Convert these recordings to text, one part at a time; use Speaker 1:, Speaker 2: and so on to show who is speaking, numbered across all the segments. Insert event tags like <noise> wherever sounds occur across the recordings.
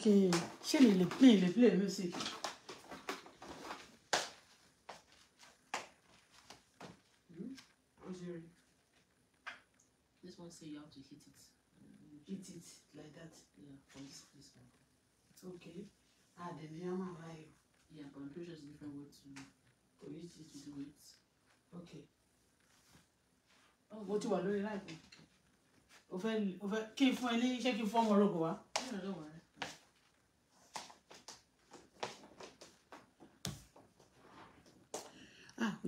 Speaker 1: Okay, ṣé mi lè play lè play music? mm This one say you have to hit it. Hit it like that? Yeah, from this one. It's Okay. Ah, then the hammer right. Yeah, but I'm pretty sure it's a different way to, to hit it to do it. Okay. Oh, what you are lórí like? Over, over. Keep fẹ́ kí n fún ẹ Yeah, don't worry.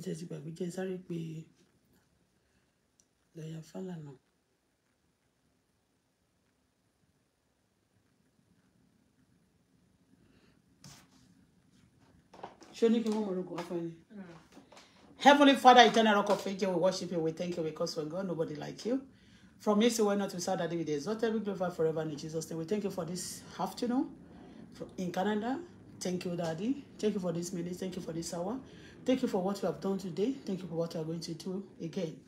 Speaker 1: jẹ́ ti gbàgbé jẹ́ sáré pé lọ́ọ̀yà Fálànà. ṣé ní kí wọ́n mọ̀ orúkọ wá fún mm. Heavenly Father, eternal rock of ages, we worship you, we thank you because we're God, nobody like you. From you, see, we're not to without that we there's not every glorified forever in Jesus' name. We thank you for this afternoon in Canada. Thank you, Daddy. Thank you for this minute. Thank you for this hour. Thank you for what you have done today. Thank you for what you are going to do again.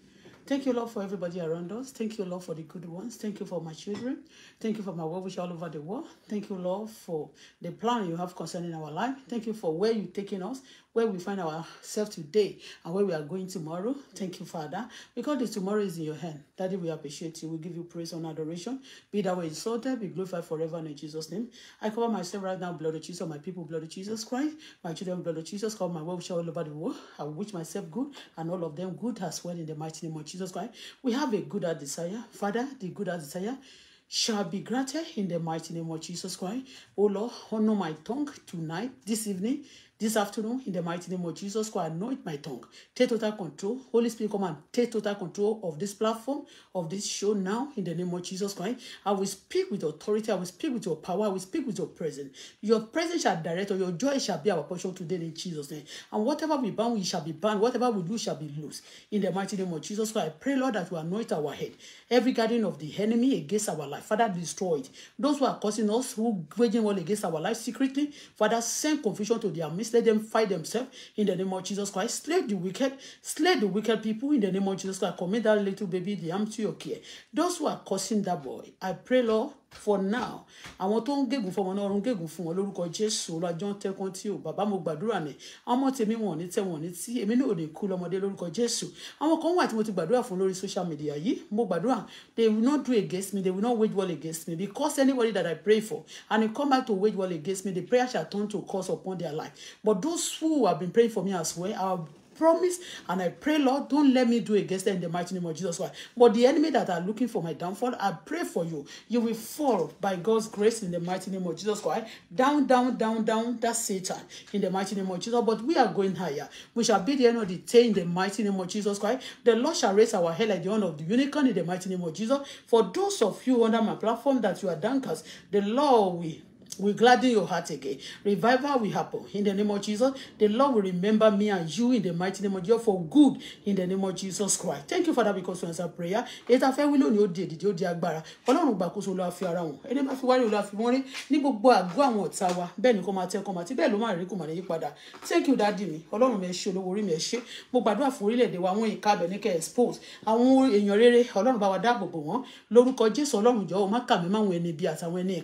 Speaker 1: Thank you, Lord, for everybody around us. Thank you, Lord, for the good ones. Thank you for my children. Thank you for my well-wisher all over the world. Thank you, Lord, for the plan you have concerning our life. Thank you for where you're taking us, where we find ourselves today and where we are going tomorrow. Thank you, Father, because the tomorrow is in your hand. Daddy, we appreciate you. We give you praise and adoration. Be thou exalted, be glorified forever in Jesus' name. I cover myself right now, blood of Jesus, my people, blood of Jesus Christ, my children, blood of Jesus, call my well all over the world. I wish myself good and all of them good as well in the mighty name of Jesus Christ. We have a good desire. Father, the good desire shall be granted in the mighty name of Jesus Christ. Oh Lord, honor my tongue tonight, this evening, This afternoon, in the mighty name of Jesus, go anoint my tongue. Take total control. Holy Spirit, come and take total control of this platform, of this show now, in the name of Jesus Christ. I will speak with authority. I will speak with your power. I will speak with your presence. Your presence shall direct, or your joy shall be our portion today in Jesus' name. And whatever we bound, we shall be bound. Whatever we lose shall be loose. In the mighty name of Jesus Christ, I pray, Lord, that you anoint our head. Every guardian of the enemy against our life, Father, destroy it. Those who are causing us, who waging war against our life secretly, Father, send confusion to their midst Let them fight themselves in the name of Jesus Christ. Slay the wicked. Slay the wicked people in the name of Jesus Christ. Commit that little baby, the arm to your care. Those who are causing that boy, I pray, Lord, for now àwọn tó ń gègùn fọmọ náà ọrùn gègùn fún wọn lórúkọ jésù ọlọ́jọ́ ń tẹ́kọ́ tí ò bàbá mo gbàdúrà ní ọmọ tèmi wọn ò ní tẹ̀wọ̀n ní tí èmi náà ò ní kú lọ́mọdé lórúkọ jésù àwọn kan wà tí mo ti gbàdúrà fún lórí social media yìí mo gbàdúrà they will not do against me they will not wage war against me because anybody that I pray for and come back to wage war against me the prayer shall turn to curse upon their life but those who have been praying for me as well are promise and I pray, Lord, don't let me do against them in the mighty name of Jesus Christ. But the enemy that are looking for my downfall, I pray for you. You will fall by God's grace in the mighty name of Jesus Christ. Down, down, down, down, that's Satan in the mighty name of Jesus. But we are going higher. We shall be the end of the day in the mighty name of Jesus Christ. The Lord shall raise our head like the one of the unicorn in the mighty name of Jesus. For those of you under my platform that you are Dankers, the Lord will We gladden your heart again. Revival will happen in the name of Jesus. The Lord will remember me and you in the mighty name of Jesus for good in the name of Jesus Christ. Thank you, Father, because you answer prayer. Ètò afẹ́ wí lónìí ó di èdìdì ó di agbára. Ọlọ́run gbàkóso olúwa fi ara wọn. Ẹni máa fi wárí olúwa fi wọ́n rí ní gbogbo àgọ́ àwọn ọ̀tá wa. Bẹ́ẹ̀ ni kò máa tẹ́ kọ́ máa tí bẹ́ẹ̀ ló máa rí kò máa ní yípadà. Thank you, dádì mi. Ọlọ́run mi ẹ ṣé olówó orí mi ẹ ṣé. Mo gbàdúrà fún orílẹ̀-èdè wa àwọn ìka abẹ ní kẹ́ expose. Àwọn èèyàn rere Ọlọ́run bá wa dáàbò bò wọ́n. Lórúkọ Jésù Ọlọ́run jọ̀ọ́ má kà mí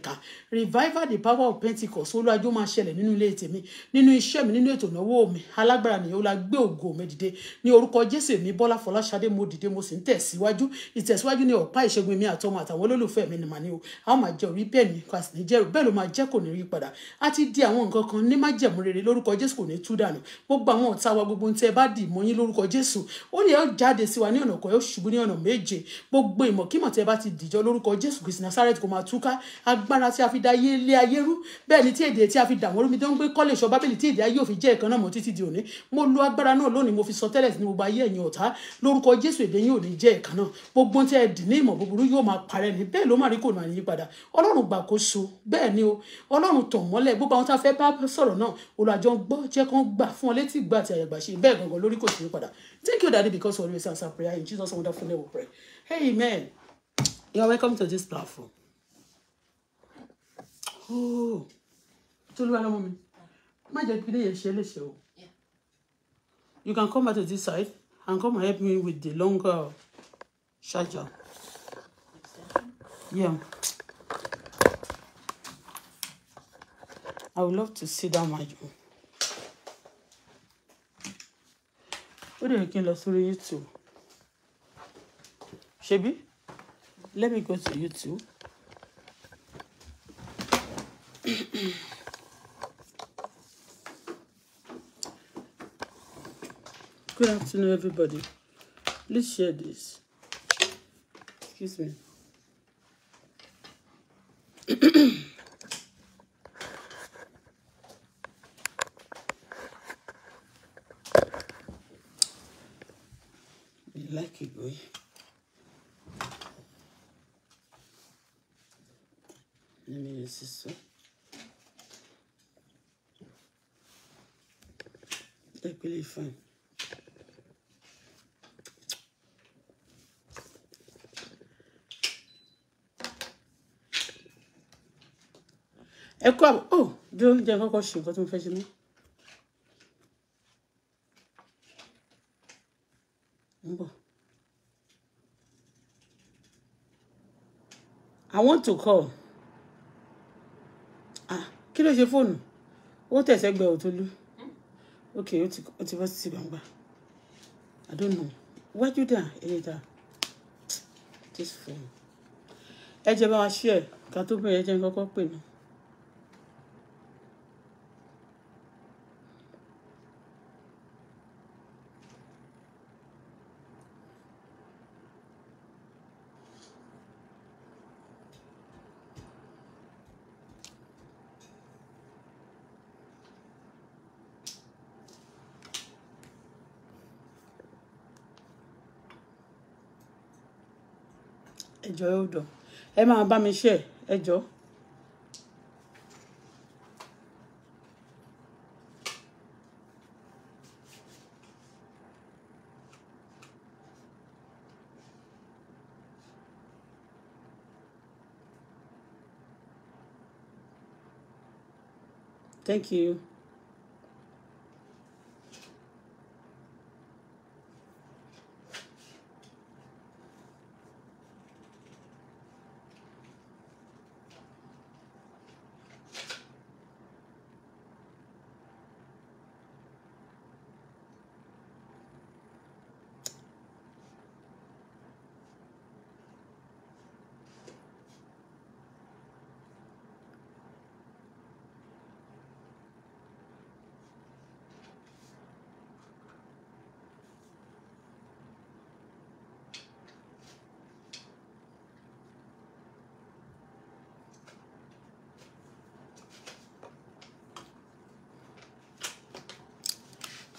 Speaker 1: Revival the power of Pentecost olúwàjú máa ṣẹlẹ̀ nínú ilé tèmi nínú iṣẹ́ mi nínú ètò ìnáwó mi alágbára nìyẹn ó la gbé ògo mi dìde ní orúkọ jésù mi bọ́lá fọláṣadé mo dìde mo sì ń tẹ̀síwájú ìtẹ̀síwájú ní ọ̀pá ìṣẹ́gun mi àtọmọ àtàwọn olólùfẹ́ mi nìmọ̀ ni o a máa jẹ orí bẹ́ẹ̀ ni kò sì ní jẹ́rù bẹ́ẹ̀ ló máa jẹ́ kò ní rí padà a ti di àwọn nǹkan kan ní májẹ̀mú rere lórúkọ jésù kò ní tú dànù gbogbo àwọn ọ̀tá wa gbogbo tẹ́ bá dì mọ́ yín lórúkọ jésù ó lè jáde sí wa ní ọ̀nà kan yóò ṣubú ní ọ̀nà méje gbogbo ìmọ̀kímọ̀ tẹ́ bá ti dìjọ́ lórúkọ jésù kìsìnà sáré kò máa túká agbára tí a fi dá yé lé ayé rú bẹ́ẹ̀ ni tí èdè tí a fi dà mi tó ń gbé kọ́lé bábélì tí èdè ayé ò jẹ́ ìkan náà mọ́ títí di òní mo lo agbára náà lónìí mo fi sọ tẹ́lẹ̀ sí gbogbo ayé ẹ̀yin ọ̀tá lórúkọ jésù èdè yín ní jẹ́ ìkan náà gbogbo tí ẹ dì ní ìmọ̀ búburú yóò máa parẹ́ ni bẹ́ẹ̀ ló má rí kò náà yípadà ọlọ́run gbàkóso bẹ́ẹ̀ ni o ọlọ́run tàn mọ́lẹ̀ gbogbo àwọn thank you daddy because always answer prayer in jesus wonderful name we pray amen you welcome to this platform. Oh, tolúwa lọ́mọ mi má jẹ́ kí lèyẹ̀ ṣe é léṣe o you can come back to this side and come and help me with the longer charger yeah I would love to see that major. ó dẹ̀ kí n lọ sórí YouTube ṣebí let me go to YouTube. Good afternoon, everybody. Please share this. Excuse me. <clears throat> àbọ̀ ó dúró jẹ́ kọ́kọ́ ṣe nǹkan tí mo fẹ́ ṣe náà. ń bọ̀. I want to call. Ah, kí ló ṣe fóònù? Ó tẹ̀sẹ̀ gbẹ òtólú. Ok, ó ti bọ́ sí gbangba. I don't know. Wájú dà ẹ̀yẹ dà. This phone. Ẹ jẹ́ bá wa ṣí ẹ̀ ká tó bẹ̀rẹ̀ ẹ jẹ́ kọ́kọ́ pè náà. ẹjọ́ ẹ̀ọ́dọ̀ ẹ máa bá mi ṣe ẹjọ́. Thank you.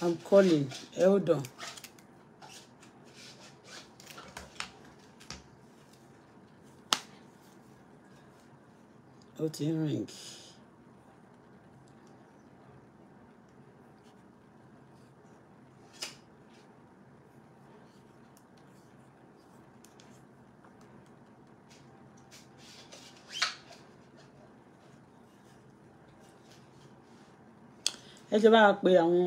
Speaker 1: I'm calling. Hold on. Ó ti ń ring. ẹ jẹ́ bá wa pe àwọn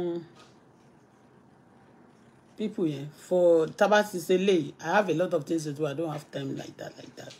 Speaker 1: people yẹn for tábà ti ṣe lè i have a lot of things to do i don't have time like that like that.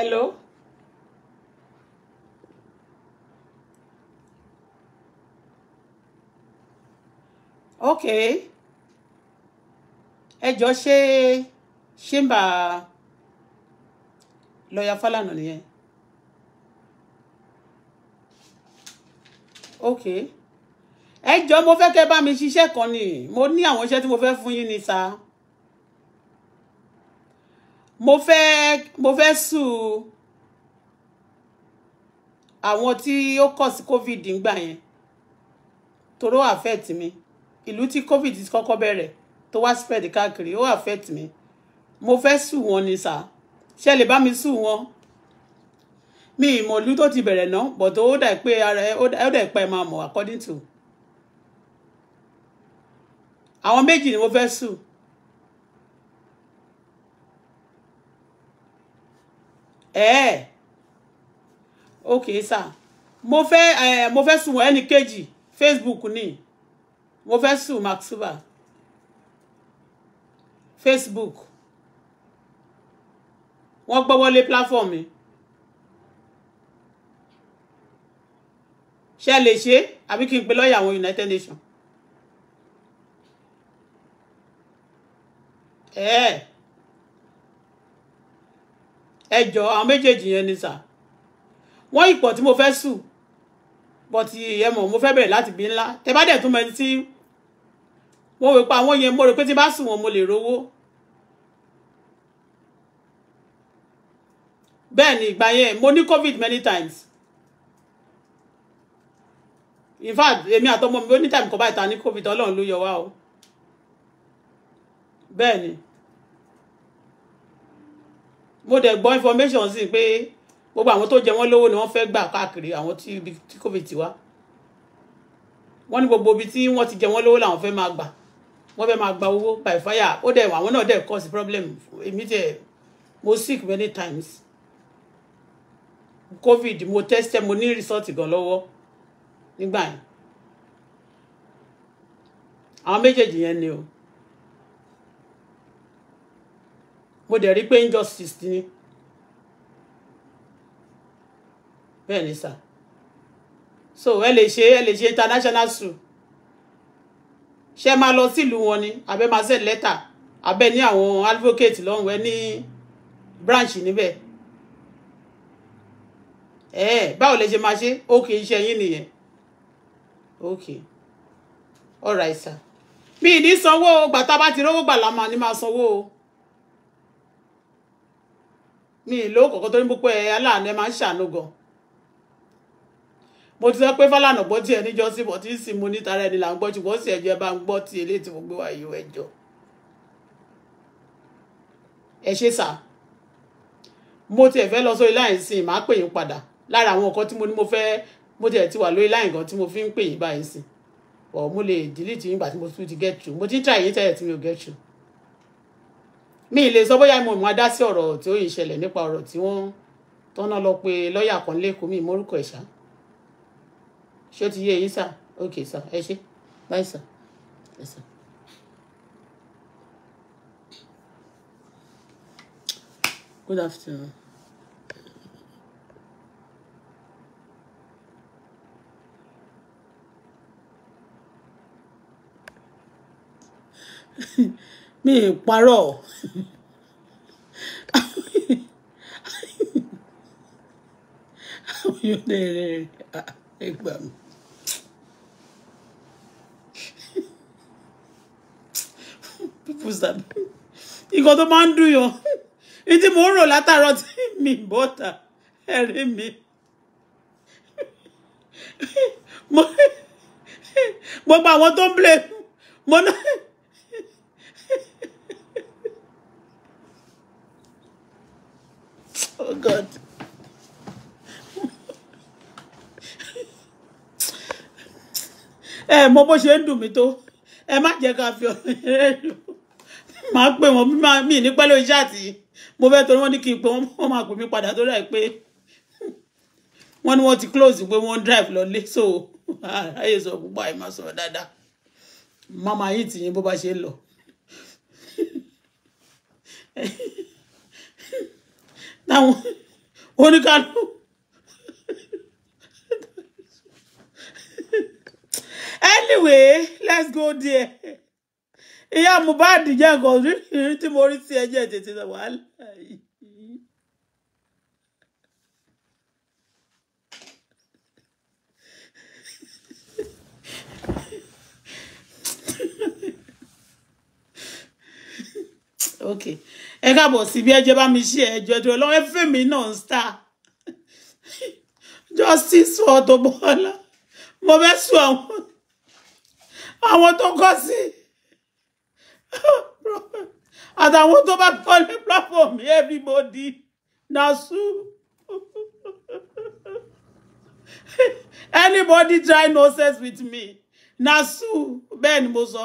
Speaker 1: Hello? Ok. Ẹ jọ ṣe chamber lọ́yà Fálànà nìyẹn. Ok. Ẹ jọ mo fẹ́ kẹ́ bá mi ṣiṣẹ́ kan ni mo ní àwọn iṣẹ́ tí mo fẹ́ fún yín ni sáà mo fẹ́ mo fẹ́ sùn àwọn tí ó kọ̀ sí covid ńgbà yẹn toró affect mi ìlú tí covid ti kọ́kọ́ bẹ̀rẹ̀ tó wá spread káàkiri ó affect mi mo fẹ́ sùn wọn ni sà ṣe lè bá mi sùn wọn mi ìmọ̀ ìlú tó ti bẹ̀rẹ̀ náà but ó dà pé ara ẹ ó dà pé ẹ máa mọ̀ according to àwọn méjì ni mo fẹ́ sùn ẹ eh. okay sir mo fẹ́ ẹ eh, mo fẹ́ sùn ẹnì kejì facebook ni mo fẹ́ sùn mark facebook wọ́n gbọ́ wọlé platform mi ṣe lè ṣe àbí kí n pe lọ́ọ̀yà àwọn united nations. ẹ̀ẹ́. Eh ẹjọ́ àwọn méjèèjì yẹn ni sà wọ́n ipò tí mo fẹ́ sùn bọ́tì ẹ mọ̀ mo fẹ́ bẹ̀rẹ̀ láti bí ńlá tẹ bá dẹ̀ tún mẹ́ni tí wọ́n wípa àwọn yẹn mo rò pé tí bá sùn wọn mo lè rówó bẹ́ẹ̀ ni ìgbà yẹn mo ní covid many times in fact èmi àtọmọ mi ó ní time kan báyìí ta ní covid ọlọ́run ló yọ wá o bẹ́ẹ̀ ni mo dẹ̀ gbọ́ information sí pé gbogbo àwọn tó jẹ wọ́n lówó ni wọ́n fẹ́ gbà káàkiri àwọn tí ibi covid ti wá wọ́n ní gbogbo ibi tí wọ́n ti jẹ wọ́n lówó làwọn fẹ́ máa gbà wọ́n fẹ́ máa gba owó by fire ó dẹ̀ àwọn náà dẹ̀ cause problem èmi dẹ̀ mo sick many times covid mo test mo ní result gan lọ́wọ́ nígbà yẹn àwọn méjèèjì yẹn ni o. mo dẹ̀ rí pé injustice ni bẹ́ẹ̀ ni sà so ẹ lè ṣe ẹ lè ṣe international school ṣe máa lọ sílùú wọn ni àbẹ máa send letter àbẹ ní àwọn advocate lọ́hùn ẹ ní branch níbẹ̀ ẹ báwo lè ṣe máa ṣe ok iṣẹ́ yín nìyẹn ok all right sir mi ì ní sanwó gbàtà bá ti rówó gbà lámà ni máa sanwó o. mi ìlú kọ̀ọ̀kan tó ní púpọ̀ ẹ aláàánú ẹ máa ń ṣàánú gan mo ti sọ pé Fálànà gbọ́ tiẹ̀ níjọ́sí bọ̀ tí ń sin mo níta rẹ̀ ni là ń gbọ́ ṣùgbọ́n sì ẹ̀jẹ̀ bá ń gbọ́ ti eléyìí tí mo gbé wá yìí ẹjọ́ ẹ ṣe sà mo tiẹ̀ fẹ́ lọ sórí láì sìn màá pè yín padà lára àwọn nǹkan tí mo ní mo fẹ́ mo tiẹ̀ ti wà lórí láì nǹkan tí mo fi ń pè yín báyìí sìn ọ̀ mo lè dìlítì yín gbà tí mo tún ti get through mo ti ń try yín tẹ́lẹ̀ tí mi ò get through mi ì lè sọ bóyá mo máa dá sí ọ̀rọ̀ tí ó yìí ṣẹlẹ̀ nípa ọ̀rọ̀ tí wọ́n tọ́nà lọ pé lọ́ọ̀yà kan lẹ́kọ̀ọ́ mi mórúkọ ẹ̀ ṣé ó ti yé yín sà ok sà ẹ ṣe báyìí sà ẹ sà. Good afternoon. <laughs> mi ì parọ́ àwọn yóò lè rẹ ẹgbà mi. people sabi nǹkan tó máa ń dùn yàn ní tí mò ń rò látàárọ̀ tí mi bọ́ta ẹ̀rín mi gbogbo àwọn tó ń blame mo náà. Oh God. ẹ mọ bó ṣe ń dùn mí tó ẹ má jẹ́ ká fi ọ̀rọ̀ yẹn lò máa pè wọ́n mí ní pẹ́ lórí ṣáàtì mo fẹ́ torí wọ́n ní kí n pè wọ́n wọ́n máa pè mí padà torí àìpé wọ́n ní wọ́n ti close pé wọ́n drive lọlé so ayé sọ púpọ̀ àìmọ̀ sọ̀rọ̀ dáadáa mama yìí tì yín bó bá ṣe ń lọ táwọn oníkanu anyway let's go there ìyá Mohbad jẹ́ nǹkan rírí tí mo rí sí ẹjẹ́ tètè wàhálà yìí. okay ẹ káàbọ̀ sí bí ẹjẹ́ bá mi ṣe ẹjọ́ ẹjọ́ lọ́wọ́ ẹ̀fẹ́ mi náà ń star <laughs> justice for Auto Bola mo fẹ́ sùn àwọn àwọn tó kọ́ sí <laughs> àtàwọn tó bá kọ́ ní platform everybody na su <laughs> anybody try nonsense with me na su bẹ́ẹ̀ ni mo sọ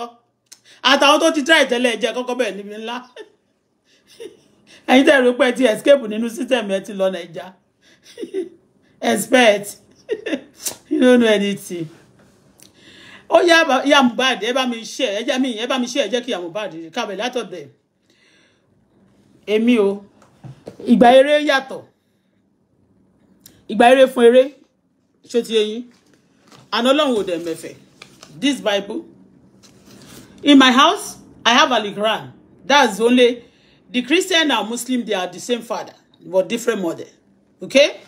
Speaker 1: àtàwọn tó ti try ìtẹ́lẹ̀ ẹ̀jẹ̀ kọ́kọ́ bẹ́ẹ̀ níbi ńlá. <laughs> ẹ̀yin tẹ́ rò pé ti escape nínú system ẹ ti lọ naija <laughs> expect <laughs> you don't know anything ó yá ìyá Mohbad ẹ bá mi ṣe ẹ jẹ́ mi ẹ bá mi ṣe ẹ jẹ́ kí ìyá Mohbad kábẹ̀ látọ̀dọ̀ ẹ̀ èmi o ìgbà eré yàtọ̀ ìgbà eré fún eré ṣó ti eyín àná ọlọ́run ò dẹ̀ mẹ̀fẹ̀ this bible in my house i have a Quran that's only The Christian and Muslim, they are the same father, but different mother. Okay?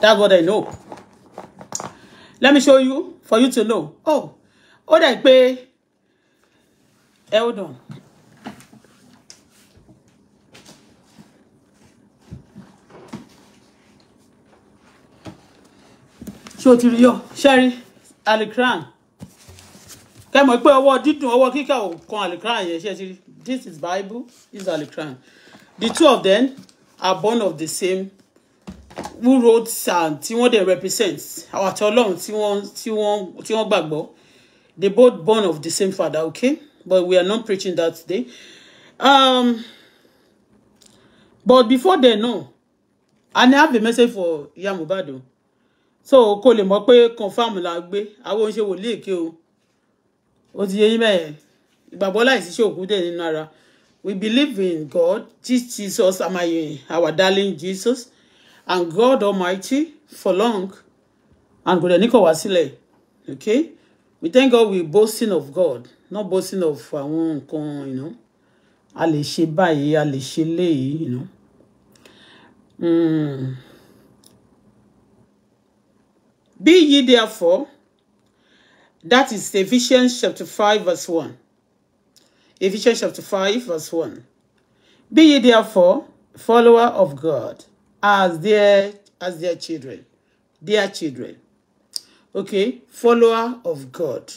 Speaker 1: That's what I know. Let me show you, for you to know. Oh, what I pay. hold on. ṣé to ti Sherry, yọ Can alikran kẹ́ mọ̀ pé ọwọ́ dídùn ọwọ́ kíkà ò kan alikran Yes, ṣe ti this is Bible, this is Al-Quran. The two of them are born of the same who wrote and tí wọ́n dey represent our àti Ọlọ́run tí wọ́n tí wọ́n tí wọ́n they both born of the same father okay but we are not preaching that today um, but before they know, and I have a message for Iya so call lè mọ̀ pé confam la gbé àwọn oníṣẹ́ wòlíì èké o ó ti ìgbàgbọ́ láìsí ṣòkú dẹ̀ nínú ara we believe in God Jesus my our darling Jesus and God Almighty for long and kò dẹ̀ ní kọ̀ wá sílẹ̀ okay we thank God we boasting of God not boasting of àwọn nǹkan you know a lè ṣe báyìí a lè ṣe léyìí you know. Mm. Be ye therefore, that is Ephesians chapter five verse one. Ephesians chapter 5, verse 1. Be ye therefore follower of God as their as their children. Their children. Okay, follower of God.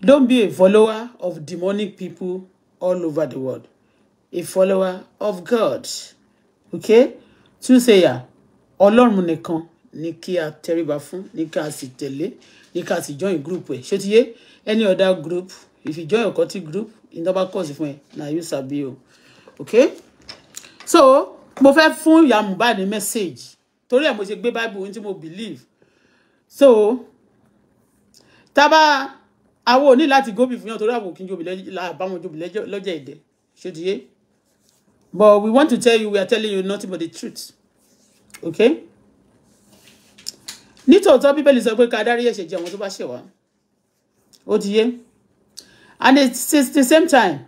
Speaker 1: Don't be a follower of demonic people all over the world. A follower of God. Okay? Tún ṣe yà, Ọlọ́run nìkan ni kí a tẹríba fún, ní ká sì tẹ̀lé, ní ká sì join group ẹ̀. Ṣé Any other group, if you join your country group, ìdọ́gba kọ́ọ̀sì fún ẹ na you sabi o okay so mo fẹ́ fún ìyá Mohbad ní message torí ẹ̀ mo ṣe gbé bible ohun tí mo believe so tábà àwọn ò ní láti gómìn fún yàn torí àwọn òkè jòbì làbáwọn jòbì lọ́jọ́ èdè ṣòdìyẹ but we want to tell you we are telling you nothing but the truth okay nítòótọ́ to sọ pé ká dárí ẹ̀ṣẹ̀ jẹ́ àwọn tó bá ṣẹ̀ wá ó ti yé. And it's, it's the same time,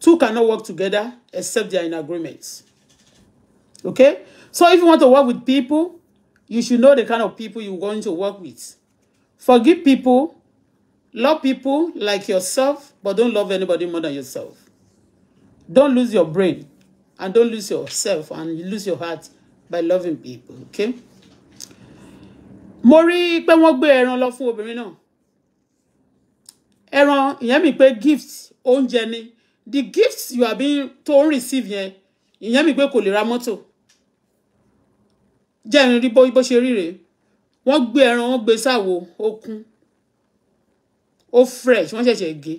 Speaker 1: two cannot work together except they are in agreements. Okay? So if you want to work with people, you should know the kind of people you're going to work with. Forgive people, love people like yourself, but don't love anybody more than yourself. Don't lose your brain and don't lose yourself and lose your heart by loving people, okay? Mo rí pé wọ́n gbé ẹran lọ fún obìnrin ẹran ìyẹn mi pé gift oúnjẹ ni the gift you are being to ń receive yẹn ìyẹn mi pé kò lè ra mọ́tò jẹ́ ẹ̀rín rí bó ṣe rí rèé wọ́n gbé ẹran wọ́n gbé sáwo ó kún ó fresh wọ́n ṣẹ̀ṣẹ̀ gé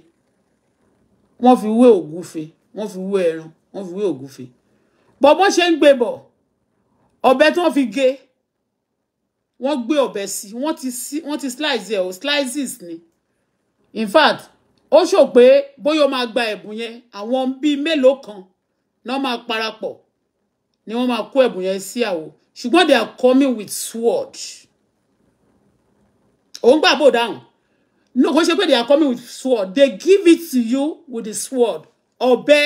Speaker 1: wọ́n fi wé ògúfe wọ́n fi wé ẹran wọ́n fi wé ògúfe bọ́ bọ́n ṣe ń gbé bọ̀ ọ̀bẹ tí wọ́n fi gé wọ́n gbé ọ̀bẹ sí wọ́n ti slice ẹ̀ o slices ni in fact ó sọ pé bóyá ó máa gba ẹ̀bùn yẹn àwọn bíi mélòó kan náà máa parapọ̀ ni wọ́n máa kó ẹ̀bùn yẹn sí àwò ṣùgbọ́n they are coming with sword òun gbà bò dáhùn no kò ṣe pé they are coming with sword they give it to you with the sword ọ̀bẹ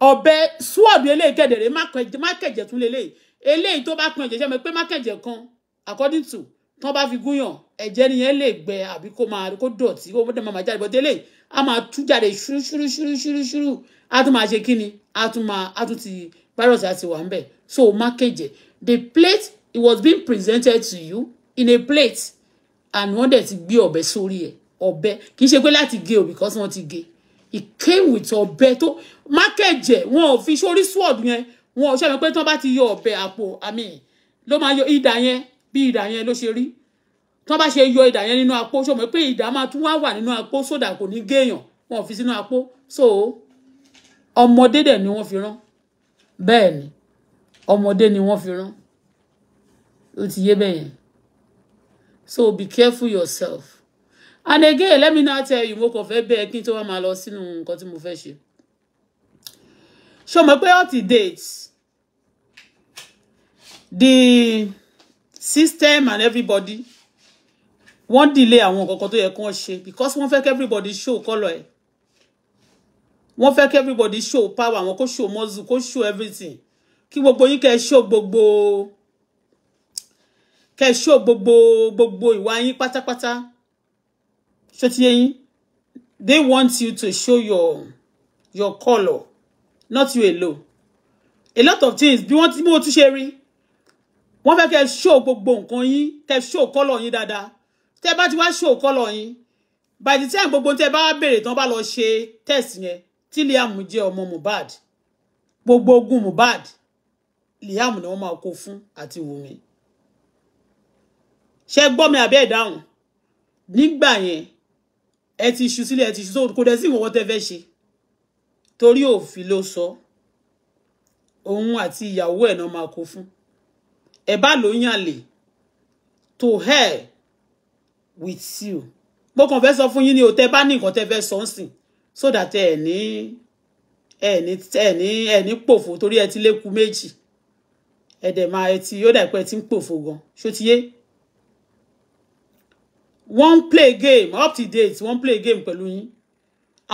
Speaker 1: ọ̀bẹ sword eléyìí kẹdẹrẹ má kẹjẹ tún lélẹyìí eléyìí tó bá pin ẹ̀jẹ̀ ṣe mọ̀ pé má kẹjẹ kan according to tán bá fi gúnyàn ẹ̀jẹ̀ nìyẹn lè gbẹ àbí kó máa kó dọ̀tí kó dẹ̀ máa jáde bọ́tẹ́ a máa tú jáde ṣúrú a tún máa ṣe kí ni a tún máa a tún ti virus a ti wà ń bẹ̀ so mákèjẹ the plate it was being presented to you in a plate and wọ́n dẹ̀ ti gbé ọ̀bẹ sórí ẹ̀ ọ̀bẹ kì í ṣe pé láti gé o because wọ́n ti gé it came with ọ̀bẹ tó mákèjẹ wọn ò fi sórí sword yẹn wọn ò ṣe àmì pé tí wọ́n bá ti yọ ọ̀bẹ àpò àmì ló máa yọ ìdá yẹn bí ìdà yẹn ló ṣe rí tí wọ́n bá ṣe yọ ìdà yẹn nínú àpò ṣò mọ̀ pé ìdà máa tún wá wà nínú àpò sódà kò ní géèyàn wọn fi sínú àpò so ọmọdé dẹ̀ ni wọ́n fi rán bẹ́ẹ̀ ni ọmọdé ni wọ́n fi rán ó ti yé bẹ́ẹ̀ yẹn so be careful yourself and again let me now tell you mo kàn fẹ́ bẹ́ẹ̀ kí n tó wá máa lọ sínú nǹkan tí mo fẹ́ ṣe ṣò mọ̀ pé up to date the system and everybody wọ́n delay àwọn kankan to yẹ kí wọ́n ṣe because wọ́n fẹ́ kí everybody show color. ẹ̀ wọ́n fẹ́ kí everybody show power àwọn kó show muscle kó show everything kí gbogbo yín kẹ́ show gbogbo kẹ́ show gbogbo gbogbo ìwà yín pátápátá ṣó ti yé they want you to show your your color, not you alone a lot of things bí wọ́n ti mú o tún ṣe wọ́n fẹ́ kẹ́ show gbogbo nǹkan yín tẹ́ show kọ́lọ̀ yín dáadáa tẹ́ bá ti wá show kọ́lọ̀ yín by the time gbogbo tẹ́ bá béèrè tán bá lọ ṣe test yẹn tí Liam jẹ́ ọmọ Mohbad gbogbo ogun Mohbad Liam ni wọ́n máa kó fún àti Wùmí ṣe gbọ́ mi àbẹ́ ìdáhùn nígbà yẹn ẹ ti ṣu sílẹ̀ ẹ ti ṣu sóhun kò dẹ̀ ìwọ̀n tẹ́ fẹ́ ṣe torí òfin ló sọ òun àti ìyàwó ẹ̀ náà máa kó fún ẹ bá ló to hell with you mo kàn fẹ́ sọ fún yín ni o tẹ́ bá ní nǹkan tẹ́ fẹ́ sọ ń sìn so that ẹ ní ẹ ní ẹ ní ẹ ní pòfo torí ẹ ti léku méjì ẹ dẹ̀ máa ẹ ti yóò dà pé ẹ ti ń pòfo gan ṣó ti yé wọ́n play game up to date wọ́n ń play game pẹ̀lú yín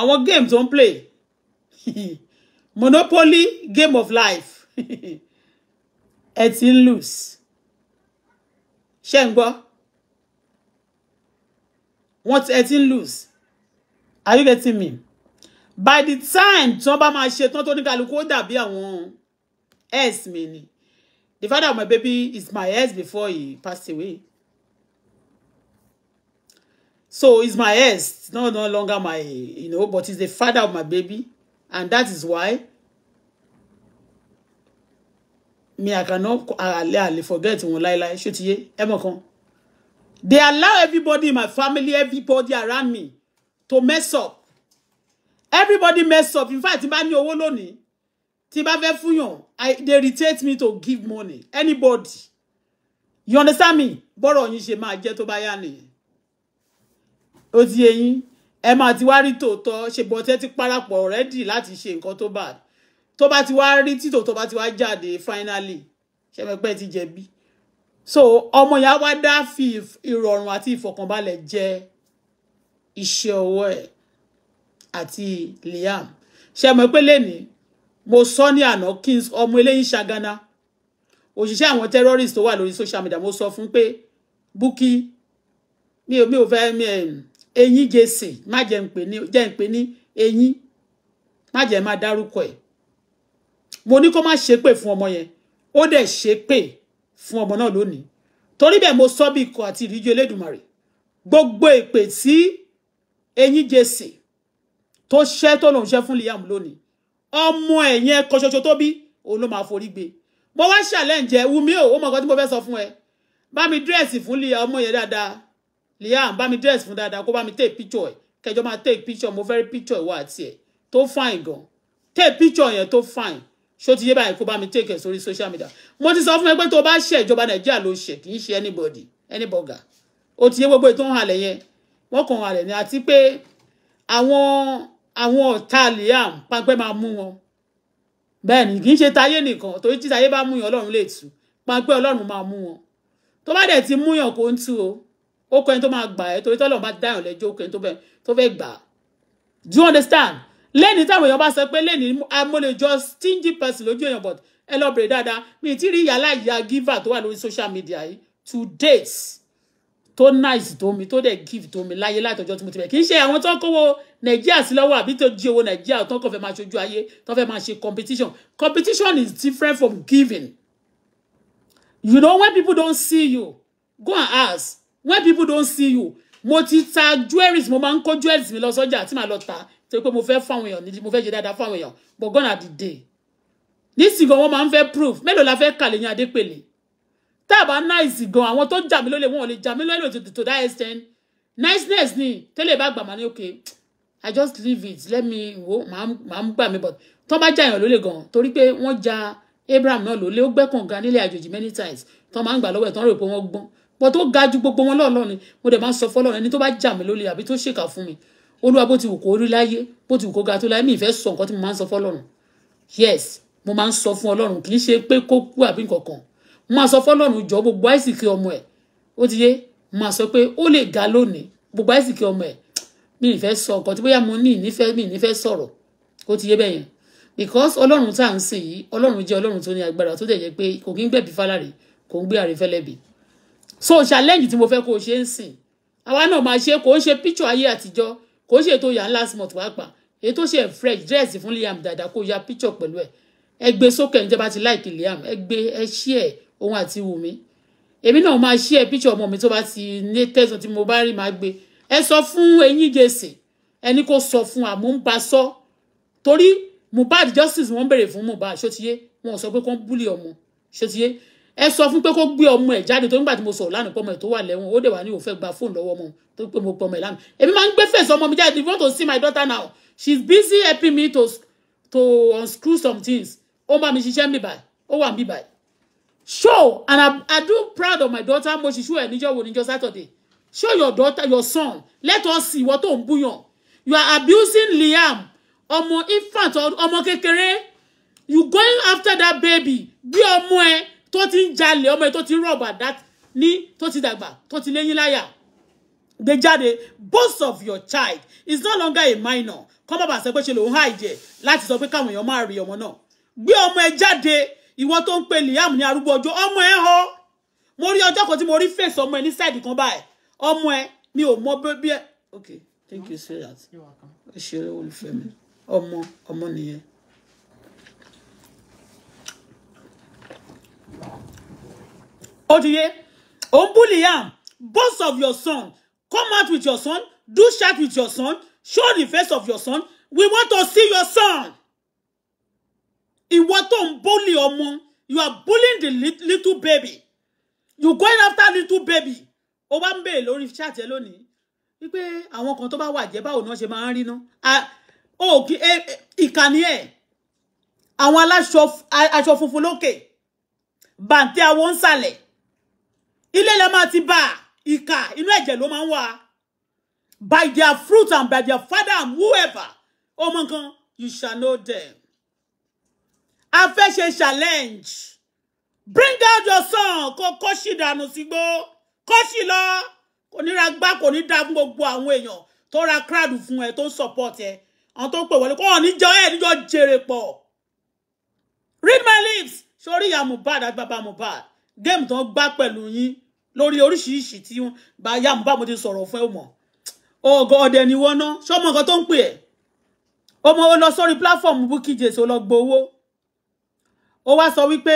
Speaker 1: àwọn games wọ́n ń play <laughs> monopoly game of life <laughs> ẹ ti ń lose ṣé ń gbọ́ wọ́n ti ẹ ti ń lose are you getting me by the time tí wọ́n bá máa ṣe tán tó ní kálukú ó dàbí àwọn ex mi ni the father of my baby is my ex before he passed away so he's my ex no no longer my you know but he's the father of my baby and that is why me i cannot àlẹ àlẹ forget wọn láéláé ṣó ti yé ẹ mọ̀ kan they allow everybody in my family everybody around me to mess up everybody mess up in fact tí n bá ní owó lónìí tí n bá they irritate me to give money anybody you understand me bọ́rọ̀ yín ṣe máa jẹ́ tó bá yá nìyẹn ó ti yé yín ti wá rí tòótọ́ ṣe bọ́tẹ́ ti parapọ̀ already lati ṣe nǹkan tó bad tó bá ti wá rí títò tó bá ti wá jáde finally ṣẹpẹpẹ ti jẹ̀bi so ọmọ ìyá wa dá fi ìrọ̀rùn àti ìfọ̀kànbalẹ̀ jẹ iṣẹ́ ọwọ́ ẹ̀ àti Liam ṣẹmọ pé lẹ́ni mo sọ ní àná kí ọmọ eléyìí ṣàgánná òṣìṣẹ́ àwọn terrorist tó wà lórí social media mo sọ fún pé Bukky mi ò mi ò fẹ́ mi ẹ̀yìn jẹ̀sìn má jẹ́ ń pè ní ẹ̀yìn má jẹ́ má dárúkọ ẹ̀ mo ní kó má ṣépè fún ọmọ yẹn ó dẹ̀ ṣépè fún ọmọ náà lónìí torí bẹ́ẹ̀ mo sọ bí ikọ̀ àti ìríjú Elédùmarè gbogbo èpè tí eyín jèsè tó ṣẹ́ tó lòun ṣẹ́ fún Liam lónìí ọmọ ẹ̀ yẹn ṣoṣo tó bí òun ló máa forí gbé mo wá challenge ẹ Wumi o ó mọ nǹkan tí mo fẹ́ sọ fún ẹ bá mi dírẹ́sì fún Liam ọmọ yẹn dáadáa Liam bá mi dírẹ́sì fún dáadáa kó bá mi take picture ẹ kẹjọ máa take picture mo fẹ́ rí picture ìwọ àti ẹ tó fine gan take picture yẹn tó fine ṣó ti yé báyìí kó bá mi take ẹ̀ sórí social media mo ti sọ fún ẹ pé tó o bá ṣe ìjọba nàìjíríà ló ṣe kì í ṣe anybody anybody ó ti yé gbogbo ètò ń halẹ̀ yẹn wọ́n kàn halẹ̀ ni àti pé àwọn àwọn ọ̀tá liam pampẹ́ máa mú wọn bẹ́ẹ̀ ni kì í ṣe tayé nìkan torí tí tayé bá mú yàn ọlọ́run lè tú pampẹ́ ọlọ́run máa mú wọn tó bá dẹ̀ ti mú yàn kó ń tú o ó kọ́ ẹni tó máa gbà ẹ́ torí tọ́lọ́run do you understand lẹ́ni táwọn èèyàn bá sọ pé lẹ́ni mo lè jọ stingy person lójú èèyàn but ẹ lọ bèrè dáadáa mi ti rí yàrá ìyá giver tó wà lórí social media yìí to date tó nice tó mi tó dẹ̀ give tó mi láyé látọjọ́ tí mo ti bẹ̀ kì í ṣe àwọn tó kówó nàìjíríà sí lọ́wọ́ àbí tó jí owó nàìjíríà tó kàn fẹ́ máa ṣojú ayé tó fẹ́ máa ṣe competition competition is different from giving you know when people don't see you go and ask when people don't see you mo ti ta jewelries mo máa ń kó jewelries mi lọ sọ́jà tí màá lọ ta torí pé mo fẹ́ fáwọn èèyàn nídìí mo fẹ́ ṣe dáadáa fáwọn èèyàn but gone are the day nísìnyí gan wọn máa ń fẹ́ proof mélòó la fẹ́ kàlẹ́ yín adépèlè tá a bá náìsì gan àwọn tó jà mí lólè wọn ò lè jà mí lólè to that extent niceness ni tẹ́lẹ̀ bá gbà máa ní okay i just leave it let me wo màá gbà mí but tó bá jà èèyàn lólè gan torí pé wọ́n ja abraham náà lólè ó gbẹ́ kànga nílé àjòjì many times tó máa ń gbà lọ́wọ́ ẹ̀ tó ń rò pé wọ́n gbọ́n pọ̀ tó ga ju gbogbo wọn lọ́ọ̀lọ́ọ̀ ni mo dẹ̀ máa ń sọ fọ́lọ́ọ̀ ẹni tó bá jà mí lólè àbí tó ṣèkà fún mi olúwa bó ti wù kó rí láyé bó ti wù kó ga tó láyé mi ìfẹ́ sọ nǹkan tí mo máa ń sọ fọlọ́run yes mo máa ń sọ fún ọlọ́run kì í ṣe pé kó kú àbí nǹkan kan mo máa sọ fọlọ́run jọ gbogbo àìsìkì ọmọ ẹ̀ ó ti yé mo máa sọ pé ó lè ga lónìí gbogbo àìsìkì ọmọ ẹ̀ mi ìfẹ́ sọ nǹkan tí bóyá mo ní ìnífẹ́ mi ìnífẹ́ sọ̀rọ̀ ó ti yé bẹ́ẹ̀ yẹn because ọlọ́run tá à ń sìn yìí ọlọ́run jẹ́ ọlọ́run tó ní agbára tó dẹ̀ jẹ́ pé kò kí ń gbẹ̀bí fálárì kò ń gbé àrífẹ́lẹ́bì so challenge tí mo fẹ́ kó o ṣe ń sìn àwa náà máa ṣe kò ń ṣe picture ayé àtijọ́ kò ṣe ètò yà last month pàápàá èyí tó ṣe fresh dress fún Liam dada kó ya picture pẹ̀lú ẹ̀ ẹ gbé sókè níjẹ́ bá ti like Liam ẹ gbé ẹ share òun àti Wùmí èmi náà máa share picture ọmọ mi tó bá ti ní tẹ̀sán tí mo bá rí máa gbé ẹ sọ fún eyín jèsè ẹni kò sọ fún àmú ń ba sọ torí Mohbad justice wọ́n béèrè fún Mohbad ṣótiyé wọn ò sọ pé kán búlì ọmọ ṣótiyé ẹ sọ fún pé kó gbé ọmọ ẹ jáde tó nígbà tí mo sọ̀rọ̀ lánàá pọmọ ẹ tó wà lẹ́wọ̀n ó dẹ̀ wà ní òfẹ́ gba fóònù lọ́wọ́ ọmọ tó pé mo pọmọ ẹ lánàá èmi máa ń gbé fèsì ọmọ mi jáde if you want to see my daughter now she is busy helping me to to unscrew some things ó bá mi ṣiṣẹ́ mi báyìí ó wà mí báyìí show and I, I do proud of my daughter mo ṣiṣú ẹ níjọ́ wo níjọ́ Saturday show your daughter your son let us see ìwọ tó ń búyàn you are abusing Liam ọmọ infant ọmọ kékeré you going after that baby bí ọmọ ẹ tó ti ń jalè ọmọ ẹ tó ti rọ̀bà dat ní tó ti dàgbà tó ti léyìn láyà gbé jáde both of your child is no longer a minor kọ́ bàbá sọ pé ṣe lòun hàìjẹ láti sọ pé káwọn èèyàn máa rí ọmọ náà gbé ọmọ ẹ jáde ìwọ tó ń pe Liam ní arúgbó ọjọ́ ọmọ ẹ họ mo rí ọjọ́ kan tí mo rí fèsì ọmọ ẹ ní sáìdì kan báyìí ọmọ ẹ mi ò mọ bí ẹ okay thank you say ẹ ṣe olùfẹ́ mi ọmọ ọmọ nìyẹn Odiye, ti yé am both of your son come out with your son do chat with your son show the face of your son we want to see your son Iwato tó omo. you are bullying the little baby you going after little baby ó wá ń bèèrè lórí chat ẹ lónìí wípé àwọn kan tó bá wàjẹ́ báwo náà ṣe máa ń rí ná e, e, ìkànnì ẹ̀ àwọn aláṣọ funfun lókè. Okay bàǹtẹ́ awo ń sàlẹ̀ ilé lẹ́ máa ti bá ìkà inú ẹ̀jẹ̀ ló máa ń wà by their fruit and by their father and whoever ọmọ kan you shall know them a fẹ́ ṣe challenge bring out your son kó kọ́ṣì dànù sígbó kọ́ṣì lọ kò ní ra gbá kò ní dá fún gbogbo àwọn èèyàn tó ra crowd fún ẹ tó ń support ẹ àwọn tó ń pè wọlé kó wọn níjọ ẹ níjọ jèrè pọ̀ read my lips sórí ìyá Mohbad àti bàbá Mohbad géèmù tó ń gbá pẹ̀lú yín lórí oríṣiríṣi tí bá ìyá Mohbad mo ti sọ̀rọ̀ fún ẹ e, mọ̀ ọ̀gọ̀ ọ̀dẹ̀ ni wọ́n ná ṣọ́mọ nǹkan tó ń pè ẹ́ ọmọ ó lọ sórí platform Bukky Jesse ó lọ gbowó ó wá sọ wípé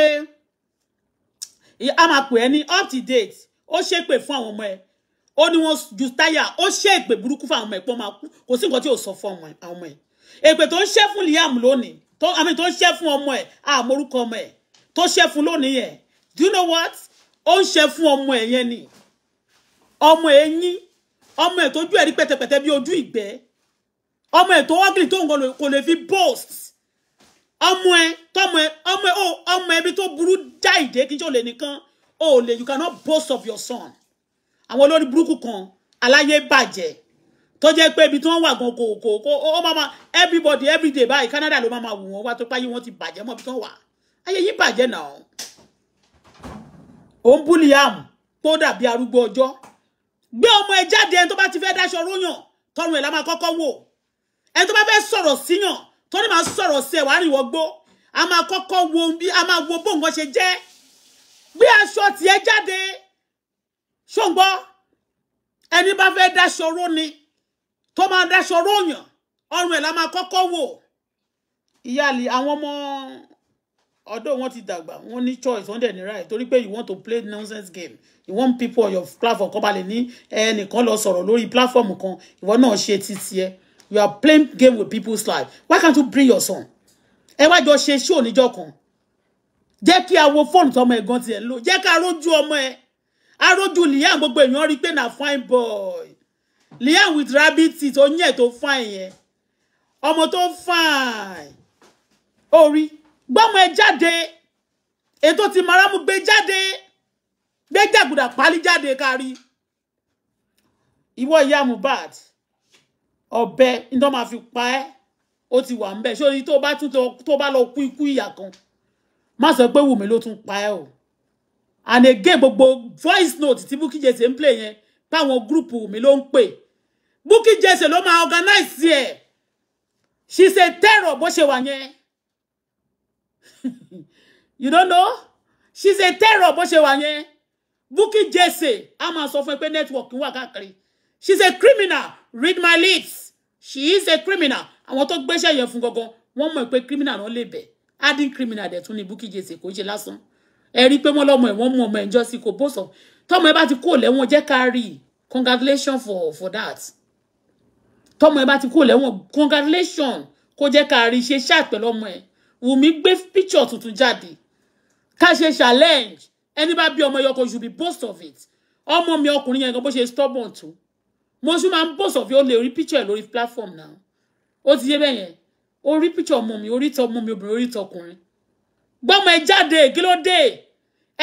Speaker 1: a máa pè ẹ́ ní up to date ó ṣépè fún àwọn ọmọ ẹ̀ ó ní wọn ju táyà ó ṣe èpè burúkú fún àwọn ọmọ ẹ̀pọ́n máa kú kò sí nǹkan tí ò sọ fún àwọn ọmọ ẹ̀ èpè tó ń ṣẹ́ fún Liam lónìí àmì tó ń ṣẹ́ fún ọmọ ẹ̀ àmórúkọ ọmọ ẹ̀ tó ṣe fún lónìí yẹn do you know what ó ń ṣe fún ọmọ ẹ̀ yẹn ni ọmọ ẹ̀ yín ọmọ ẹ̀ tójú ẹ̀ rí pẹ̀tẹ̀pẹ̀tẹ̀ bí ojú ìgbẹ́ ọmọ ẹ̀ tó wọ́gìrì tó nǹkan kò lè fi boast ọmọ ẹ̀ tọmọ ẹ̀ ọmọ ẹ̀ ọmọ ẹ̀ bí tó burú já ìdè kí n ṣe olè nìkan olè you cannot boast of your son àwọn olórí burúkú kan aláyé bàjẹ́ tó jẹ́ pé ibi tí wọ́n wà gan kò kò kò ó máa ma everybody everyday báyìí Canada ló máa ma wù wọ́n wá tó páyé wọ́n ti bàjẹ́ mọ́ ibi tí wọ́n wà ayé yín bàjẹ́ náà òun búlì àmù tó dàbí arúgbó ọjọ́ gbé ọmọ ẹ jáde ẹni tó bá ti fẹ́ dáṣọ róyàn tọrùn ẹ̀ la máa kọ́kọ́ wò ẹni tó bá fẹ́ sọ̀rọ̀ síyàn tó ní máa sọ̀rọ̀ sí ẹ̀ wá rìn wọ́gbó a máa kọ́kọ́ wo bí a máa wo bó nǹkan ṣe jẹ́ gbé aṣọ tiẹ̀ jáde ṣóńgbọ́ ẹni bá fẹ́ dáṣọ ró ni tó máa dáṣọ róyàn ọrùn ẹ̀ la máa kọ́kọ́ wò ìyáàlì àwọn ọmọ although wọ́n ti dàgbà wọ́n ní choice wọ́n dẹ̀ ní right torí pé you want to play nonsense game you want people on your platform kan balẹ̀ ní ẹnìkan lọ sọ̀rọ̀ lórí platform kan ìwọ náà ṣe títí ẹ you are playing game with people's life why can't you bring your son ẹ wá jọ ṣe ṣó níjọ́ kan jẹ́ kí a wo fóònù tọmọ ẹ̀gbọ́n tiẹ̀ lò jẹ́ ká rójú ọmọ ẹ̀ arójú liam gbogbo èèyàn rí i pé na fine boy liam with rabbit teeth oyin ẹ̀ tó fine yẹn ọmọ tó fine ó rí. Oh, gbọ́mọ ẹ jáde ètò ti maramu gbé jáde gbé jàgùdà pálí jáde kárí ìwọ ìyá Mohbad ọ̀bẹ nítorí máa fi pa ẹ́ ó ti wà ńbẹ̀ sórí tó bá tún tó bá lọ kú ikú ìyà kan má sọ pé Wùmí ló tún pa ẹ́ o and again gbogbo voice note tí Bukky Jesse ń play yẹn táwọn gúrùpù Wùmí ló ń pè Bukky Jesse ló máa organize ẹ̀ ṣiṣẹ́ tẹ̀rọ̀ bó ṣe wà yẹn. <laughs> you don't know she's a terror bó ṣe wà yẹn Bukky Jesse a software network wà she's a criminal read my lips she is a criminal àwọn tó gbéṣẹ́ yẹn fún gangan wọ́n mọ̀ pé criminal náà lè bẹ̀ adding criminal dẹ̀ tún ni Bukky Jesse kò ń ṣe lásán ẹ rí i pé wọ́n lọ́mọ ẹ̀ wọ́n mú ọmọ ẹ̀ ń jọ sí ti kó lẹ́wọ̀n jẹ́ ká rí i for for that tọmọ eba bá ti kó lẹ́wọ̀n congratulation kó jẹ́ ká rí i ṣe ṣáà pẹ̀lú ọmọ Wùmí gbé picture tuntun jáde ká ṣe challenge ẹni bá bí ọmọ yọkọ you be boast of it ọmọ mi ọkùnrin yẹn gan bó ṣe stubborn tó mo tún máa ń boast of it ó lè rí picture lórí platform náà ó ti yé bẹ́yẹn ó rí picture ọmọ mi orí tọmọ mi obìnrin orí tọkùnrin gbọ́mọ ẹ jáde kí ló dé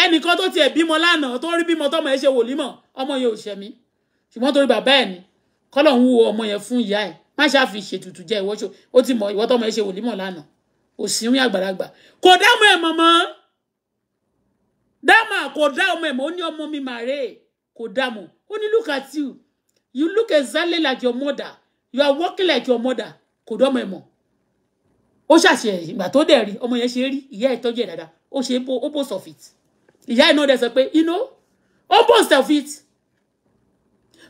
Speaker 1: ẹnìkan tó tiẹ̀ bímọ lánàá tó rí bímọ tọmọ ẹ ṣe wòlímọ̀ ọmọ yẹn ò ṣẹ̀mí ṣùgbọ́n torí bàbá ẹ̀ ni kọ́lọ̀ ń wo ọmọ yẹn fún ìyá ẹ̀ má ṣáà fi ṣètùtù jẹ́ ìwọ́ṣọ ó ti mọ ìwọ́ tọmọ ẹ ṣe wòlímọ̀ lánàá òsínwé àgbàlagbà kò dá ọmọ ẹ̀ mọ̀ mọ́ dáàmà kò dá ọmọ ẹ̀ mọ́ ó ní ọmọ mi màrè kò dá ó ní look at you you look exactly like your mother you are walking like your mother kò dá ọmọ ẹ̀ mọ̀ ó ṣàṣe ìgbà tó dẹ̀ rí ọmọ yẹn ṣe rí ìyá ẹ̀ tọ́jú ẹ̀ dáadáa ó ṣe opposite of it ìyá ẹ̀ náà dẹ̀ sọ pé you know opposite of it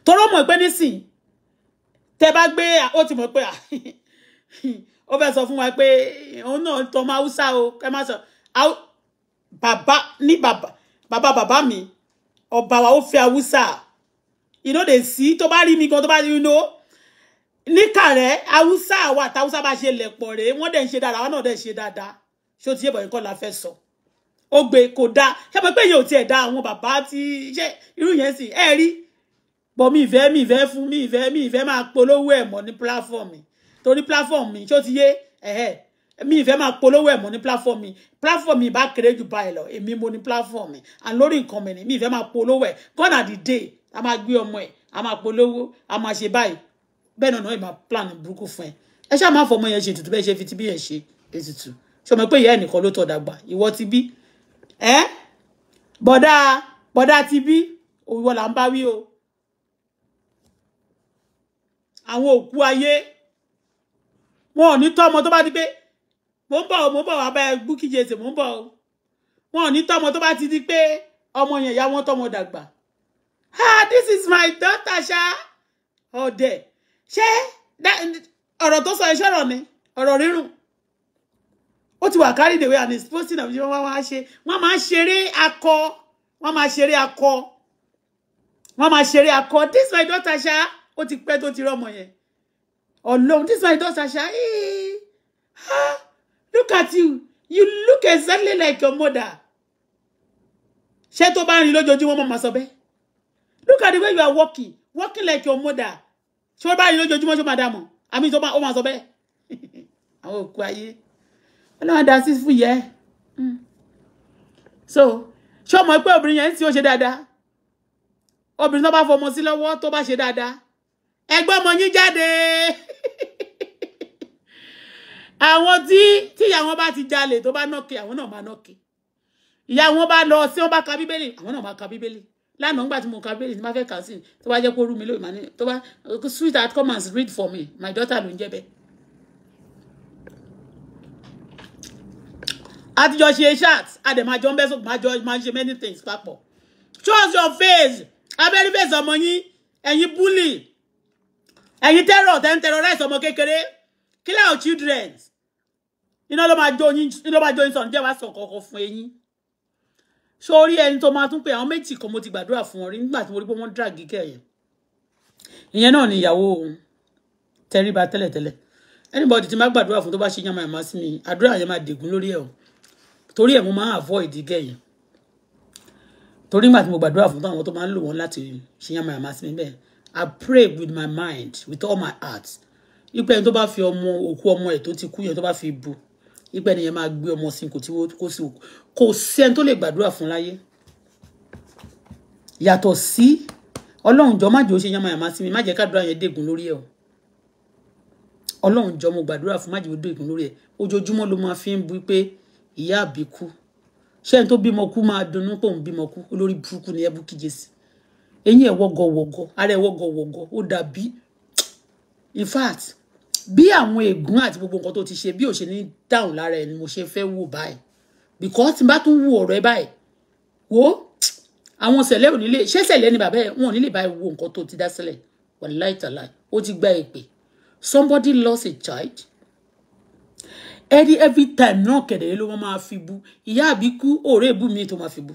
Speaker 1: tọrọ mọ̀ pé nísìn tẹ bá gbé ó ti mọ̀ pé ah, <laughs> ó fẹ́ sọ fún wa pé òun náà tọ́ ọmọ haúsá o kẹ́ má sọ bàbá ní bàbá bàbá bàbá mi ọba wa ó fẹ́ haúsá you know dey see tó bá rí mi gan tó bá rí you know níkàrẹ́ haúsá àwọn àtàwùsá bá ṣe lẹ̀pọ̀ rèé wọ́n dẹ̀ ń ṣe dáadáa àwọn náà dẹ̀ ń ṣe dáadáa ṣé o ti yé bọ̀ nǹkan la fẹ́ sọ ó gbé kò dáa ṣé pé yẹn ò tiẹ̀ da àwọn bàbá tí ṣe irú yẹn sì ẹ rí bọ̀ mi ìfẹ́ mi ìfẹ́ fún mi ìfẹ́ mi ìfẹ́ máa polówó ẹ̀ mọ́ ní pílàfọ́ọ̀mù torí platform mi ṣó ti yé ẹ̀hẹ́ mi ìfẹ́ máa polówó ẹ̀ mọ́ ní platform mi platform mi bá kéré jù báyìí lọ èmi mo ní platform mi and lórí nǹkan mi ni mi ìfẹ́ máa polówó ẹ̀ gone are the day a máa gbé ọmọ ẹ̀ a máa polówó a máa ṣe báyìí bẹ́ẹ̀ náà náà ìmọ̀ plan burúkú fún ẹ ẹ ṣáà máa fọmọ yẹn ṣe ètùtù bẹ́ẹ̀ ṣe fi ti bí yẹn ṣe ètùtù ṣe mọ̀ pé ìyá ẹnìkan ló tọ́ dàgbà ìwọ ti bí ẹ bọ̀dá bọ̀dá ti bí òwúwọ̀ là ń bá wí o àwọn òkú ayé wọn ò ní tọ́mọ tó bá di pé mò ń bọ̀ ọ́ mò ń bọ̀ wá bá Bukky Jesse mò ń bọ̀ wọn ò ní tọ́mọ tó bá ti di pé ọmọ yẹn ìyá wọn tọ́mọ dàgbà ah this is my daughter ṣá ọ̀dẹ̀ ṣé ọ̀rọ̀ tó sọ iṣẹ́ ọ̀rọ̀ ni ọ̀rọ̀ rírùn ó ti wà kárí ìdèwé and his posting of wọn wá ṣe wọn máa ṣeré akọ wọn máa ṣeré akọ wọn máa ṣeré akọ this my daughter ṣá ó ti pẹ́ tó ti rọ́mọ yẹn ọlọ́run this my daughter ṣá ee look at you you look exactly like your mother ṣé tó bá ń rin lójoojúmọ́ mọ́ máa look at the way you are walking walking like your mother ṣé wọ́n bá rin lójoojúmọ́ ṣé madam àmì ìjọba ó máa sọ bẹ́ẹ̀ <laughs> àwọn òkú ayé ọlọ́run dá sí fún mm. so ṣé ọmọ ẹgbẹ́ obìnrin yẹn ń tí ó ṣe dáadáa obìnrin tó bá fọmọ sí lọ́wọ́ tó bá ẹgbẹ́ ọmọ yín jáde àwọn tí tí ìyá wọn bá ti jalè tó bá nọ́ọ̀kì àwọn náà máa nọ́ọ̀kì ìyá wọn bá lọ sí wọn bá ka bíbélì àwọn náà máa ka bíbélì lánàá nígbà tí mo ka bíbélì tí máa fẹ́ kà sí tó bá jẹ́ kó rú mi lóyún màá ní tó bá sweet heart come and read for me my daughter ló ń jẹ́ bẹ́ẹ̀. àtijọ́ ṣe chat àdèmàjọ ń bẹ́ sọ máa jọ máa ṣe many things papọ̀ show your face abẹ́rí fèsì ọmọ yín ẹ̀yin bully ẹ̀yin tẹ́rọ̀ tẹ́ ń terrorize ọmọ kékeré kill our children iná ló máa jó yín iná ló máa jó yín sọ̀rọ̀ jẹ́ wá sọ kọ̀ọ̀kan fún eyín sórí ẹni tó máa tún pé àwọn méjì kan mo ti gbàdúrà fún wọn rí nígbà tí mo rí pé wọ́n drag kíkẹ́ yẹn ìyẹn náà ni ìyàwó òun tẹríba tẹ́lẹ̀tẹ́lẹ̀ anybody ti máa gbàdúrà fún tó bá ṣe yàmà ìmá sí mi àdúrà yẹn máa dègún lórí ẹ̀ o torí ẹ̀ mo máa avoid gẹ̀yìn torí nígbà tí mo gbàdúrà fún táwọn tó máa ń lò wọ́n láti ṣe yàmà ìmá sí mi bẹ́ẹ̀ I pray with my mind with all my heart ipe ẹni tó bá fi ọmọ òkú ọmọ ẹ̀ tó ti kú yẹn tó bá fi bu ipe ẹni yẹn máa gbé ọmọ sí kò tí kò sí kò sí ẹni tó lè gbàdúrà fún láyé yàtọ̀ sí ọlọ́run jọ má jẹ́ ó ṣe yánmọ́ yàmá sí mi má jẹ́ kádùrà yẹn dègùn lórí ẹ̀ o ọlọ́run jọ mo gbàdúrà fún má jẹ́ lórí ẹ̀ ojoojúmọ́ ló máa fi ń bu pé ìyá àbíkú ṣé tó bímọ kú máa dunnú pé bímọ kú olórí burúkú ni ẹ bú kíje eyín ẹ̀ wọ́gọ̀wọ́gọ̀ ara ẹ̀ wọ́gọ̀wọ́gọ̀ ó dàbí in fact bí àwọn ègún àti gbogbo nǹkan tó ti ṣe bí ò ṣe ní dáhùn lára ẹ̀ ni mo ṣe fẹ́ wò báyìí because tí n bá tún wo ọ̀rọ̀ ẹ báyìí wo àwọn sẹ̀lẹ̀ ò nílé ṣé sẹ̀lẹ̀ ni bàbá ẹ̀ wọn ò nílé báyìí wo nǹkan tó ti dá sílẹ̀ wàláì tàláì ó ti gba èpè somebody lost a child every every time náà kẹ̀dẹ̀ ló wọ́n máa fi bu ìyá àbíkú òórè bù mí tó máa fi bu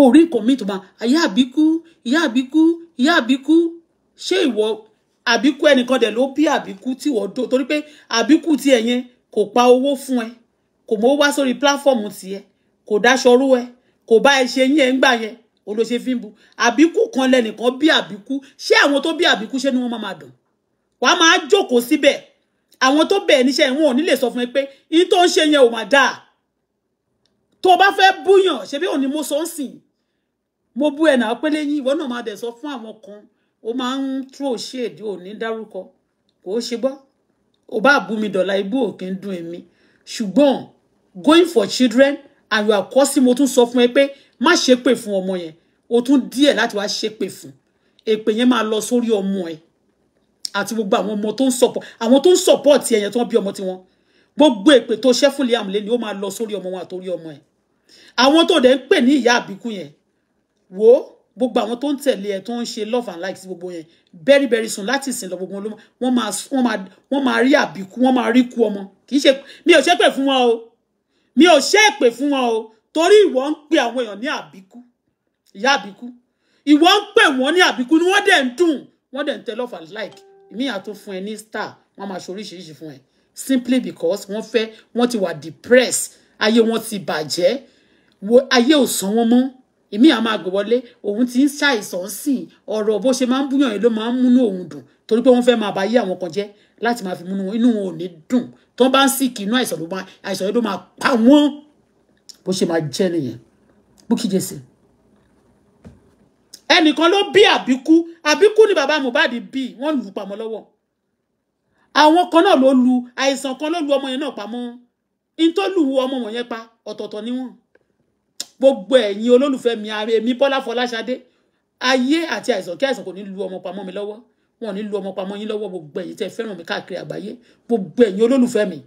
Speaker 1: orí nǹkan míì tó bá àyà àbíkú ìyá àbíkú ìyá àbíkú ṣé ìwọ àbíkú ẹnìkan dẹ̀ ló bí àbíkú tí wọ́n dó torí pé àbíkú ti ẹ̀ yẹn kò pa owó fún ẹ kò mọ́ wá sórí pláfọ́ọ̀mù tiẹ̀ kò dáṣọ rú ẹ kò bá ẹ ṣe yín ẹ ń gbà yẹn olóṣè fi ń bu àbíkú kan lẹnìkan bí àbíkú ṣé àwọn tó bí àbíkú ṣé ni wọ́n máa máa dùn wàá máa jókòó síbẹ̀ àwọn tó bẹ̀ẹ̀ níṣẹ́ wọn ò ní lè sọ fún ẹ pé yín tó ń ṣe yẹn ò máa dáa tó o bá fẹ́ búyàn ṣebí òní mo sọ ń sìn mo bú ẹnà apẹlẹ yín ìwọ náà máa dẹ̀ sọ fún àwọn kan ó máa ń tró ṣèdí òní dárúkọ kò ó ṣe gbọ́ ò bá bú mi dọ̀la ibú òkè ń dùn èmi ṣùgbọ́n going for children and you are causing mo tún sọ fún ẹ pé má ṣe pè fún ọmọ yẹn o tún díẹ̀ láti wá ṣe pè fún èpè yẹn máa lọ sórí ọmọ ẹ àti gbogbo àwọn ọmọ tó ń support àwọn tó ń support ẹ yẹn tó ń bí ọmọ tiwọn gbogbo èpè tó ṣẹ́ fún Liam lé ni ó máa lọ sórí ọmọ wọn àtòrí ọmọ ẹ àwọn tó dẹ̀ ń pè ní ìyá àbíkú yẹn wo gbogbo àwọn tó ń tẹ̀lé ẹ tó ń ṣe love and likes gbogbo yẹn very very soon láti ìsìn lọ gbogbo wọn máa wọn máa wọn máa rí àbíkú wọn máa rí ku ọmọ kì í ṣe mi ò ṣépè fún wọn o mi ò ṣépè fún wọn o torí ìwọ ń pe àwọn èèyàn ní àbíkú ìyá àbíkú ìwọ ń pè wọn ní àbíkú ni wọn dẹ̀ ń dùn wọn dẹ̀ ń tẹ love and like mi àti fún ẹ ní star wọn máa ṣe oríṣiríṣi fún ẹ simply because wọn fẹ́ wọn ti wà depressed ayé wọn ti bàjẹ́ ayé ò san wọn mọ́ èmi àwọn máa gbọ̀wọ́lé òun ti ń ṣàìsàn sìn ọ̀rọ̀ bó ṣe máa ń búyàn yẹn ló máa ń múnú òun dùn torí pé wọ́n fẹ́ máa bá yé àwọn kan jẹ́ láti máa fi múnú inú wọn ò ní dùn tó bá ń sì kì inú àìsàn ló máa àìsàn yẹn ló máa pa wọ́n bó ṣe máa jẹ́ nìyẹn Bukky Jesse. ẹnìkan ló bí àbíkú àbíkú ni bàbá Mohbad bí wọ́n lù ú pamọ́ lọ́wọ́ àwọn kan náà ló lu àìsàn kan ló lu ọmọ yẹn náà pamọ́ gbogbo ẹ̀yin olólùfẹ́ mi èmi Bọ́lá Fọláṣadé ayé àti àìsàn kí àìsàn kò ní lu ọmọ pamọ́ mi lọ́wọ́ wọn ò ní lu ọmọ pamọ́ yín lọ́wọ́ gbogbo ẹ̀yin tẹ́ fẹ́ràn mi káàkiri àgbáyé gbogbo ẹ̀yin olólùfẹ́ mi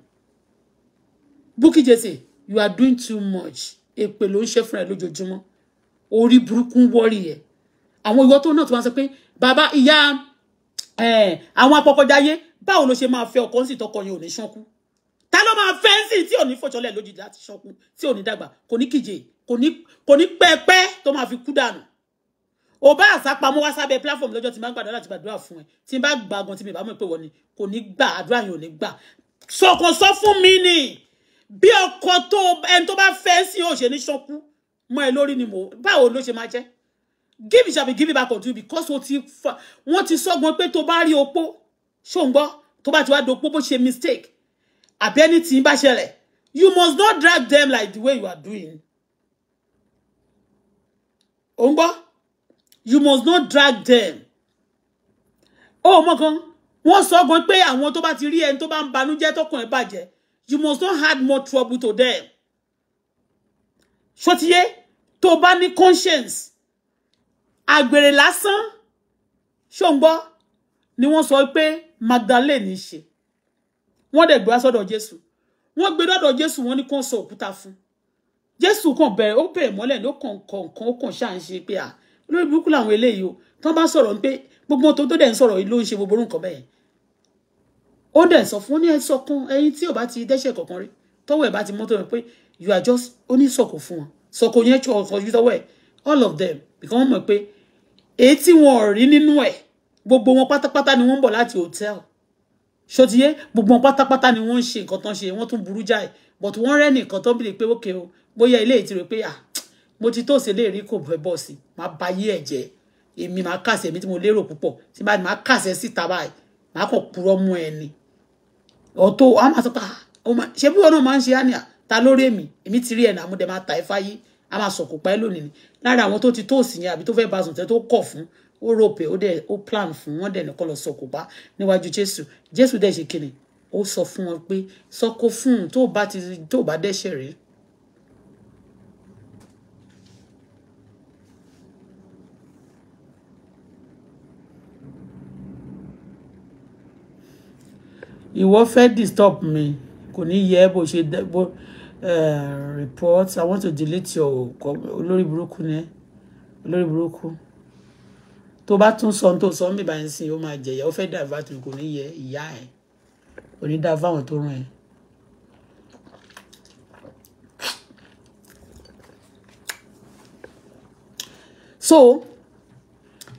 Speaker 1: Bukky Jesse you are doing too much èpè ló ń ṣe fúnra ẹ̀ lójoojúmọ́ orí burúkú wọ́ọ̀rì ẹ̀ àwọn ìwọ tó náà tó máa sọ pé bàbá ìyá eh, àwọn apọkọjáyé báwo ló ṣe máa fẹ́ ọkọ sí tọkọ yẹn ò ní ṣánkú ta ló máa fẹ́ sí tí ò ní fọ̀ṣọ́lẹ̀ lójijì láti ṣánkú tí ò ní dàgbà kò ní kíje kò ní pẹ́ẹ́pẹ́ tó máa fi kú dànù o bá àsápamọ́ wá sábẹ́ platform lọ́jọ́ tí n bá gbàdúrà láti gbàdúrà fún ẹ tí n bá gbà gan tí mi bá mọ̀ pé wọ́n ni kò ní gbà àdúrà yẹn ò ní gbà sọkàn sọ fún mi ni bí ọkọ tó ẹni tó bá fẹ́ sí ò ṣe ní ṣọ́kú mọ́ ẹ lórí ni mo báwo ló ṣe máa jẹ́ give shall give given back to you because o ti fa wọ́n ti sọ́gbọ́n pé tó bá rí opó ṣòǹgbọ́ tó bá ti wá dopó bó ṣe mistake àbí ẹni tí ń bá ṣẹlẹ̀ you must not drag them like the way you are doing ò you must not drag them ó mọ̀ kan wọ́n sọ gan pé àwọn tó bá ti rí ẹni tó bá ń banújẹ́ tọkàn ẹ̀ bàjẹ́ you must not add more trouble to them ṣótiyé tó bá ní conscience àgbèrè lásán ṣó ń gbọ́ ni wọ́n sọ pé Magdalene ṣe wọ́n dẹ̀ gbé wá sọ́dọ̀ Jésù wọ́n gbé dọ́dọ̀ Jésù wọ́n ní kó sọ òkúta fún un jésù kàn bẹ̀rẹ̀ ó bẹ̀rẹ̀ mọ́lẹ̀ ló kàn kàn kàn ó kàn ṣáà ń ṣe pé à lórí burúkú làwọn eléyìí o tán bá sọ̀rọ̀ pé gbogbo tó tó dẹ̀ ń sọ̀rọ̀ yìí ló ń ṣe gbogbo nǹkan bẹ́ẹ̀ ó dẹ̀ sọ fún ní ẹsọ kan ẹyin tí ò bá ti dẹ́ṣẹ̀ kankan rí tọ́wọ́ ẹ̀ bá ti mọ́tò rẹ̀ pé you are just onísọ̀kò fún wọn sọ̀kò yẹn tí ọkọ̀ ju tọ́wọ́ ẹ̀ all of them because wọ́n mọ̀ pé èyí tí wọn ò rí nínú ẹ̀ gbogbo wọn pátápátá ni wọ́n ń bọ̀ láti hòtẹ́ẹ̀lì ṣòtiyé gbogbo wọn pátápátá ni wọ́n ń ṣe nǹkan tán ṣe wọ́n tún burú jáì but wọ́n rẹ́ nìkan tó bìlẹ̀ pé ókè o bóyá ilé ìtìrò pé à ah, mo ti tóòsì lè rí kò fẹ́ sí máa ba yé ẹ̀jẹ̀ èmi máa kàṣẹ èmi tí mo lérò púpọ̀ tí bá máa kàṣẹ síta báyìí máa kàn purọ́ mú ẹ ni ọ̀tọ̀ a máa sọ pé ah, ṣé bí wọn náà máa ń ṣe á ní à ah, ta lórí èmi èmi ti rí ẹ̀ náà mo dẹ̀ máa ta ẹ fáyé a máa sọ̀kò pa ẹ́ lónìí ni lára àwọn tó ti tóòsì yẹn àbí tó fẹ́ ba sùn tẹ́ tó kọ̀ fún ó rò pé ó dẹ̀ ó plan fún wọn dẹ̀ nìkan lọ sọ̀kò bá níwájú Jésù Jésù dẹ̀ ṣe kìnnì ó sọ fún wọn pé sọkò fún un tó bá ti tó bá dẹ́ṣẹ̀ rèé ìwọ fẹ́ disturb mi kò ní yẹ bó ṣe bó report i want to delete your olórí burúkú ni olórí burúkú tó bá tún sọ tó sọ mí báyìí sìn ó máa jẹyà ó fẹ́ divert kò ní yẹ ìyá ẹ kò ní dá fáwọn tó rán ẹ. so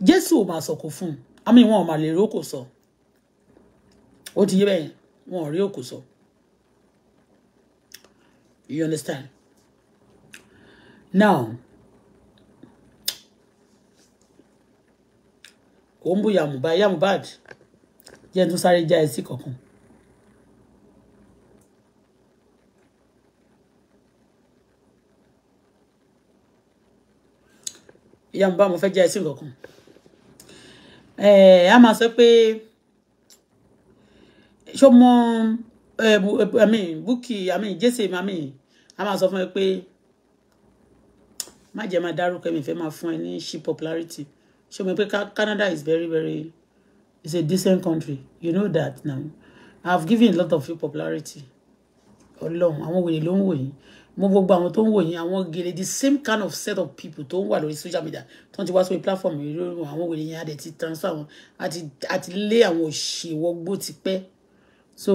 Speaker 1: jésù ò máa sọkò fún un àmì wọn ò máa lè rókò sọ. So ó ti yé bẹ́ẹ̀ wọn ò rí òkú sọ you understand now ó ń bu yàmùbá yàmùbáàd jẹ́ n tún sáré já ẹ sí kankan. yàmùbá mo fẹ́ já ẹ kankan. ẹ a máa sọ pé. So ṣọmọ eh, eh, i mean Bukky i mean jesse i mean a máa sọ fún ẹ pé má jẹ́ máa dárúkọ ẹ̀mí fẹ́ máa fún ẹ ní popularity So mo pé Canada is very very is a decent country you know that now I've given a lot of you popularity ọlọ́run àwọn wèrè ló ń wò yín mo gbogbo àwọn tó ń wò yín àwọn the same kind of set of people tó ń wà lórí social media tó ń ti wá sórí platform yìí lórí àwọn wèrè yẹn a dẹ̀ ti transfer wọn àti lé àwọn òṣèwọ́gbó ti pẹ́ so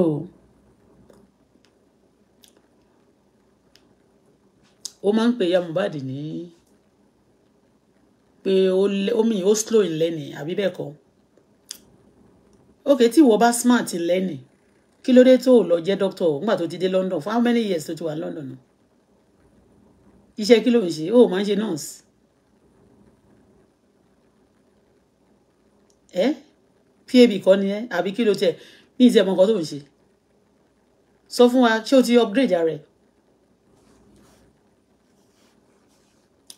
Speaker 1: ó máa ń pe ìyá Mohbad ní pé ó ó slow in learning àbí bẹ́ẹ̀ kọ́ okay tí ìwọ bá smart in learning kí ló dé tó lọ jẹ́ doctor nígbà tó ti dé London for how many years tó ti wà London náà iṣẹ́ kí ló ń ṣe ó oh, máa ń ṣe nurse ẹ eh? pab kọ́ ni ẹ àbí kí ló tiẹ̀ ní ìsẹ̀ mọ̀kàn tó ń ṣe sọ fún wa ṣé o ti upgrade rẹ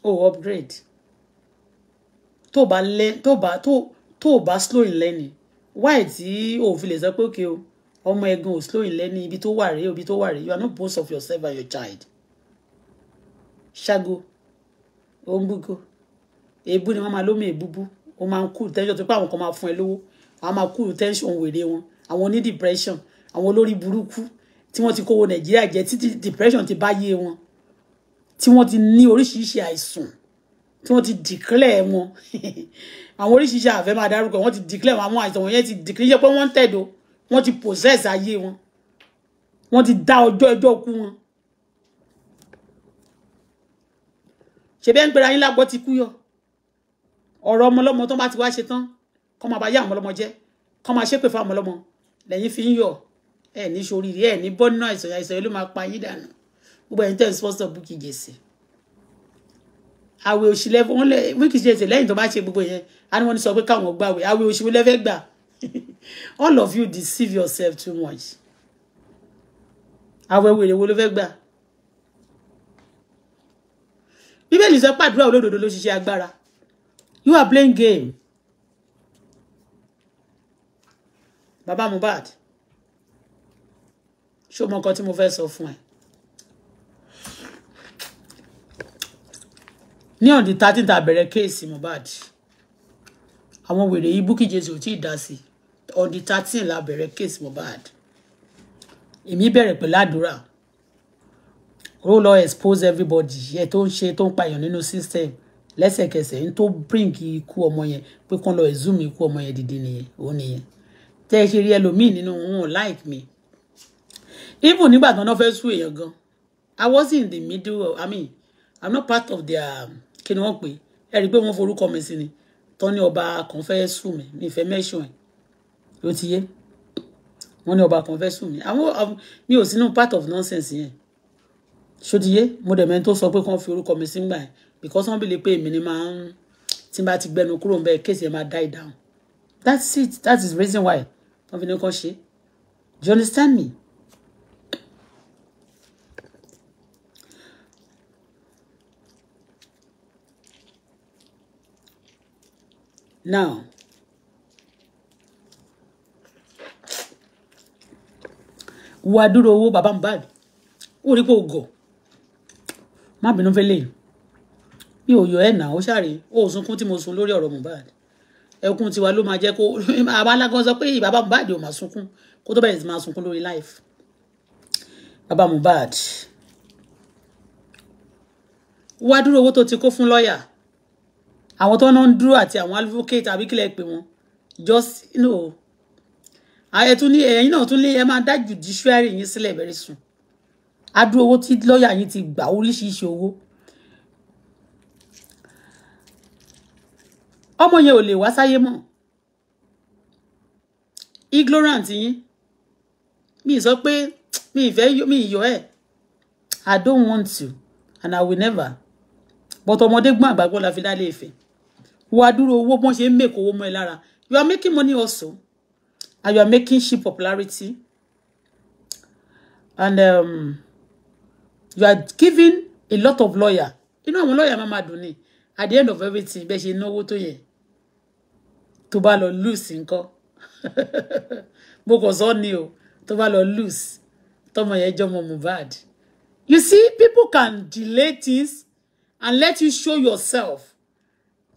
Speaker 1: o upgrade tó bá lẹ tó bá tó tó bá slow in learning why tí o fi lè sọ pé òkè o ọmọ ẹ̀gbọ́n ò slow in learning ibi tó wà rèé ibi tó wà rèé you are not boss of yourself and your child ṣágo ó ń gbúgbó èébú ni wọ́n máa lómi èbúbú ó máa ń kú tẹ́ńṣọ̀n tó pé àwọn kan máa fún ẹ lówó àwọn máa kú tẹ́ńṣọ̀n wèrè wọn àwọn ní depression àwọn olórí burúkú tí wọ́n ti kówó nàìjíríà jẹ títí depression ti bá yé wọn tí wọ́n ti ní oríṣiríṣi àìsàn tí wọ́n ti declare wọn <laughs> àwọn oríṣiríṣi àfẹ́ máa dárúkọ wọ́n ti declare wọn àwọn àìsàn wọn yẹn ti declare iṣẹ́ pé wọ́n ń tẹ̀dọ̀ wọ́n ti possess ayé wọn wọ́n ti dá ọjọ́ ẹjọ́ kú wọn. ṣebí ẹ ń gbéra yín lágbọ́ ti kú yọ ọ̀rọ̀ ọmọlọ́mọ tó bá ti wá ṣe tán kọ́ máa bá yá ọmọlọ́mọ jẹ́ kọ́ máa ṣépè fún ọmọlọ́mọ lẹ́yìn fi ń yọ̀ ẹ̀ ní sóríire ẹ̀ ní bọ́nà ìsọ̀yà ìsọ̀yà ló máa pa yín dànù gbogbo ẹ̀yin tẹ̀ ń sponsor Bukky Jesse àwẹ̀ òsì lẹ́fọ̀ wọn lẹ́ Bukky Jesse lẹ́yìn tó bá ṣe gbogbo yẹn a ní wọ́n sọ pé káwọn gbàwẹ̀ àwẹ̀ òsì lẹ́fẹ̀ gbà <laughs> all of you deceive yourself too much àwẹ̀ wèrè wo ló fẹ́ gbà bíbélì sọ pàdúrà olódodo ló ṣiṣẹ́ agbára you are playing game. Baba Mohbad ṣé o mọ nǹkan tí mo fẹ́ sọ fún ẹ. ní ọ̀dí thirteen ta bẹ̀rẹ̀ kéèsì Mohbad àwọn wèrè yìí Bukky Jesu ò tí dá sí ọ̀dí thirteen la bẹ̀rẹ̀ kéèsì Mohbad èmi bẹ̀rẹ̀ pẹ̀lú àdúrà ó lọ expose everybody ẹ tó ń ṣe tó ń pààyàn nínú system lẹ́sẹ̀kẹsẹ̀ ń tó bring ikú ọmọ yẹn pé kán lọ exhume ikú ọmọ yẹn dìde nìyẹn òun nìyẹn tẹ́ ẹ ṣe rí ẹlòmíì nínú wọn ò like me even nígbà tí wọ́n fẹ́ sún èèyàn gan I was in the middle of, I mean I'm not part of their kí ni wọ́n pè é rí i pé wọ́n forúkọ mi sí ni tán ní ọba kan fẹ́ sùn mi mi fẹ́ mẹ́sàn ẹ̀ ló ti yé wọ́n ní ọba kan fẹ́ sùn mi àwọn um, mi ò sínú part of nonsense yẹn ṣódiyé mo dẹ̀ mẹ́ni tó sọ pé kán fi orúkọ mi sígbà yẹn because wọ́n bèèrè pé èmi ni máa ń tí n bá ti gbẹnu kúrò ń bẹ́ẹ̀ kéèsì ẹ̀ máa die down that's it that is the reason why wọ́n fi ní kọ́ ṣe do you understand me. now wo adúrò owó bàbá Mohbad ó rí pé o gọ̀ má bínú fẹ́ lè mi ò yọ ẹ̀ nà ó ṣàrè ó sunkún tí mo sun lórí ọ̀rọ̀ Mohbad ẹkún tiwa ló máa jẹ́ kó <laughs> àwa alágan sọ pé bàbá Mohbad ò máa sunkún kó tó bẹ̀rẹ̀ sí máa sunkún lórí life bàbá Mohbad wá dúró owó tó ti kó fún lọ́ọ̀yà àwọn tó náà ń dúró àti àwọn advocate àbí pé wọn just no ẹ̀tún ní ẹ̀yìn náà tún lé ẹ máa dá judiciary yín sílẹ̀ bẹ̀rẹ̀ sùn á tí lọ́ọ̀yà yín ti gbà oríṣiríṣi owó ọmọ yẹn ò lè wá sáyé mọ́ ignorant yín mi sọ pé mi ìfẹ́ mi ìyọ̀ ẹ̀ I don't want to and I will never but ọmọdé gbọ́n àgbàgbọ́ la fi dálé ìfẹ́ wàá dúró owó bọ́n ṣe ń mèkó owó mọ́ ẹ lára you are making money also and you are making ship popularity and um, you are giving a lot of lawyer You know àwọn lọ́ọ̀yà máa ma dùn ni at the end of everything bẹ́ẹ̀ ṣe náwó tó yẹ To bá lọ lose nǹkan <laughs> mo kò sọ ni o tó bá lọ lose tọmọ yẹn jọmọ Mohbad you see people can delay things and let you show yourself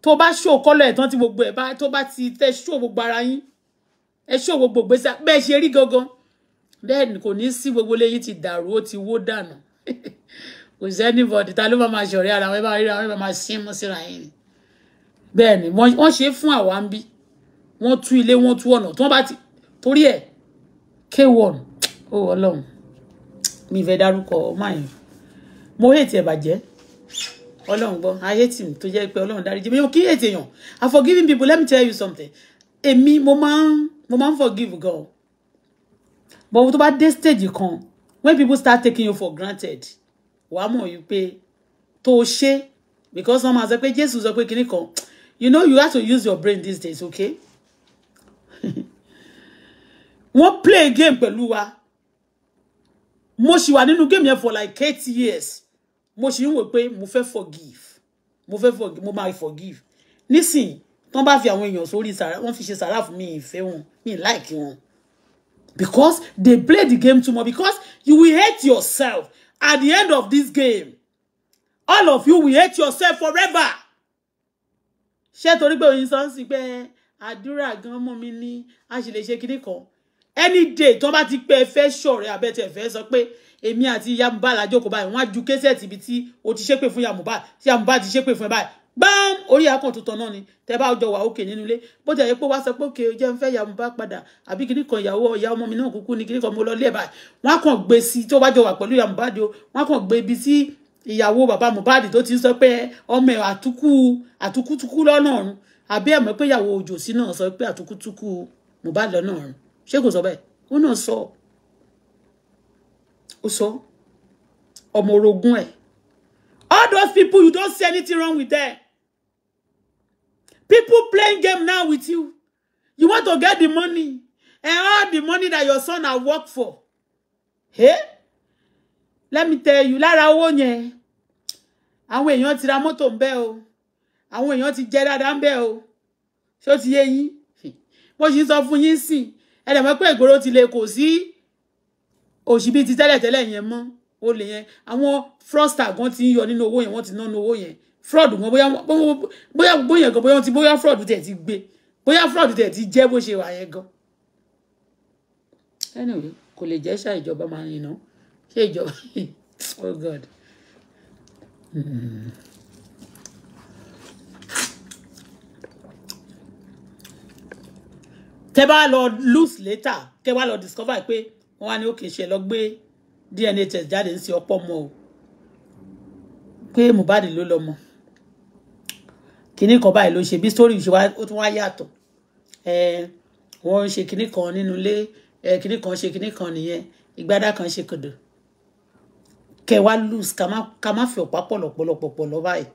Speaker 1: To ba show color, ẹ̀ tán tí gbogbo ẹ̀ ba tó bá ti tẹ́ show gbogbo ara yín ẹ show gbogbo gbèsè bẹ́ẹ̀ ṣe rí gangan then kò ní sí gbogbo léyìn ti dàrú ó ti wó dànù <laughs> kò sẹ́nìbọ̀dì ta ló máa ma ṣọ̀rẹ́ ara wọn ẹ bá rí ara wọn ẹ bá ma sín mú síra yín ni wọ́n ṣe é fún àwa wọ́n tú ilé wọ́n tú ọ̀nà tí wọ́n bá ti torí ẹ̀ k1 ó ọlọ́run mi fẹ́ dárúkọ máyìn mo hate ẹ̀ bàjẹ́ ọlọ́run gbọ́ i hate him tó jẹ́ pé ọlọ́run dáríjì mi kí hate èèyàn i forgiving people let me tell you something èmi mo máa ń mo máa ń forgive God but tó bá dé stage kan when people start taking you for granted wàá mọ̀ yìí pé tó o ṣe because wọ́n máa sọ pé Jésù sọ pé kinní kan you know you have to use your brain these days okay <laughs> wọ́n play game pẹ̀lú wa mo sì wà nínú game for like eight years mo sì ń wò pé mo fẹ́ forgive mo fẹ́ forgive mo máa forgive nísìnyí tán bá fi àwọn èèyàn sórí sàrà wọ́n fi ṣe sàrà fún mi ìfẹ́ wọn mi like wọn because they play the game too much because you will hate yourself at the end of this game all of you will hate yourself forever ṣé torí pé oyin sọ ń sìn àdúrà gan ọmọ mi ní a sì lè ṣe kinní kan any day tó bá ti pé ẹ fẹ́ ṣọ̀rẹ́ abẹ́tẹ̀ ẹ fẹ́ sọ pé èmi àti ìyá Mohbad lájókòó báyìí wọ́n á ju késẹ̀tì ibi tí o ti ṣépè fún ìyá Mohbad tí ìyá Mohbad ti ṣépè fún ẹ báyìí gbọ́n orí akàn tuntun náà ni tẹ bá jọ wà òkè nínú ilé bó ti ẹ̀ pé wá sọ pé òkè jẹ́ ń fẹ́ ìyá Mohbad padà àbí kìnnì kan ìyàwó ìyá ọmọ mi náà kúkú ni kìnnì kan mo lọ lé ẹ̀ báyìí wọ́n á kàn gbé sí tó bá jọ wà pẹ̀lú ìyá Mohbad o wọ́n á kàn gbé ibi sí ìyàwó bàbá Mohbad tó ti sọ pé ọmọ ẹ̀ àtúkù àtúkùtukù lọ́nà àbí ẹ̀mọ́ pé ìyàwó òjòsí náà sọ pé àtúkútúkú Mohbad lọ́nà ọ̀run ṣé kò sọ bẹ́ẹ̀ ó náà sọ ó sọ ọmọ orogún ẹ̀ all those people you don't see anything wrong with them people playing game now with you you want to get the money and eh, all the money that your son have worked for hey eh? let me tell you lára owó yẹn àwọn èèyàn ti ra mọ́tò ń bẹ́ o àwọn èèyàn ti jẹ dáadáa ń bẹ o ṣé ó ti yé yín bó ṣe ń sọ fún yín sìn ẹ dẹ̀ mọ̀ pé ìgboro ti le kò sí òṣì bíi ti tẹ́lẹ̀tẹ́lẹ̀ yẹn mọ́ ó lè yẹn àwọn fraudster gan ti ń yọ nínú owó yẹn wọ́n ti ná nínú owó yẹn fraud gan bóyá bóyá bóyá gan bóyá wọ́n ti bóyá fraud tẹ̀ ti gbé bóyá fraud tẹ̀ ti jẹ́ bó ṣe wà yẹn gan. anyway kò lè jẹ́ ṣá ìjọba máa ń yìnbọn ṣé ìjọba <laughs> oh god. Mm. tẹ́ bá lọ lose later kẹ́ wá lọ discover pé wọ́n wá ní òkè ṣe lọ gbé DNA test jáde ń ṣe ọ̀pọ̀ mọ́ o pé Mohbad ló lọ́mọ kinní kan báyìí ló ṣe bí story ṣe wá ó tún wá yàtọ̀ wọ́n ṣe kinní kan nínú ilé kinní kan ṣe kinní kan nìyẹn ìgbádá kan ṣe kòdò kẹ́ wá lose ká má fi ọ̀pá pọ̀lọ̀pọ̀lọpọ̀ lọ báyìí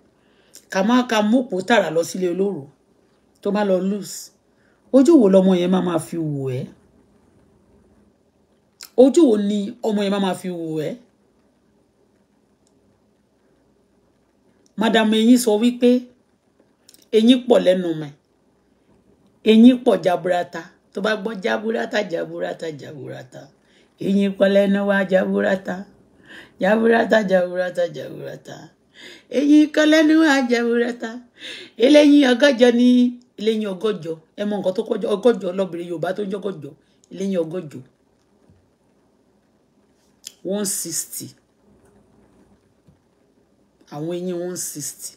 Speaker 1: ká má ká mú òpó tààrà lọ sílé olóró tó má lọ lose ojú wo lọmọ yẹn máa máa fi wò ẹ́ ojú wo ni ọmọ yẹn máa máa fi wò ẹ́ madam eyín sọ wípé eyín pọ̀ lẹ́nu mi eyín pọ̀ jaburata tó bá gbọ́ jaburata jaburata jaburata eyín pọ̀ lẹ́nu wa jaburata jaburata jaburata jaburata eyín kọ́ lẹ́nu wa jaburata eléyìí ọgọ́jọ ni lẹ́yìn ọgọ́jọ ẹ mọ nǹkan tó kọjọ ọgọ́jọ lọ́bìnrin yorùbá tó ń jọ́gọ́jọ lẹ́yìn ọgọ́jọ one sixty àwọn eyín one sixty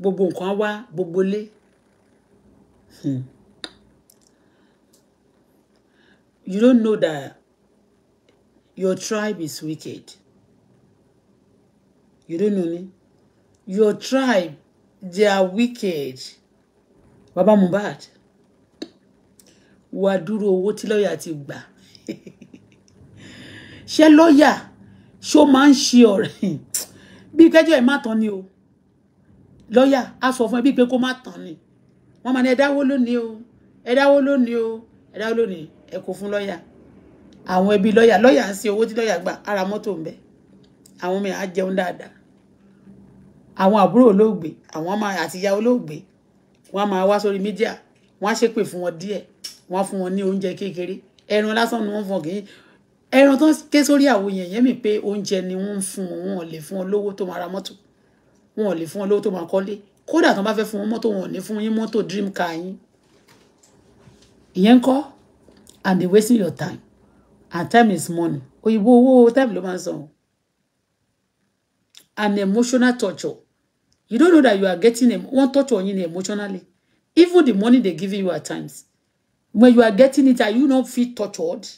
Speaker 1: gbogbo nǹkan wá gbogbo lé hmm. you don't know that your tribe is wicked. You don't know me. Your tribe, they are wicked. Baba mubat. wàá dúró owó tí lọ́ọ̀yà ti gbà. <laughs> Ṣé lọ́ọ̀yà ṣó máa ń ṣe ọ̀rẹ́? Bí kẹ́jọ́ ẹ̀ má tán ni o. Lọ́ọ̀yà á sọ fún ẹ bí pé kó má tán ni. Wọ́n máa ní ẹ dáwó lónìí o, ẹ dáwó lónìí o, ẹ dáwó lo ni. kò fún lọ́ọ̀yà. Àwọn ẹbí lọ́ọ̀yà Lawyer ń ṣe owó tí lọ́ọ̀yà gbà ara mọ́tò ń àwọn ọmọ yẹn á jẹun dáadáa àwọn àbúrò olóògbé àwọn máa àtìyá olóògbé wọ́n máa wá sórí mídíà wọ́n á ṣépè fún wọn díẹ̀ wọ́n á fún wọn ní oúnjẹ kékeré ẹran lásán ni wọ́n fọn kì í ẹran tó ń ké sórí àwo yẹn yẹn mi pé oúnjẹ ni wọ́n ń fún wọn wọn ò lè fún wọn lówó tó máa ra mọ́tò wọn ò lè fún wọn lówó tó máa kọ́lé kódà tó bá fẹ́ fún wọn mọ́tò wọn ò ní fún yín mọ́tò dream car yín ìyẹn ń kọ́ and they wasting your time and time is money òyìnbó owó time ló máa ń sọ wọn an emotional torture. You don't know that you are getting a, one torture on you emotionally. Even the money they give you at times. When you are getting it, are you not feel tortured?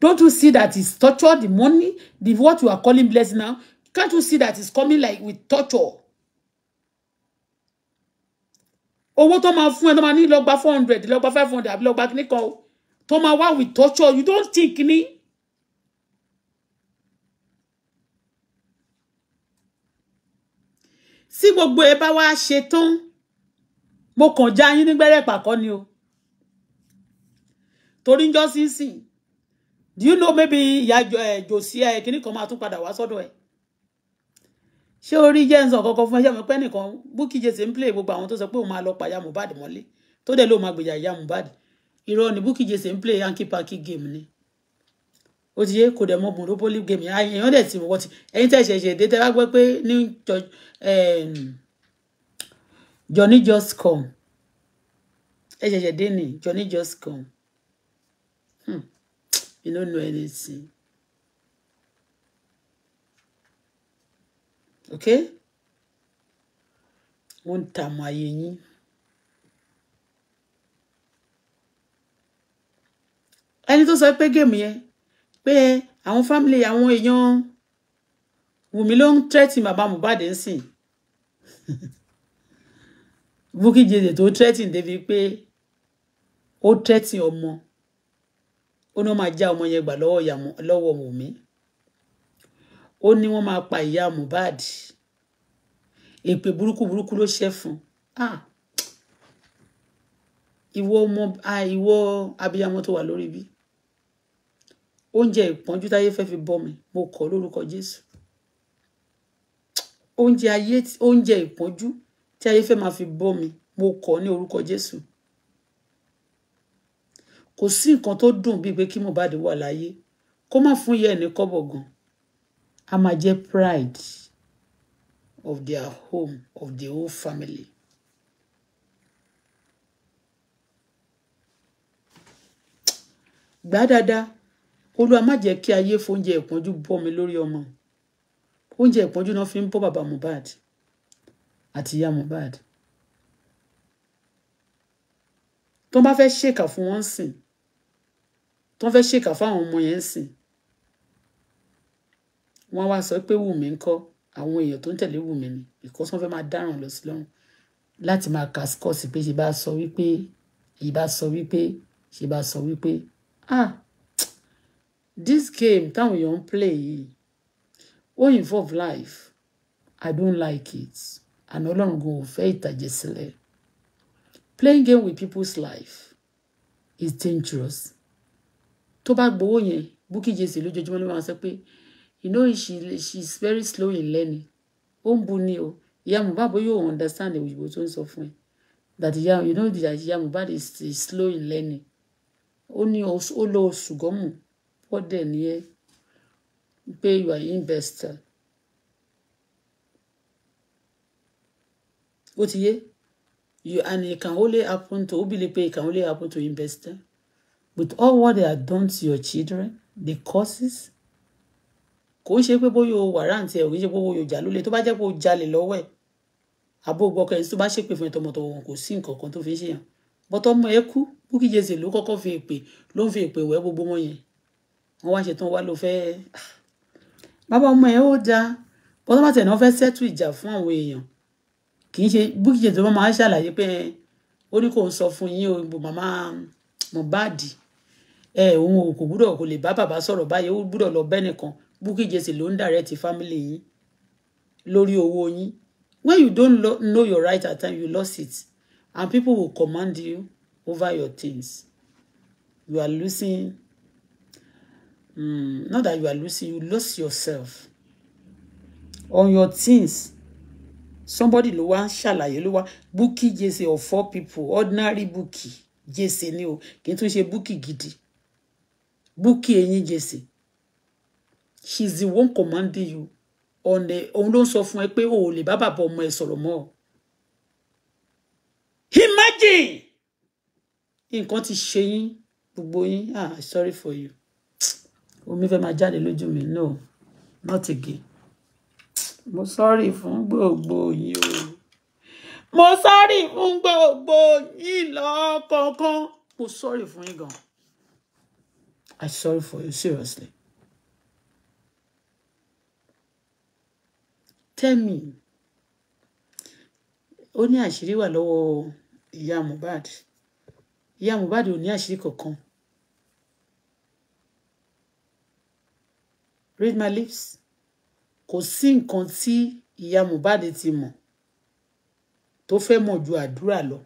Speaker 1: Don't you see that it's torture, the money, the what you are calling blessing now? Can't you see that it's coming like with torture? Oh, what am I? ẹ tó máa log lọ gba 400, log gba 500, àbí lọ gba kìíní kan tó máa with torture. You don't think me? tí gbogbo ẹ bá wá ṣe tán mo kàn já yín nígbẹ́rẹ́ pàkọ́ ni o torí ń jọ́ sí do you know maybe ìyá jòsí ẹ kíní kan máa tún padà wá sọ́dọ̀ ẹ̀ ṣé orí jẹ́ ń sọ kankan fún ẹ ṣàmì pé nìkan Bukky Jesse ń play gbogbo àwọn tó sọ pé òun máa lọ pàyà Mohbad mọ́lé tó dẹ̀ ló máa gbèjà ìyá Mohbad irọ́ ni Bukky Jesse ń play hanky panky game ni ó ti yé kò dẹ̀ mọ bùn lóbólì game èèyàn dẹ̀ ti wọ́n ẹ̀yin tẹ̀ ṣẹ̀ṣẹ̀ dé tẹ́ bá gbọ́ pé ní Johnny just come ẹ ṣẹ̀ṣẹ̀ dé ní Johnny just come hmm. you no know anything okay wọ́n ń tààmú ayé yín. ẹni tó sọ pé géèmù yẹn pé àwọn family àwọn èèyàn Wùmí ló ń tẹ́tì bàbá Mohbad ń sìn <laughs> Bukky Jesse tó tẹ́tì débi pé ó tẹ́tì ọmọ ó ní wọ́n máa já ọmọ yẹn gbà lọ́wọ́ Wùmí ó ní wọ́n máa pa ìyá Mohbad èpè burúkú burúkú ló ṣẹ́ fún ah ìwọ ọmọ ah, ìwọ abiyamọ tó wà lórí bíi oúnjẹ ìpọ́njú táyé fẹ́ fi bọ́ mi mo kọ̀ lórúkọ Jésù oúnjẹ ayé oúnjẹ ìpọ́njú tí ayé fẹ́ máa fi bọ́ mi mo kọ̀ ní orúkọ Jésù kò sí nǹkan tó dùn bíi pé kí Mohbad wà láyé kó má fún ìyá ẹ̀ kọ́bọ̀ gan a máa jẹ́ pride of their home of their whole family. gbá dáadáa olúwa má jẹ́ kí ayé fóúnjẹ ìpọ́njú bọ́ mi lórí ọmọ oúnjẹ ìpọ́njú náà fi ń bọ́ bàbá Mohbad àti ìyá Mohbad tó ń bá fẹ́ ṣèkà fún wọn sìn tó ń fẹ́ ṣèkà fáwọn ọmọ yẹn sìn wọ́n wá sọ pé Wùmí ń kọ́ àwọn èèyàn tó ń tẹ̀lé Wùmí ni because fẹ́ máa dáràn lọ sí lọ́run láti máa kà sí kọ́ọ̀sì pé ṣe bá sọ wípé ṣe bá sọ wípé ṣe bá sọ wípé ah this game táwọn èèyàn ń play yìí involve life i don't like it àná ọlọ́run kò fẹ́ ìtàjẹ̀ sílẹ̀ playing game with people's life is dangerous tó bá gbowó yẹn Bukky Jesse lójoojúmọ́ ló máa sọ pé you know she she is very slow in learning ó ń bu ni o ìyá Mohbad bó yóò understand òyìnbó tó ń sọ fún ẹ that ìyá you know that ìyá Mohbad is, is slow in learning ó ní ó lo oṣù wọ́n dẹ̀ ní pay your investor What ti yé you and it can only happen to ó bìlẹ̀ pé it can only happen to investor with all what they have done to your children the causes kò ń ṣe pé bóyá o warrant ẹ ò kì í ṣe pé bóyá o jà lólè tó bá jẹ́ pé o jalè lọ́wọ́ ẹ̀ àbó gbọ́kẹ́ ẹni tó bá ṣépè fún ẹ tọmọtọmọ wọn kò sí kan tó fi ń ṣèyàn bọ́tọ́ mọ ẹ kú Bukky Jesse ló kọ́kọ́ fi èpè ló fi èpè wẹ́ gbogbo wọn yẹn wọ́n wá ṣetán wá ló fẹ́ bàbá ọmọ ẹ̀ ó dáa bọ́dọ̀ bá tẹ̀lé wọ́n fẹ́ sẹ́tù ìjà fún àwọn èèyàn kì í ṣe Bukky tó bá máa ṣàlàyé pé ó ní kò ń sọ fún yín o màmá Mohbad ẹ òun ò kò gbúdọ̀ kò lè bá bàbá sọ̀rọ̀ báyìí ó gbúdọ̀ lọ bẹ́ẹ̀ nìkan Bukky Jease ló ń direct family yín lórí owó yín when you don't know your right at time you lost it and people will command you over your things you are losing Mm, not that you are losing, you lost yourself on your things. Somebody ló wá ṣàlàyé ló wá Bukky Jesse or four people ordinary Bukky Jesse ni o kì í tún ṣe gidi Bukky eyín Jesse she the one commanding you on the on ló ń sọ fún ẹ pé o ò lè bá bàbá ọmọ ẹ sọ̀rọ̀ mọ́ ọ. imagine nǹkan tí ṣe yín gbogbo yín ah sorry for you omi fẹ́ máa jáde lójú mi no not again mo sọ́rí fún gbogbo yín o mo sọ́rí fún gbogbo yín lọ́kọ̀ọ̀kan mo sọ́rí fún yín gan i sorry for you seriously tell me ó ní àṣírí wà lọ́wọ́ ìyá Mohbad ìyá Mohbad ò ní àṣírí kankan read my lips kò sí nǹkan tí ìyá Mohbad ti mọ̀ tó fẹ́ mọ̀ ju àdúrà lọ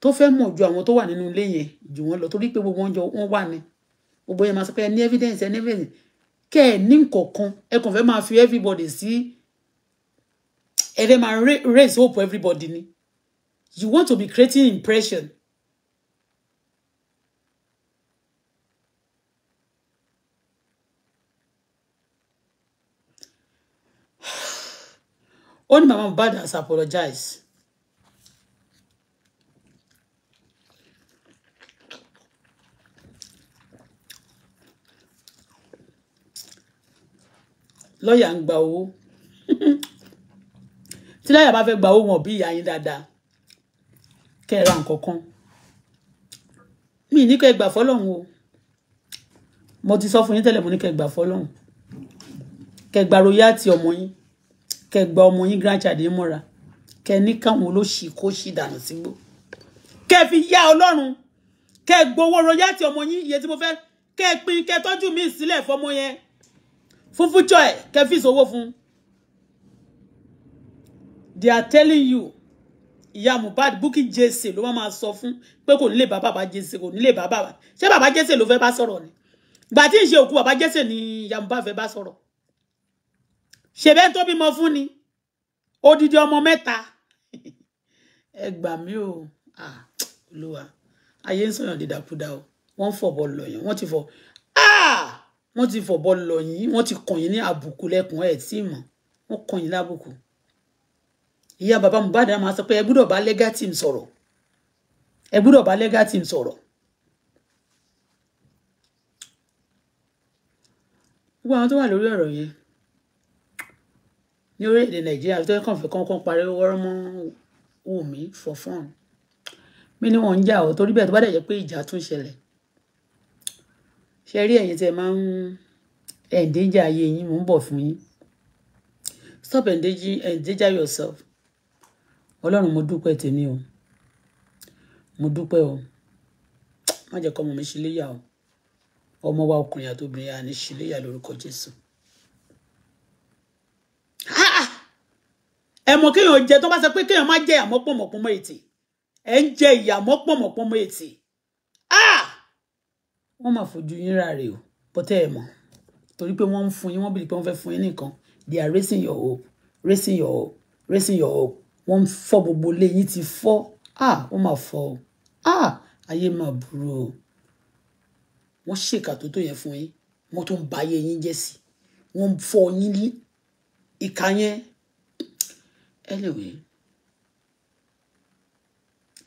Speaker 1: tó fẹ́ mọ̀ ju àwọn tó wà nínú ilé yẹn jù wọ́n lọ torí pé gbogbo wọn jọ wọ́n wà ní gbogbo yẹn máa sọ pé ẹ ní evidence ẹ ní evidence kẹ́ ẹ ní nǹkankan ẹ kàn fẹ́ máa fi everybody sí ẹ dẹ́ máa raise hope everybody ni you want to be creating impression Only Mama Mohbad has apologized. lọ́ọ̀yà ń gba owó <laughs> tí lọ́ọ̀yà bá fẹ́ gba owó wọn bí ìyá yín dáadáa kẹ́ ẹ ra nǹkan kan mi ní kẹ́ gbà fọ́lọ́hún o mo ti sọ fún yín tẹ́lẹ̀ mo ní kẹ́ ẹ gbà fọ́lọ́hún kẹ́ ẹ gba royalty ọmọ yín kẹ́ ọmọ yín grandchild yín mọ́ra ní káwọn olóṣì kó ṣì dànù sígbó kẹ́ fi yá ọlọ́run kẹ́ gbowó royalty ọmọ yín iye tí mo fẹ́ kẹ́ pín kẹ́ tọ́jú mi sílẹ̀ fọmọ yẹn fún fújọ ẹ̀ fi ìṣòwò fún they are telling you ìyá Mohbad Bukky Jesse ló máa sọ fún pé kò nílé bàbá bàbá Jesse kò nílé bàbá ṣé bàbá Jesse ló fẹ́ bá sọ̀rọ̀ ni gbà tí ń ṣe òkú bàbá Jesse ni ìyá Mohbad fẹ́ bá sọ̀rọ̀ ṣèbẹ́ tó bímọ fún ni odidi ọmọ mẹ́ta ẹ gbà mí o olúwa ayé ń sọyàn dídàkudà o wọ́n ń fọ̀bọ lọ yẹn wọ́n ti fọ wọ́n ti fọ̀bọ lọ yín wọ́n ti kàn yín ní àbùkù lẹ́kùn ẹ̀ tí mọ̀ wọ́n kàn yín lábùkù ìyá bàbá Mohbad máa sọ pé ẹ gbúdọ̀ bá legal team sọ̀rọ̀ ẹ gbúdọ̀ bá legal team sọ̀rọ̀ gbogbo àwọn tó wà lórí ọ̀rọ̀ yẹn ní orílẹ̀-èdè nàìjíríà tó kàn fẹ́ kán kán parí wọ́rọ́ mọ́ Wùmí for fun mi ni wọ́n ń jà ọ́ torí bẹ́ẹ̀ tó bá dẹ̀ jẹ́ pé ìjà tún ṣẹlẹ̀ ṣe rí ẹ̀yin tẹ́ máa ń endanger ayé yín mò ń bọ̀ fún yín stop endanger yourself ọlọ́run mo dúpẹ́ tèmi o mo dúpẹ́ o má jẹ́ kọ́ ọmọ mi ṣe léyà o ọmọ wa ọkùnrin àti obìnrin àní ṣe léyà lórúkọ jésù ẹ̀mọ́ kéèyàn jẹ tó bá sọ pé kéèyàn má jẹ ìyàmọ́ pọ̀mọ̀pọ̀mọ̀ ètì ẹ̀ ń jẹ ìyàmọ́ pọ̀mọ̀pọ̀mọ̀ ètì ah! wọ́n máa fojú yín ráre o bọ́tẹ́ ẹ̀ mọ̀ torí pé wọ́n ń fún yín wọ́n bìrì pé wọ́n fẹ́ fún yín nìkan they are raising your hope raising your hope raising your hope wọ́n ń fọ́ gbogbo ilé yín ti fọ́ ah wọ́n máa fọ́ o ah ayé máa burú o wọ́n ṣèkà tó tó yẹn fún yín wọ́n tó ń ba ayé yín jẹ́ sí wọ́n ń fọ́ yín ìka yẹn anyway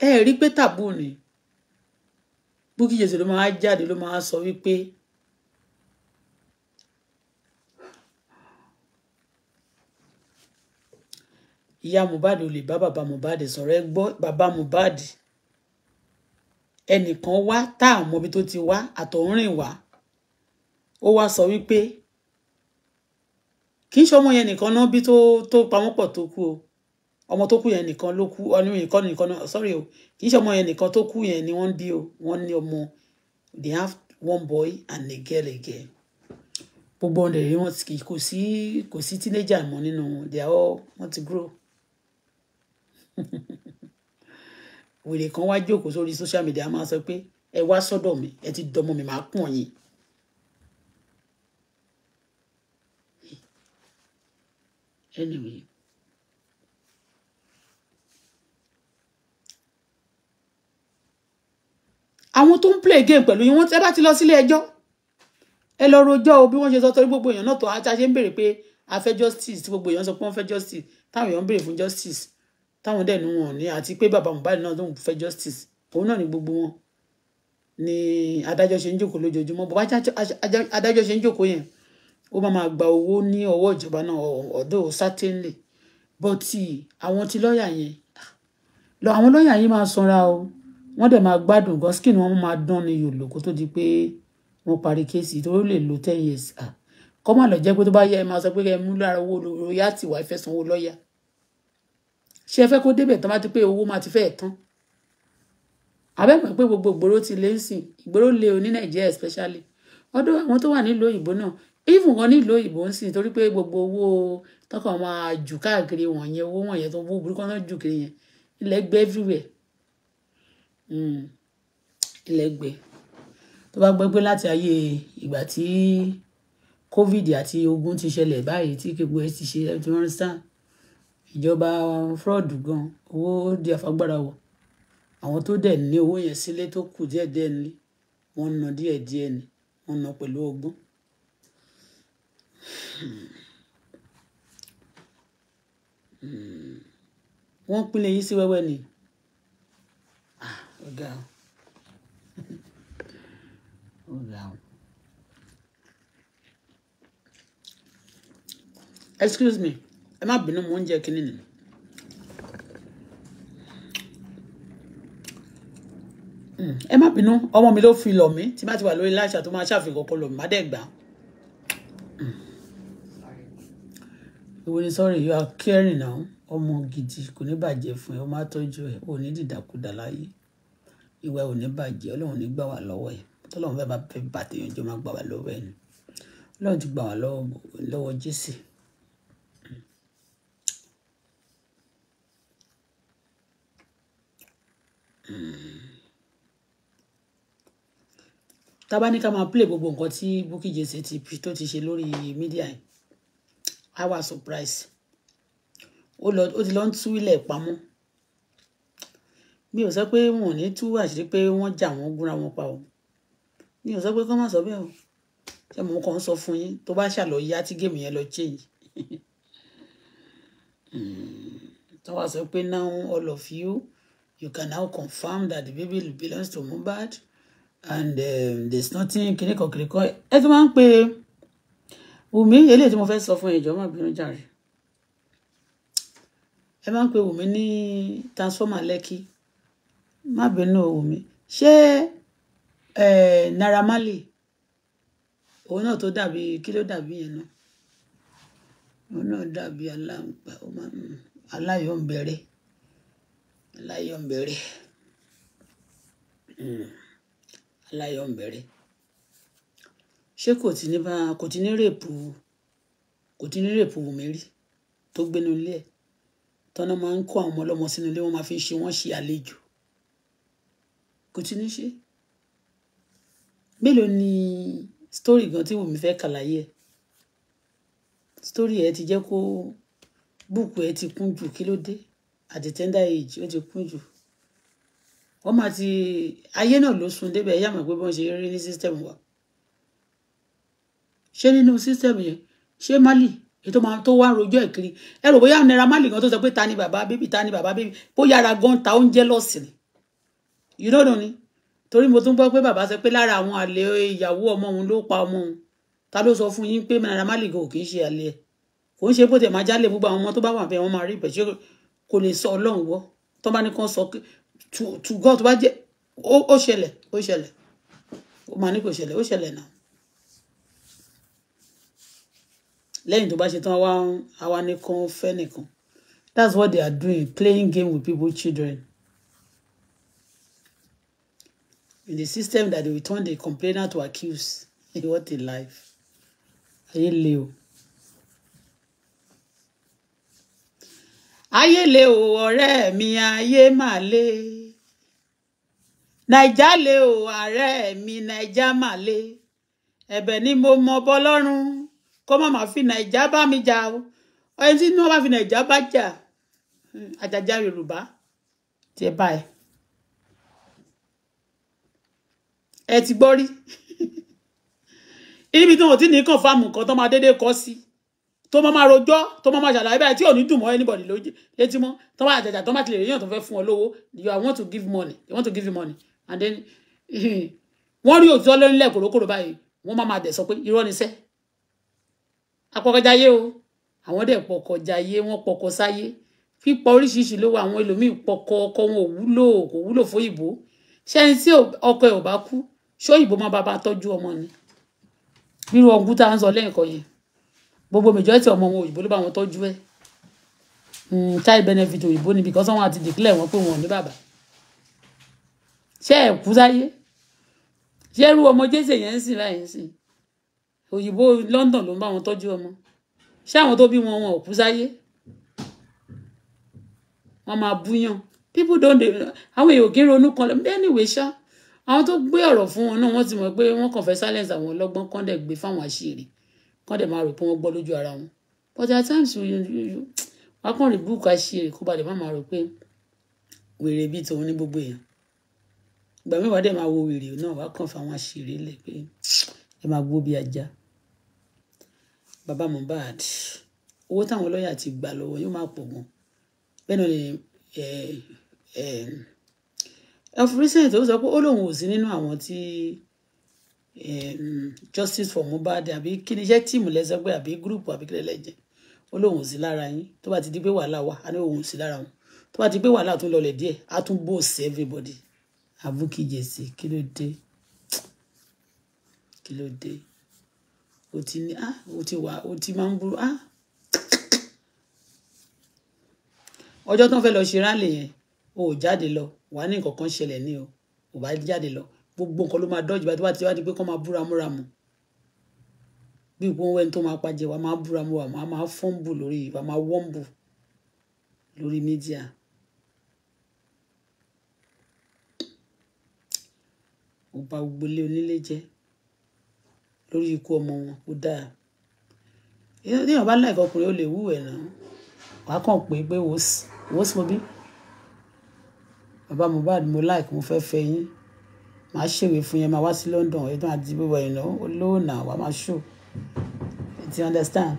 Speaker 1: ẹ rí pé tàbú ni Bukky Jesse ló máa jáde ló máa sọ wípé ìyá Mohbad ò lè bá bàbá Mohbad sọ̀rọ̀ ẹ gbọ́ bàbá Mohbad ẹnìkan wá tá a mọbi tó ti wá àtọ̀húnrìn wá ó wá sọ wípé kì í ṣọmọ yẹn nìkan náà bí tó tó pamọ́ pọ̀ tó kú o ọmọ tó kú yẹn nìkan ló kú ọlọ́run nìkan nìkan sorry o kì í ṣe ọmọ yẹn nìkan tó kú yẹn ni wọ́n bí o wọ́n ní ọmọ they have one boy and a girl again gbogbo ọ̀dẹ̀ rí wọn kì í kò sí kò sí teenager mọ́ nínú wọn they are all wọ́n ti grow <laughs> wèrè kan wá jókòó sórí social media máa sọ pé ẹ wá sọ́dọ̀ mi ẹ ti dọmọ mi máa pọ̀n yín. anyway àwọn tó ń play game pẹ̀lú yín wọ́n tẹ́ bá ti lọ sílé ẹjọ́ ẹ lọ rojọ́ o bí wọ́n ṣe sọ torí gbogbo èèyàn náà tó ajá ṣe ń béèrè pé a fẹ́ justice tí gbogbo èèyàn sọ pé wọ́n fẹ́ justice táwọn èèyàn ń béèrè fún justice táwọn dẹ̀ nu wọn ní àti pé bàbá Mohbad náà tóun fẹ́ justice òun náà ni gbogbo wọn ni adájọ́ ṣe ń jókòó lójoojúmọ́ bàbá adájọ́ ṣe ń jókòó yẹn ó máa máa gba owó ní ọwọ́ ìjọba náà ọ̀dọ́ certainly but àwọn ti lọ́ọ̀yà yẹn àwọn lọ́ọ̀yà yẹn máa sanra o wọ́n dẹ̀ máa gbádùn gan skin wọn máa dán ní yòlò kó tó di pé wọ́n parí kéèsì tó lè lo ten years à ah, kọ́ máa lọ jẹ́ pé tó bá yẹ ẹ máa sọ pé ẹ mú lára owó royalty wà ẹ fẹ́ sanwó lọ́ọ̀yà ṣé ẹ fẹ́ kó débẹ̀ tán bá ti pé owó máa ti fẹ́ tán abẹ́mọ̀ pé gbogbo ìgboro ti lé ń sìn ìgboro lé o ní nàìjíríà especially ọdún àwọn tó wà nílùú òyìnbó náà even wọn nílùú òyìnbó ń sìn torí pé gbogbo owó tọkàn máa jù káàkiri wọ̀nyẹn owó wọ̀nyẹn tó owó burúkú náà jù kiri yẹn ilẹ̀ gbẹ́ everywhere ilẹ̀ hmm. gbẹ tó bá gbẹ pé láti ayé ìgbà tí covid àti ogun ti ṣẹlẹ̀ báyìí tí gbogbo ẹ ti ṣe ẹ ti rán sáà ìjọba fraud gan owó di àfagbára wọ àwọn tó dẹ̀ ní owó yẹn sílé tó kù díẹ̀ díẹ̀ ni wọ́n ń ná díẹ̀ díẹ̀ ni wọ́n ń ná pẹ̀lú ọgbọ́n. Hmm. Hmm. wọ́n pinlẹ̀ yìí sí wẹ́wẹ́ ni. Go down, go down. excuse me am I bínú mo ń jẹ Am hmm, I ẹ má bínú ọmọ mi ló fi lọ mí tí bá ti wà lórí láṣà tó máa ṣàfihàn kọkọ lọ mí má dẹ̀ gbà á. Hmm. sorry you are caring now ọmọ gidi kò ní bàjẹ́ fún ẹ ó máa tọ́jú ẹ ò ní dìdàkudà láyé ìwà ò ní bàjẹ́ ọlọ́run ní gbà wá lọ́wọ́ ẹ̀ tọ́lọ́run fẹ́ bá fẹ́ bá tèèyàn jọ máa gbà wá lọ́wọ́ ẹ̀ ni ọlọ́run ti gbà wá lọ́wọ́ jésì. tábà ní ká máa play gbogbo nǹkan tí Bukky Jesse ti tó ti ṣe lórí mídíà yìí i was surprised ó ti lọ ń tú ilẹ̀ pamọ́ mi ò sọ pé wọn ò ní tú àṣírí pé wọ́n jà wọ́n gúnra wọn pa o mi ò sọ pé kán má sọ bẹ́ẹ̀ o ṣé mo kàn ń sọ fún yín tó bá ṣàlọ́ yá tí géèmù yẹn lọ change hmm. tó wàá sọ pé now all of you you can now confirm that the baby belongs to Mohbad and um, there's nothing kìnìkan kìnìkan ẹ tó máa ń pe Wùmí eléyìí tí mo fẹ́ sọ fún ẹ jọ̀ọ́ má bínú jàre ẹ máa ń pe Wùmí ní transformer lẹ́kì. Like má bínú o Wùmí ṣé Naira Marley òun náà tó dàbí kí ló dàbí yẹn náà òun náà dàbí aláǹgbá aláyọ̀ ń bẹ̀rẹ̀ aláyọ̀ ń bẹ̀rẹ̀ hmm, aláyọ̀ ń bẹ̀rẹ̀ ṣé kò tí ní bá kò tí ní rèpù kò tí ní rèpù Wùmí rí tó gbénu ilé ẹ̀ tọ́nà máa ń kó àwọn ọmọ ọlọ́mọ sínú ilé wọ́n máa fi ń ṣe wọ́n ṣe àlejò kò tí ní ṣe mélòó ni story gan tí Wùmí fẹ́ kàlàyé ẹ̀ story ẹ̀ ti jẹ́ kó búùkù ẹ̀ ti kún jù kí ló dé at the tender age ó ti kún jù wọ́n máa ti ayé náà ló sun débẹ̀ ẹ̀yà pé bọ́n ṣe rí ní system wa ṣé nínú system yẹn ṣé Mali ètò máa tó wá rojọ́ ẹ̀ kiri ẹ rò bóyá Naira Marley gan tó sọ pé ta ni bàbá bébì ta ni bàbá bébì bóyá ara gan ta oúnjẹ lọ́sìn ni you know dùn ni torí mo tún gbọ́ pé bàbá sọ pé lára àwọn àlè ìyàwó ọmọ òun ló pa ọmọ òun ta ló sọ fún yín pé Naira Marley kò kì í ṣe àlè ẹ̀ kò ń ṣe bó tẹ̀ máa jálè gbogbo àwọn ọmọ tó bá wà bẹ́ẹ̀ wọ́n máa rí ìbẹ̀ṣẹ́ kò lè sọ ọlọ́run wọ́ tó bá ní kàn sọ to God tó bá jẹ́ ó ṣẹlẹ̀ ó ṣẹlẹ̀ ó máa ní kò ṣẹlẹ̀ ó ṣẹlẹ̀ náà lẹ́yìn tó bá ṣe tán àwa ni kan fẹ́ nìkan that's what they are doing playing game with people children in the system that they will turn the complainant to accused. <laughs> What a life. Ayé le o. Ayé le o, ọ̀rẹ́ mi, ayé mà le. Nàìjà le o, ààrẹ mi, Nàìjà male? le. Ẹ̀bẹ̀ ni mo mọ bọ́lọ́run kó má máa fi Nàìjà bá mi jà o. Ẹni tí wọ́n bá fi Nàìjà bá jà, hmm, àjàjà Yorùbá ti ẹ̀ ẹ ti gbọ́ rí ibi tí wọn ti ní confam nǹkan tó máa déédéé kọ sí tó máa máa rojọ́ tó máa máa ṣàlàyé báyìí tí ò ní dùn mọ́ anybody lójú létí mọ́ tó máa àjàjà tó máa ti lè rí èèyàn tó fẹ́ fún ọ lówó you are want to give money you want to give you money and then <laughs> wọ́n rí òtítọ́ lórílẹ̀ kòrókòrò báyìí wọ́n máa máa dẹ̀ sọ pé irọ́ ni sẹ́ apọkọjáyé o àwọn dẹ̀ pọkọjáyé wọ́n pọkọ sáyé pípọ̀ oríṣiríṣi ló wà àwọn ẹlòmíì pọkọ ọkọ wọn ò wúlò kò wúlò fóyìnbó ṣẹ́ni tí ọkọ ẹ̀ ò bá kú ṣóyìnbó máa bàbá tọ́jú ọmọ ni bírú ọgùn tá à ń sọ lẹ́ẹ̀kan yẹn gbogbo majority ọmọ wọn òyìnbó ló bá wọn tọ́jú ẹ̀ hmm, child benefit òyìnbó ni because wọn àti declare wọn pé wọn ò ní bàbá ṣé ẹ̀ kú sáyé ṣé irú ọmọ jésè yẹn ń sìn láyé ń sìn òyìnbó London ló ń bá wọn tọ́jú ọmọ ṣé àwọn tó bí wọn wọn ò kú sáyé wọn máa búyàn people don dey àwọn èèyàn kì í ronú kan lọ anyway ṣá àwọn tó gbé ọ̀rọ̀ fún wọn náà wọ́n ti mọ̀ pé wọ́n kàn fẹ́ silence àwọn ọlọ́gbọ́n kán dẹ̀ gbé fáwọn àṣírí kán dẹ̀ máa rò pé wọ́n gbọ́ lójú ara wọn but at times wọ́n kàn rí búùkù àṣírí kó balẹ̀ má máa rò pé wèrè bíi tòun ní gbogbo èèyàn ìgbà mẹ́wàá dẹ̀ máa wo wèrè náà wá kàn fáwọn àṣírí lẹ̀ pé ẹ máa gbó bí ajá bàbá Mohbad owó táwọn lọ́ọ̀yà ti gbà lọ́wọ́ yóò máa pọ̀ gan bẹ́ẹ̀ náà ni eh, eh, of recent ó sọ pé ó lóun ò sí nínú àwọn tí justice for Mohbad àbí kí ni iṣẹ́ tíìmù lẹ́sẹ̀ pé àbí gúrùpù àbí kílẹ̀ lẹ́jẹ̀ ó lóun ò sí lára yín tó bá ti di pé wàhálà wà á ní òun ò sí lára wọn tó bá ti pé wàhálà tún lọlẹ̀ díẹ̀ á tún bò sí everybody abúkíjèsè kí ló dé kí ló dé o ti ní ah o ti wà o ti máa ń burú ah ọjọ́ tó ń fẹ́ lọ ṣe rálẹ̀ yẹn o ò jáde lọ wàá ní nǹkan kan ṣẹlẹ̀ ní o kò bá jáde lọ gbogbo nǹkan ló máa dọ́jú bá tó bá ti wá di pé kó máa búra múra mu bí ìpon wẹ́n tó máa pàjẹ́ wàá máa búra múra mu wàá máa fọ́ǹbù lórí wàá máa wọ́ǹbù lórí mídíà. ó bà gbogbo ilé onílé jẹ́ lórí ikú ọmọ wọn ó dáa èèyàn bá láìka ọkùnrin ó lè wúwẹ̀ náà wàá kàn pé pé wò ó sì mọ bí bàbá Mohbad mo like mo fẹ́ fẹ́ yín màá ṣèwé fún yẹn màá wá sí London ẹ̀dùn àti bíbọ̀ ẹ̀nà olóòna wàá máa ṣò you understand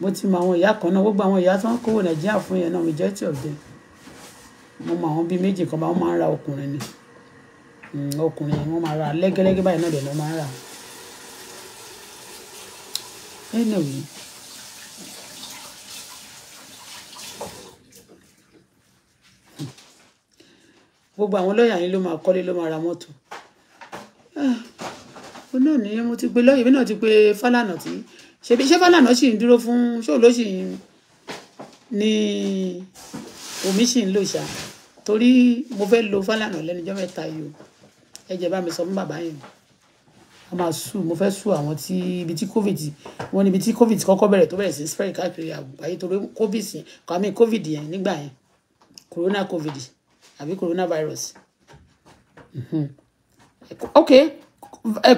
Speaker 1: mo ti mọ àwọn ìyá kan náà gbogbo àwọn ìyá tó ń kówó Nàìjíríà fún yẹn náà majority of them mo mọ àwọn bíi méjì kan bá wọn máa ń ra ọkùnrin ni hmm, ọkùnrin wọn máa ra lẹ́gẹ́lẹ́gẹ́ báyìí náà dẹ̀ ló máa ń rà anyway gbogbo àwọn lọ́ọ̀yà yín ló máa kọ́lé ló máa ra mọ́tò ó ah, náà ní mo ti pe lọ́ọ̀yà èmi náà ti pe Fálànà tí ṣebí ṣé Fálànà sì ń dúró fún ṣóò ló sì ń ní omi sì ń lò ṣá torí mo fẹ́ lo Fálànà lẹ́nu ọjọ́ mẹ́ta yìí o ẹ jẹ́ bá mi sọ fún bàbá yẹn a máa sùn mo fẹ́ sùn àwọn tí ibi tí covid wọn níbi tí covid kọ́kọ́ bẹ̀rẹ̀ tó bẹ̀rẹ̀ sí spread káàkiri àgbáyé torí covid yẹn kàmí covid yẹn nígbà yẹn corona covid àbí coronavirus mhm. ok eh,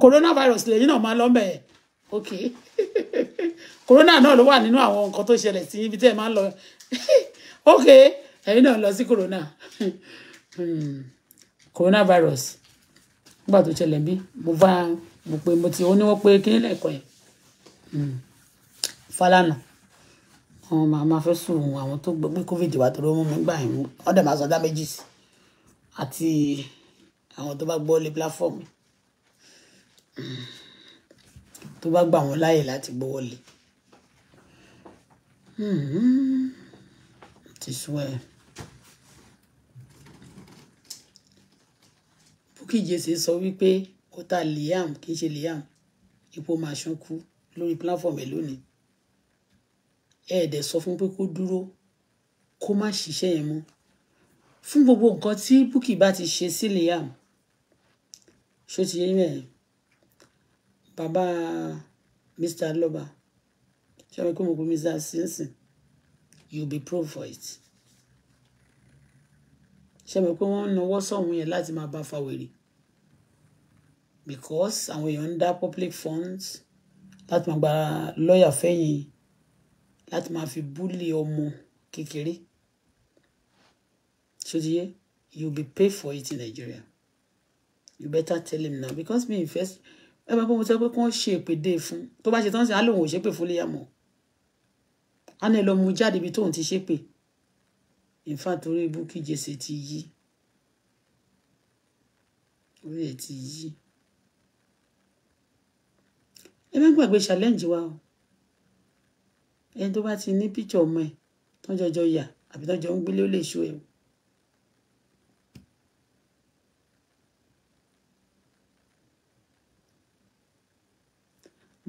Speaker 1: coronavirus lèyìn náà máa lọ mẹ́ẹ̀ ok <laughs> corona náà ló wà nínú àwọn nǹkan tó ṣẹlẹ̀ sí ibi tẹ́ ẹ máa ń lọ <laughs> ok ẹ̀yin náà lọ sí corona hmm. coronavirus nígbà tó ṣẹlẹ̀ bí mo bá mo pe mo ti ó ní wọ́n pé kí nílẹ̀ ẹ̀kọ́ yẹn Falana. àwọn máa máa fẹ́ sùn àwọn tó gbé covid wà tó ló mú mi gbà yín wọ́n dẹ̀ máa sọ dá méjì sí àti àwọn tó bá gbọ́ lé platform hmm. tó bá gbà wọ́n láàyè láti gbowó lé hmm. ti sú ẹ. Bukky Jesse sọ wípé ó ta Liam kì í ṣe Liam ipò máa ṣán kú lórí platform ẹ lónìí ẹ ẹ̀ dẹ̀ sọ fún pé kó dúró kó má ṣiṣẹ́ yẹn mọ́ fún gbogbo nǹkan tí Bukky bá ti ṣe sí Liam ṣó ti yé yẹn bàbá Mr. Loba ṣé wọn kó mo kó Mr. Simpson you be pro for it ṣe mọ̀ pé wọ́n ń nawọ́ sọ̀hún yẹn láti máa bá fa wèrè because àwọn èèyàn ń dá public funds láti máa gba lọ́ọ̀yà fẹ́yìn láti máa fi búlé ọmọ kékeré ṣòdìyẹ you be pay for it in Nigeria you better tell him now because me first ẹ máa pọ́n mo sọ pé kí wọ́n ṣe èpèdè fún tó bá ṣe tán sí alóhùn ò ṣépè fún léyàmọ̀ á ní ẹ lọ mú jáde ibi tóun ti ṣépè in fact orí ibú kí jèsè ti yí orí ẹ ti yí ẹ má gbàgbé challenge wa o ẹni tó bá ti ní píkṣọ ọmọ ẹ tọjọjọ yà àbí tọjọ ń gbélé ó lè ṣó ẹ o.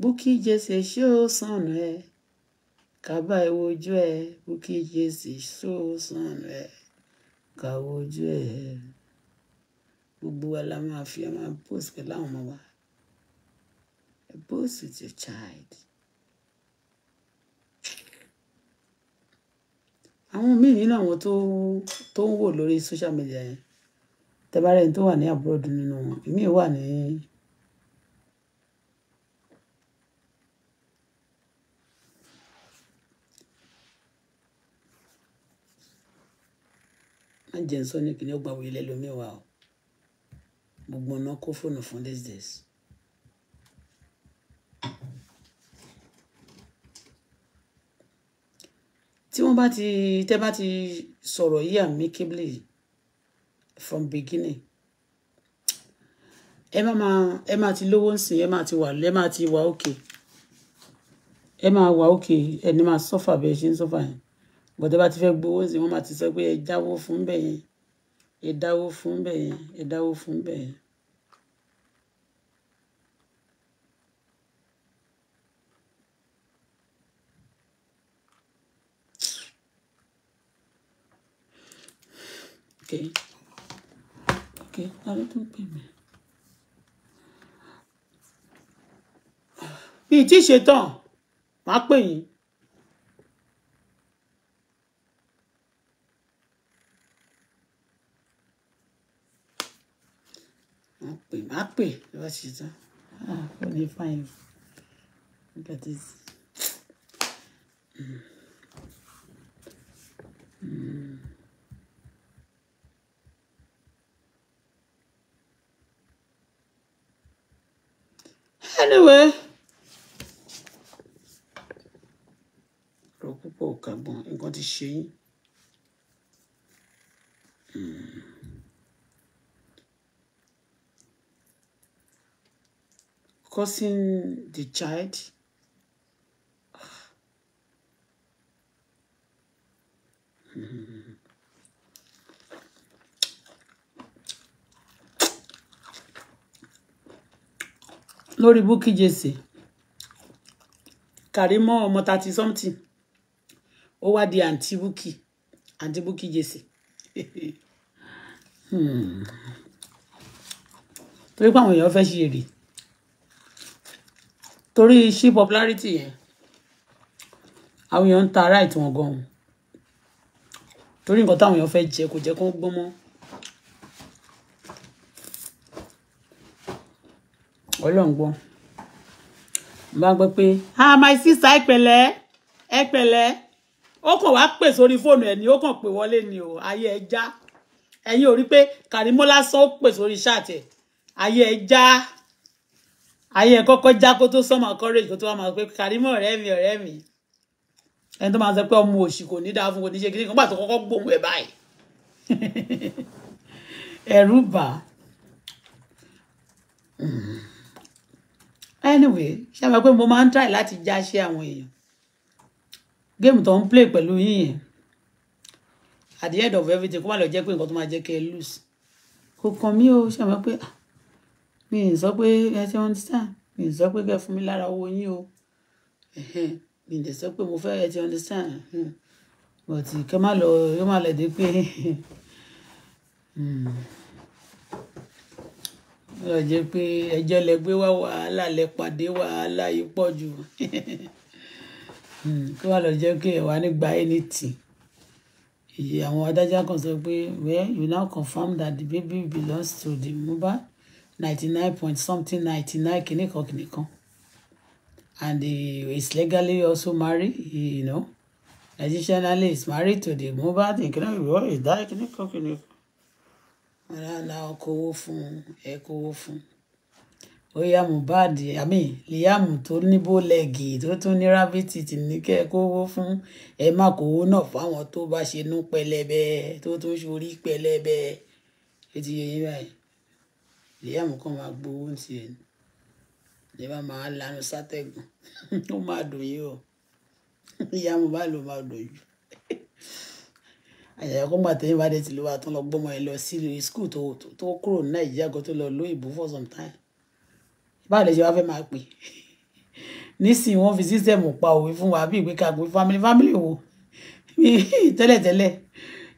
Speaker 1: Bukky Jesse ṣó sànù ẹ kàbá ẹ wojú ẹ Bukky Jesse ṣó sànù ẹ kà wojú ẹ gbogbo wa la máa fi ẹ máa post pẹ̀lú àwọn ọmọ wa post with your child. àwọn míì nínú àwọn tó tó ń wò lórí social media yẹn tẹ́bárẹ́ ẹni tó wà ní abroad nínú wọn èmi wà ní má jẹ́ ń sọ ní kìnìún ọgbà wọlé lómi wa o gbogbo ọ̀nà kó fóònù fún these days. tí wọ́n bá ti tẹ́ bá ti sọ̀rọ̀ yìí amicably from beginning ẹ má máa ẹ má ti lówó nsìn ẹ má ti wà ẹ má ti wà òkè ẹ má wà òkè ẹni máa sọ́fà bẹ́ẹ̀ ṣe ń sọ́fà yẹn bọ̀dẹ́ bá ti fẹ́ gbowó nsìn wọ́n má ti sọ pé ẹ jáwó fún bẹ́ẹ̀ yẹn ẹ dáwó fún bẹ́ẹ̀ yẹn ẹ dáwó fún bẹ́ẹ̀ yẹn Okay. Okay, ta ló tún pè mí. Bí tí ṣe tán, màá pè yín. Màá pè, màá pè, ló bá ṣe tán. Ah, ó lè fáyìn. Look at this. Mm. Mm. anyway. ọ̀rọ̀ púpọ̀ ò kàgbọ́n nǹkan ti ṣe yín. Hmm. causing the child. Mm-hmm. lórí Bukky Jesse Karimo ọmọ thirty something ó wá di àǹtí Bukky àǹtí Bukky Jesse <laughs> hmm. torí pé àwọn èèyàn fẹ́ ṣe èrè torí ṣí popularity yẹn àwọn èèyàn ń ta right wọn gan-an torí nǹkan táwọn èèyàn fẹ́ jẹ kò jẹ́ kó gbọ́n mọ́. ọlọ́run gbọ́ mo bá gbọ́ pé ah my sister ẹ pẹ̀lẹ́ ẹ pẹ̀lẹ́ ó kàn wá pè sórí fóònù ẹ̀ ni ó kàn pè wọlé ni o ayé ẹ já ẹ̀yin ò rí pé kàrímọ́lá sọ ó pè sórí ṣáàtẹ̀ ayé ẹ já ayé ẹ kọ́kọ́ já kó tó sọ́mọ courage kó tó wá máa pé kàrímọ́ ọ̀rẹ́ mi ọ̀rẹ́ mi ẹni tó máa sọ pé ọmọ òṣì kò ní dáa fún kò ní ṣe kí ní kan pàtó kọ́kọ́ gbóhùn ẹ̀ báyìí <laughs> ẹ̀rù bà anyway ṣe mọ̀ pé mo máa ń try láti já ṣe àwọn èèyàn géèmù tó ń play pẹ̀lú yín yẹn at the end of everything kó má lọ jẹ́ pé nǹkan tó máa jẹ́ kẹ́ ẹ lose kò kàn mí o ṣe mọ̀ pé ah, mi ì sọ pé ẹ ti understand mi ì sọ pé kẹ́ fún mi lára owó yín o mi ì dẹ̀ sọ pé mo fẹ́ ẹ ti understand hmm. but kẹ́ má lọ yóò má lọ dé pé. <laughs> Hmm ó jẹ́ pé ẹjọ́ lẹ gbé wá wàhálà lẹ pàdé wàhálà yìí pọ̀ jù hmm, kí wàá lọ jẹ́ pé ẹ̀ wá nígbà anything ìyẹ àwọn adájọ́ kan sọ pé well you now confirm that the baby belongs to the Mohbad ninety nine point something ninety nine kìnìkan kìnìkan and he is legally also married you know additionally, is married to the Mohbad kìnìkan kìnìkan kìnìkan rárá ọkọ̀wó fún ẹ kówó fún ó yá Mohbad àmì Liam tó ní bólẹ́gì tó tún ní rábìtì tì ní kẹ́ ẹ kówó fún ẹ má kówó náà fáwọn tó bá ṣe nú pẹlẹbẹ tó tún ṣorí pẹlẹbẹ ẹ ti yẹ yín báyìí Liam kan máa gbowó ní tiẹ̀ ní bá máa lanu sátẹ̀gùn <laughs> ó máa dùn yín o ìyá Mohbad ló máa dùn yín. <laughs> àyàyà kó máa tẹ̀yìn bá tìlú wa lọ gbọ́mọ ẹ lọ sí skul tó tó kúrò ní nàìjíríà kó tó lọ lóyìnbó for some time báwo lè ṣe wá fẹ́ máa pè <laughs> nísìnyí wọ́n fi sísẹ̀mù pa òwe fún wa bí ìwé kàgbé family family wo tẹ́lẹ̀tẹ́lẹ̀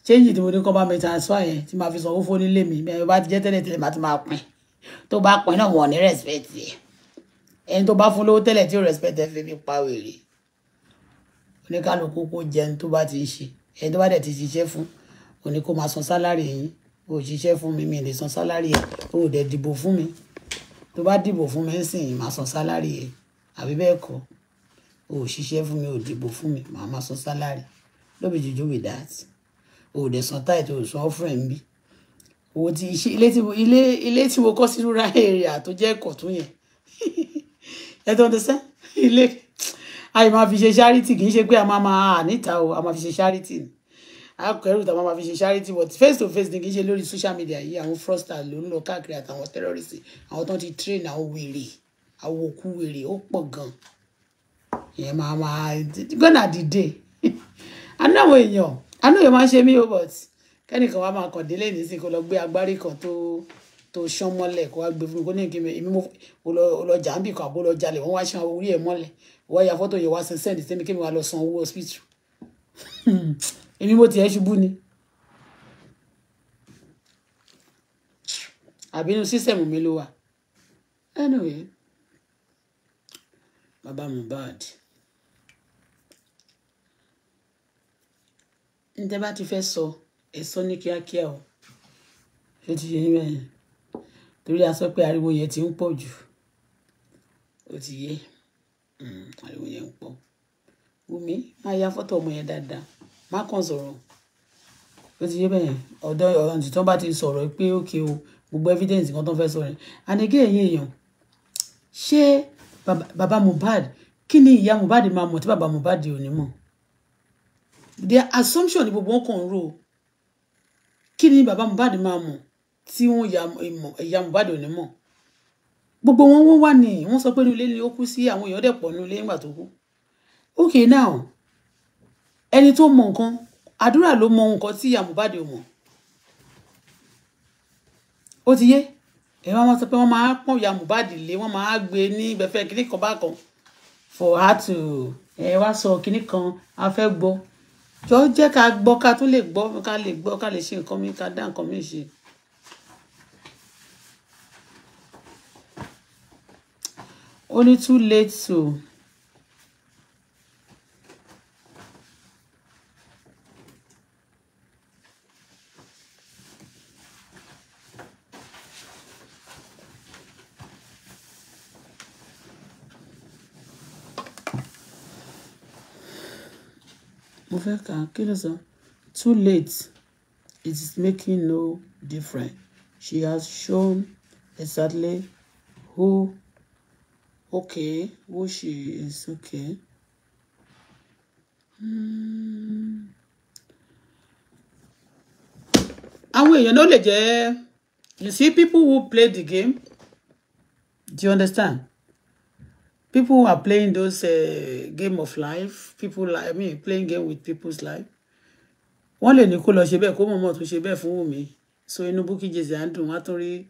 Speaker 1: change tí ní kọ́ bá mi transfer yẹn tí màá fi sanwó fún onílé mi bí bá ti jẹ́ tẹ́lẹ̀tẹ́lẹ̀ màá ti máa pín tó bá pín náà wọ́n ní respect yẹn ẹni tó bá fún lówó tẹ́lẹ̀ tí ò respect ẹ fi mi pa wèrè oníkálukú kó jẹun tó bá ti ń ṣe ẹni tó bá dẹ̀ ti ṣiṣẹ́ fún kò ní kó máa san sálárì yín o ṣiṣẹ́ fún mi mi lè san sálárì ẹ̀ o dẹ̀ dìbò fún mi tó bá dìbò fún mi ńsìn yìí máa san sálárì ẹ̀ àbí bẹ́ẹ̀ kọ́ o ṣiṣẹ́ fún mi o dìbò fún mi màá máa san sálárì lóbi jùjú with that o dẹ̀ san tight o san offering bí owó ti ṣe ilé tí mo ilé ilé tí mo kọ́ sí rural area tó jẹ́ ẹ̀kọ́ tó yẹn ẹ tó ń tẹ́sán ilé àì máa fi ṣe charity kì í ṣe pé a máa máa níta o a máa fi ṣe charity ni akẹ́rù tàwọn máa fi ṣe charity but face to face ni kì í ṣe lórí social media yìí àwọn fraudster ló ń lọ káàkiri àtàwọn terrorist àwọn tó ti train àwọn wèrè àwọn òkú wèrè ó pọ̀ gan ìyẹn máa máa gánà dìde àná <laughs> àwọn èèyàn àná èèyàn máa ń ṣe mí o but kẹ́nìkan wa máa kàn délé nísìnyí kó lọ gbé agbárí kan tó tó sán mọ́lẹ̀ kó wá gbé fún mi kó ní kí mi èmi mo lọ jàǹbì kan àbó lọ jalè wọ́n wá ṣan orí ẹ̀ mọ́lẹ̀ wọ́n ya fọ́tò yẹn wá sí sẹ́ǹdì tẹ́mi kémi wá lọ san owó hospital <laughs> èmi mo tiẹ̀ ṣubú ni. àbínú sísẹ̀mù mi ló wà anyway bàbá Mohbad ǹtẹ́ bá ti fẹ́ sọ ẹ sọ ní kíákíá o ṣé ti yé mẹ́rin torí a sọ pé ariwo yẹn ti ń pọ̀ jù ó ti yé. Mm, ariwo yẹn ń pọ̀ Wùmí máa ya fọ́tò ọmọ yẹn dáadáa má kàn sọ̀rọ̀ ó ti yé bẹ́ẹ̀ ọ̀dọ́ ọ̀hún tó bá ti sọ̀rọ̀ pé ókè o gbogbo evidence kan tó fẹ́ sọ rẹ̀ anigé ẹ̀yìn èèyàn ṣé bàbá Mohbad kí ni ìyá Mohbad máa mọ̀ tí bàbá Mohbad ò ní mọ̀ the assumption ni gbogbo wọn kàn ń rò kí ni bàbá Mohbad máa mọ̀ tí wọn ìyá Mohbad ò ní mọ̀ gbogbo wọn wọ́n wà ní wọ́n sọ pé inú ilé ni ó kú sí àwọn èèyàn dẹ̀ pọ̀ nínú ilé nígbà tó kú okay now ẹni tó mọ nǹkan àdúrà ló mọ nǹkan tí ìyá Mohbad ò mọ̀ ó ti yé ẹ wọ́n sọ pé wọ́n máa pọ̀ ìyá Mohbad lé wọ́n máa gbé ní ìgbẹ́fẹ́ kiri kan bá kan for her to ẹ wá sọ kiri kan a fẹ́ gbọ́ jọ jẹ́ ká gbọ́ ká tún lè gbọ́ ká lè gbọ́ ká lè ṣe nǹkan mi ká dá nǹkan mi ṣe. only too late so mo fẹ́ kà á kí too late it is making no difference she has shown exactly who Okay, Woshi is okay. Àwọn èèyàn ló lè jẹ́ you see people who play the game do you understand? People who are playing those uh, game of life people like me playing game with people's life wọ́n lè ní kó lọ ṣe bẹ́ẹ̀ kó mọ̀mọ́ tó ṣe bẹ́ẹ̀ fún Wùmí so inú Bukky Jesse à ń dùn wọ́n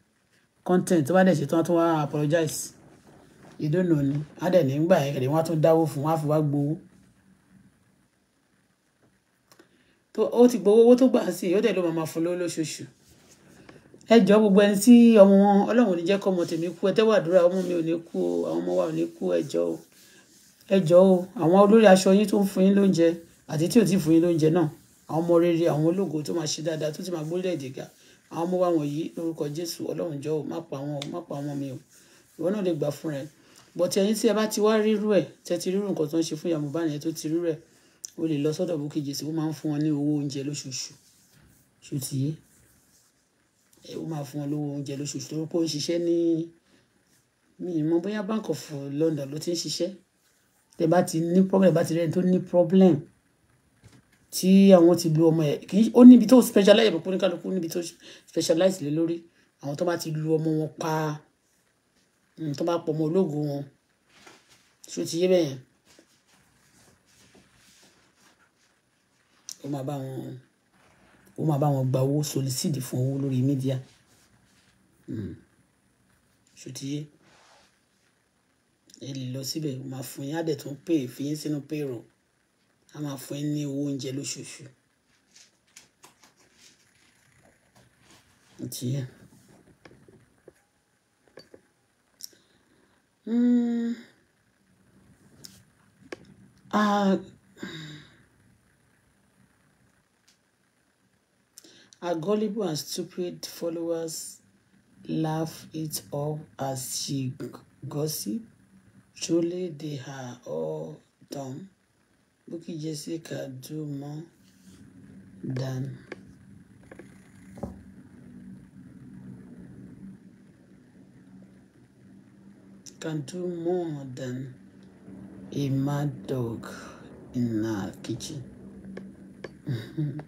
Speaker 1: content tó bá dẹ̀ ṣe tán apologize ìdónà ni á dẹ̀ nígbà ẹ̀rẹ̀ wọ́n á tún dáwó fún wọn á fi wá gbowó tó ó ti gbowó owó tó gbà sí i ó dẹ̀ ló máa fún lówó lóṣooṣù ẹ jọ gbogbo ẹni tí ọmọ wọn Ọlọ́run ò ní jẹ́ kọ́ ọmọ tèmi kú ẹ tẹ́wọ́ àdúrà ọmọ mi ò ní kú o àwọn ọmọ wa ò ní kú ẹ jọ o ẹ jọ o àwọn olórí aṣọ yín tó ń fún yín lóúnjẹ àti tí ò tí fún yín lóúnjẹ náà àwọn ọmọ rere àwọn ológo tó máa ṣe dáadáa tó ti máa gbólẹ̀ dìgà àwọn ọmọ wa wọ̀nyí lórúkọ Jésù Ọlọ́run jọ o má pa wọn o má pa wọn mi o ìwọ náà lè gbà fún rẹ but ẹ̀yin tí ẹ bá ti wá rírú ẹ̀ tẹ́ ti rírú nǹkan tó ń ṣe fún ìyá Mohbad yẹn tó ti rírú ẹ̀ o lè lọ sọ́dọ̀ Bukky Jesse ó máa ń fún wọn ní owó oúnjẹ lóṣooṣù ṣùtìyé ẹ ó máa fún wọn lówó oúnjẹ lóṣooṣù torí pé ń ṣiṣẹ́ ní mi bóyá Bank of London ló ti ń ṣiṣẹ́ tẹ́ bá ti ní problem bá ti rẹ́ni tó ní problem tí àwọn ti lu ọmọ ẹ kì í ó níbi tó specialize ìbùkún ní kálukú níbi tó specialize lé lórí àwọn tó bá ti lu ọmọ wọn pa tó bá pọ̀ mọ́ ológo wọn ṣó ti yé bẹ́yẹn ó máa bá wọn ó máa bá wọn gba owó solisidi fún owó lórí mídíà hmm. ṣó ti yé ẹ lè lọ síbẹ̀ ó máa fún yín á dẹ̀ tún pè fi yín sínú payroll á máa fún yín ní owó oúnjẹ lóṣooṣù. 急。Mm. Uh, A, her gullible and stupid followers laugh it up as she gossip. Truly, they are all dumb. Bukky Jessica do more than. can do more than a mad dog in a kitchen. <laughs>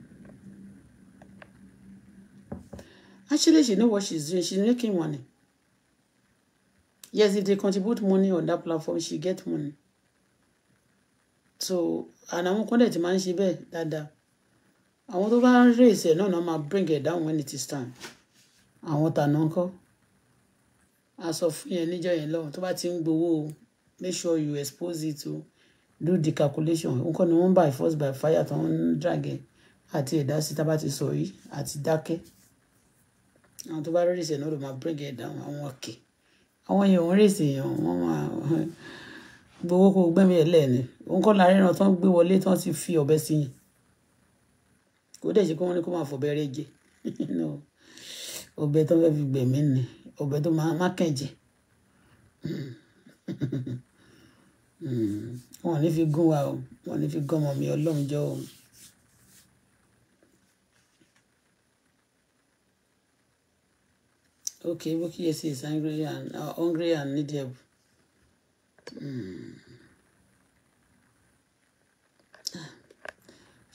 Speaker 1: Actually, she know what she's doing. She's making money. Yes, if they contribute money on that platform, she get money. So, and àwọn kan dẹ̀ ti máa ń Dada, I want to go bá raise No, náà náà máa bring it down when it is time. I want an uncle a sọ fún yẹn níjọ́ yẹn lọ́hùn tó bá ti ń gbowó o make sure you expose it to do the calculation nǹkan ni wọ́n by force by fire tó ń dragẹ̀ àti ẹ̀dá sí tá a bá ti sọ yìí àti dákẹ́ àwọn tó bá rí ìṣẹ̀ náà ló máa bring it down àwọn ọ̀kẹ́ àwọn èèyàn ń rèsì èèyàn wọ́n máa <laughs> gbowó kó gbẹ́mí ẹ̀ lẹ́ẹ̀ni nǹkan láàrin ìran tó ń gbé wọlé tó ń ti fi ọ̀bẹ sí yìí kò dẹ̀ ṣe kí wọ́n ní kó máa fọ̀bẹ rẹ jẹ <laughs> náà ọbẹ̀ tó fẹ́ fi gbẹ̀mí ni ọbẹ̀ tó máa má kẹ̀jẹ <laughs> wọn ní fi gún wa o wọn ní fi gún mi ọlọ́run jọ o. Okay, Buki yes is angry and uh, hungry and needy. help. Mm.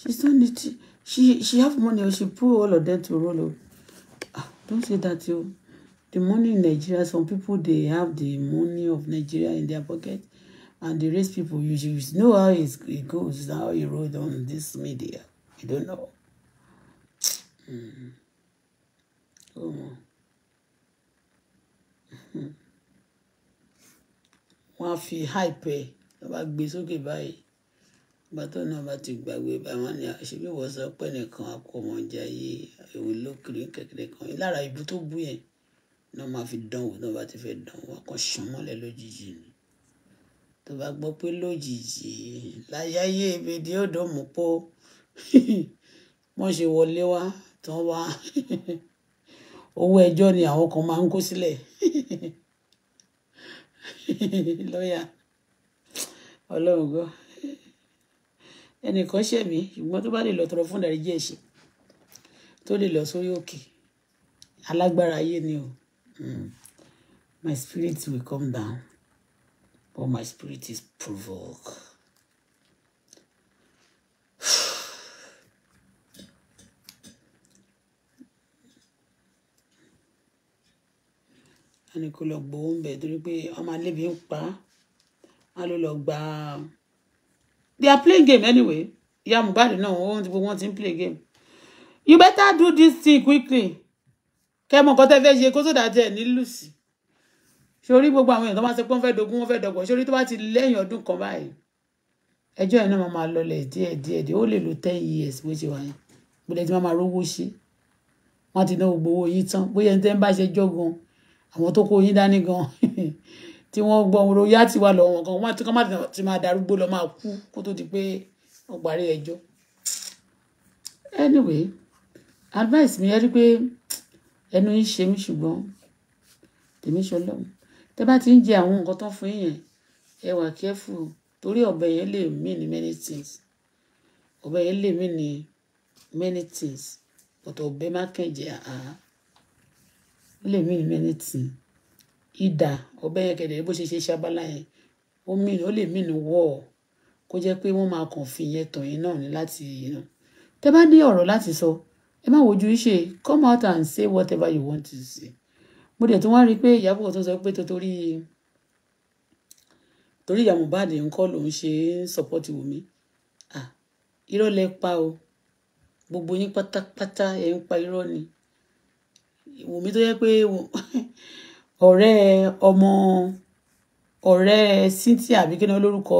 Speaker 1: She's not need she she have money or she put all of them to roll up. Don't say that you. The money in Nigeria, some people they have the money of Nigeria in their pocket, and the rest people you should know how it goes, how you wrote on this media. You don't know. Mm. Oh. <laughs> Wọ́n á fi hype ẹ̀ lọ́ba gbé sókè báyìí gbàtọ́ náà bá ti gbàgbé báwọn ni àṣebí wọ́n sọ pé nìkan akọmọjà yìí èwo ló kiri kékeré kan lára ibi tó bú yẹn náà máa fi dánwò náà bá ti fẹ́ dánwò wọn kàn sàn mọ́lẹ̀ lójijì ni tó bá gbọ́ pé lójijì láyáyé ibèdí ọ̀dọ́ mú pọ́ <laughs> wọ́n ṣe wọlé wá tán wá <laughs> owó ẹjọ́ ni àwọn kan máa ń kó sílẹ̀ <laughs> lọ́ọ̀yà ọlọ́run gbọ́ ẹnìkan ṣẹ̀ mí ṣùgbọ́n tó bá lè lọ tọrọ fún ìdáríjì ẹ̀ṣẹ̀ tó lè lọ sórí òkè alágbára ayé ni o hmm. my spirit will come down but my spirit is provoked. <sighs> a ní kó lọ gbowó ń bẹ torí pé ọmọ alébi ń pa á ló lọ gba they are playing game anyway ìyá Mohbad náà wọ́n ti wọ́n ti ń play game you better do this thing quickly Come on, go to ṣe kó sódà tẹ ní lùsì sórí gbogbo àwọn èèyàn tó máa ṣe pé wọ́n fẹ́ dogun wọ́n fẹ́ dọ̀gbọ̀n sórí tó bá ti lẹ́yìn ọdún kan báyìí ẹjọ́ yẹn náà máa máa lọlẹ̀ díẹ̀ díẹ̀ díẹ̀ ó lè ten years which ṣe wà yẹn gbọ́dọ̀ tí wọ́n máa rówó ṣe wọ́n ti ná gbogbo owó yìí tán bóyá ẹni tẹ́ ń to ṣe jọ́ gan àwọn tó kó yín dání gan <laughs> tí wọ́n gbọ́ ohun royá ti wà lọ́wọ́ gan wọ́n ti kọ́ máa ti máa darúgbó lọ́ máa kú kó tó di pé wọ́n parí ẹjọ́. anyway advice mi ẹ rí pé ẹnu yín ṣe mí ṣùgbọ́n tèmi ṣọlọ́run tẹ bá ti ń jẹ àwọn nǹkan tán fún yín ẹ wà careful torí ọ̀bẹ yẹn lè mean many things ọ̀bẹ yẹn lè mean many things ọ̀tọ̀ ọ̀bẹ má kẹ̀jẹ̀ àá ó lè mean many things ìdà ọ̀bẹ yẹn kẹ̀dẹ̀ bó ṣe ṣe ṣabala yẹn ó mìn ó lè mìn wọ̀ kó jẹ́ pé wọ́n máa kàn fi yẹn tàn yín náà ní láti yìnyín tẹ́ bá ní ọ̀rọ̀ láti sọ ẹ má wojú iṣẹ́ come out and say whatever you want to say mo dẹ̀ tún wá rí i pé Ìyábọ̀ tó sọ pé torí torí ìyá Mohbad ń kọ́ lòun ṣe ń sọ́pọ́tì Wùmí irọ́ lẹ pa o gbogbo yín pátápátá ẹ̀ ń pa irọ́ ni Wùmí tó yẹ pé <laughs> ọ̀rẹ́ ọmọ ọ̀rẹ́ Cynthia àbí kí ni olórúkọ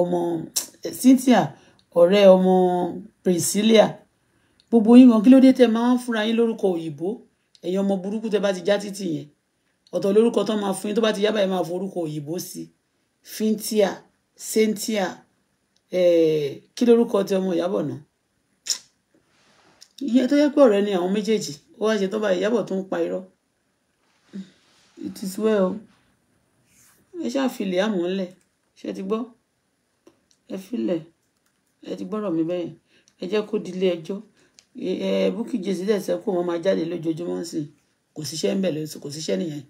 Speaker 1: ọmọ Cynthia ọ̀rẹ́ ọmọ Priscilla gbogbo yín gan kí ló dé tẹ máa ń fúnra yín lórúkọ òyìnbó ẹ̀yin ọmọ burúkú tẹ bá ti já títì yẹn ọ̀tọ̀ lórúkọ tán máa fún yín tó bá ti yá báyìí máa forúkọ òyìnbó sí Cynthia Cynthia kí lórúkọ ti ọmọ Ìyábọ̀ náà ìyẹn tó yẹ pé ọ̀rẹ́ ni àwọn méjèèjì ó wá ṣe tó bá Ìyábọ̀ tó ń pa irọ́ it is well ẹ ṣáà filẹ̀ àmúlẹ̀ ṣe ti gbọ́ ẹ filẹ̀ ẹ ti gbọ́rọ̀ mi bẹ́yẹn ẹ jẹ́ kó dilé ẹjọ́ ẹ Bukky Jesse dẹ̀ sẹ́kù wọn máa jáde lójoojúmọ́ sí i kò síṣẹ́ ń bẹ̀ lọ́sọ̀ kò síṣẹ́ nìyẹn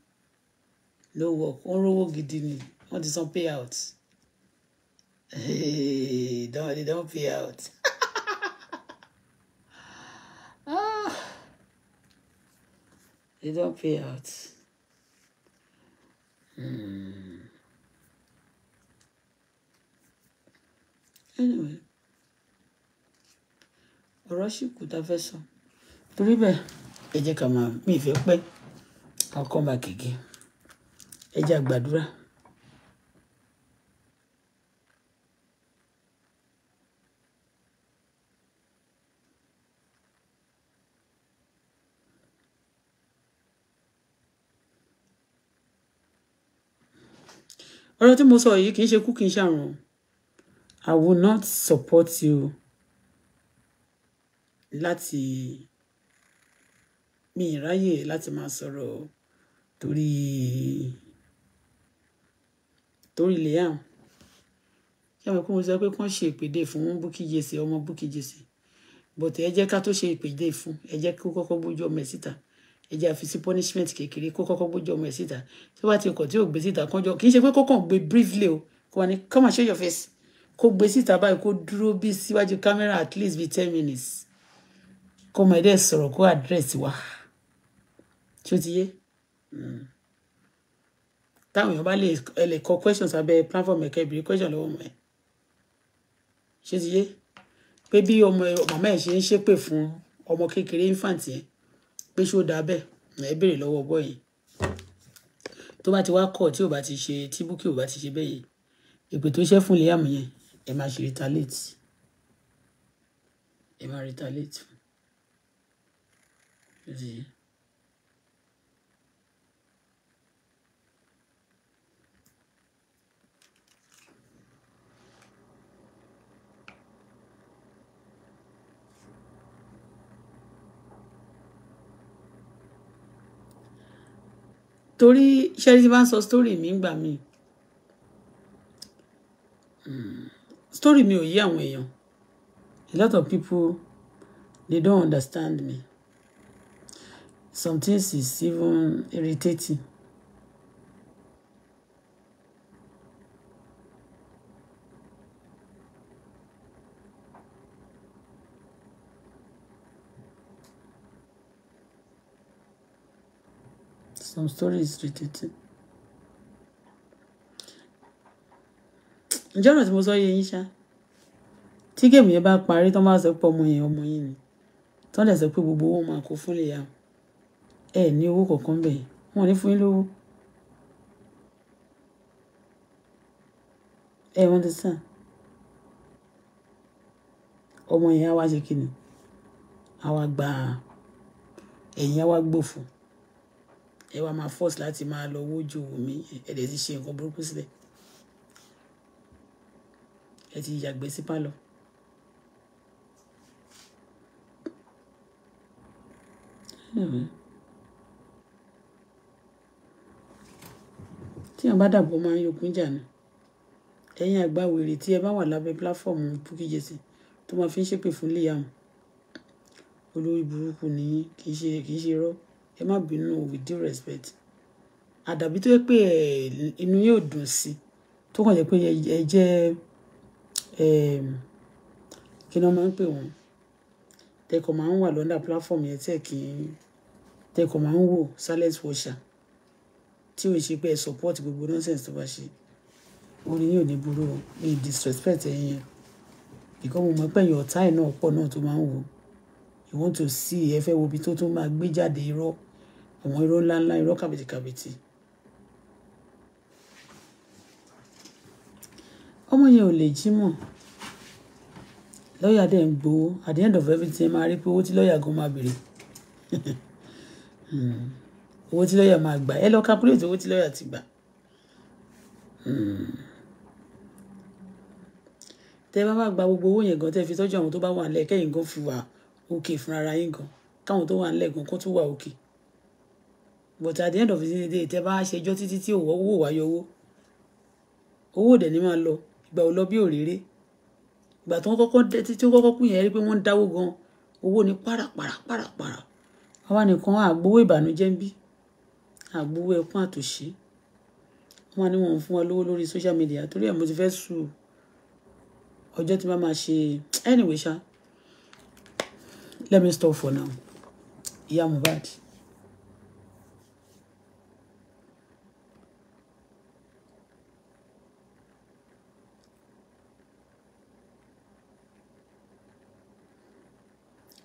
Speaker 1: ló wọ̀ ó rówó gidi ni wọ́n ti san pay out hey, don, they don pay out. <laughs> ah, they don pay out. Hmm. anyway ọ̀rọ̀ sì kù tá a fẹ́ sọ torí bẹ́ẹ̀ ẹ jẹ́ ká máa mi ìfẹ́ pẹ́ I'll come back again ẹ jẹ́ àgbàdúrà. ọ̀rọ̀ tí mo sọ yìí kì í ṣe kú kì í ṣàrùn I will not support you láti mi ìráyè láti máa sọ̀rọ̀ torí torí Liam ṣé àwọn kó mo sọ pé kán ṣe ìpèdè fún Bukky Jesse ọmọ Bukky Jesse bọ̀tẹ̀ ẹ jẹ́ ká tó ṣe ìpèdè fún ẹ jẹ́ kó kọ́kọ́ bójú ọmọ ẹ̀ síta ẹjẹ àfi punishment kékeré kó kọ́kọ́ gbójú ọmọ ẹ̀ síta tó bá ti kọ̀ tí ò gbé síta kánjọ kì í ṣe pé kó kàn gbé briefly o kó wà ní come and show your face kó gbé síta báyìí kó dúró bí síwájú camera at least be ten minutes kó mọ ẹdẹ sọ̀rọ̀ kó address wa ṣó ti yé hmm. táwọn èèyàn bá lè kọ questions abẹ platform ẹkẹ ìbìrì question lọ́wọ́ mọ ẹ ṣó ti yé pé bí ọmọ màmá ẹ ṣe ń ṣépè fún ọmọ kékeré infant yẹn pé ṣó dáa bẹ́ẹ̀ ẹ béèrè lọ́wọ́ bọ́ yìí tó bá ti wá kọ̀ tí ò bá ti ṣe tí Bukky ò bá ti ṣe bẹ́ẹ̀ yẹn ìpè tó ṣẹ́ fún Liam yẹn ẹ máa ṣe retaliate ẹ máa retaliate. torí ṣẹ́rí tí bá ń sọ story mi gbà mí story mi ò yí àwọn èèyàn a lot of people they don't understand me some things is even irritating some stories is repeating. ǹjẹ́ ọ̀nà tí mo sọ yé yín ṣá tí géèmù yẹn bá parí tán bá sọ pé ọmọ yẹn ọmọ yín ni tán dẹ̀ sọ pé gbogbo owó máa kó fún lèyà ẹ ní owó kọ̀ọ̀kan bẹ̀ wọ́n ní fún yín lówó. ẹ wọ́n ti sàn ọmọ yẹn á wá ṣe kí ni á wá gba ẹ̀yìn á wá gbòfò ẹ wá máa force láti máa lọ wójú mi ẹ dẹ̀ ti ṣe nǹkan burúkú sílẹ̀ ẹ ti yàgbẹ́ sí pálọ̀. tí wọn bá dàbọ̀ máa ń yokùn jà ni ẹ̀yin àgbà wèrè tí ẹ bá wà lábẹ́ pílàfọ́ọ̀mù Bukky tó máa fi ń ṣépè fún Liam olórí burúkú nìyí kì í ṣe kì í ṣe irọ́ ẹ má bínú with due respect àdàbí tó yẹ pé inú yóò dùn sí tó kàn jẹ́ pé ẹ jẹ́ kí ni wọ́n máa ń pè wọ́n tẹkọ̀ máa ń wà lọ́ndà platform yẹn tẹ̀ kí tẹkọ̀ máa ń wò silent watcher tí ò ṣe pé ẹ support gbogbo nonsense tó bá ṣe wọn ni yóò ní burú ní disrespect ẹ̀yìn yẹn because mo mọ̀ pé ẹ̀yìn ọ̀tá ẹ̀ náà pọ̀ náà tó máa ń wò ó you want to see ẹ fẹ́ wo ibi tó tún máa gbé jáde irọ́ àwọn irọ́ ńláńlá irọ́ kàbìtìkàbìtì. ọmọ yẹn ò lè jí mọ́ lọ́ọ̀yà dẹ̀ ń gbowó at the end of everything máa rí pé owó tí lọ́ọ̀yà gan máa béèrè <laughs> hmm. owó tí lọ́ọ̀yà máa gbà ẹ lọ calculate owó tí lọ́ọ̀yà ti gbà. Hmm. tẹ bá bá gba gbogbo owó yẹn gan tẹ fi tọ́jú àwọn tó bá wà nílẹ̀ gan fi wà òkè fúnra ara yín gan káwọn tó wà ńlẹ̀ gan kó tún wà òkè but at the end of the day tẹ bá ṣẹjọ́ títí tí òwò owó wà yọ owó owó òdẹ ni máa lọ ìgbà ò lọ bí òréré ìgbà tó kọ́kọ́ títí tó kọ́kọ́ kú yẹn rí pé wọ́n ń dáwó gan owó ni párapàra párapàra àwa nìkan àgbowó ìbànújẹ́ ń bí àgbowó ẹkún àtòṣí wọn ni wọn fún wa lówó lórí social media torí ẹ̀ mo ti fẹ́ sùn ọjọ́ tí wọ́n máa ṣe anyway ṣáá let me stop for now ìyá Mohbad.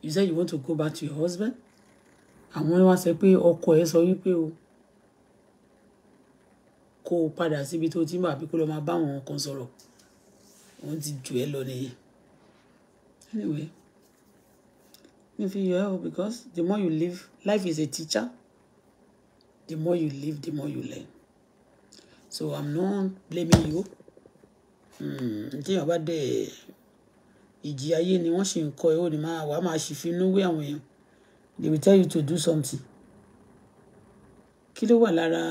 Speaker 1: you say you want to go back to your husband àwọn wá sọ pé ọkọ ẹ sọ wípé o kó o padà síbi tó ti mọ àbí kó lọ máa bá àwọn kan sọ̀rọ̀ wọ́n ti jù ẹ́ lọ nìyẹn anyway mi you have because the more you live life is a teacher the more you live the more you learn so i'm not blaming you Hmm. tíyàn bá dẹ̀ ìjì ayé ni wọ́n sì ń kọ́ ẹ ó ní máa wàá máa ṣìfinú wé àwọn èèyàn they will tell you to do something kí ló wà lára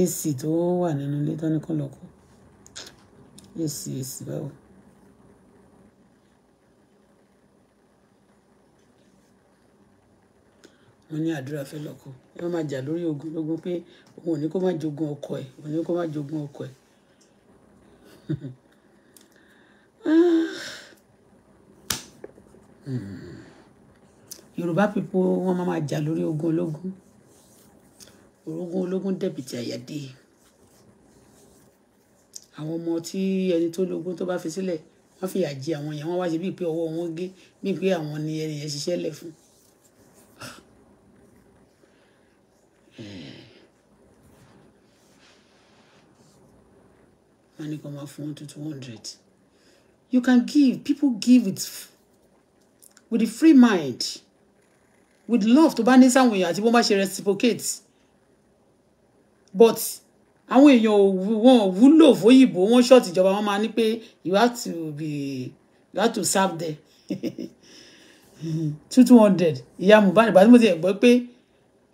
Speaker 1: AC tó wà nínú ilé tán ní kán lọ kó AC mo ní àdúrà fẹ́ lọ́kọ ẹ má máa jà lórí ogun lógun pé òun ò ní kó má jogún ọkọ ẹ̀ òun ò ní kó má jogún ọkọ ẹ̀ <laughs> yorùbá pipo wọn máa máa jà lórí ogun ológun orogún ológun dẹ̀bìtì àyàdé àwọn ọmọ tí ẹni tó lógún tó bá fi sílẹ̀ wọ́n fìyà jẹ àwọn yẹn wọ́n wá ṣe bíi pé ọwọ́ wọn gé bíi pé àwọn ni ẹni yẹn ṣiṣẹ́ lẹ̀ fún Money ní kó máa fún to two hundred you can give people give with with a free mind with love tó bá ní sáwọn èèyàn àti bó bá ṣe reciprocate but I want wọn ò wúlò fóyìnbó wọn ṣọ́ọ̀tì ìjọba wọn máa money, pay. you have to be you have to serve there <laughs> two two hundred Yeah, Mohbad But tí mo boy, pay.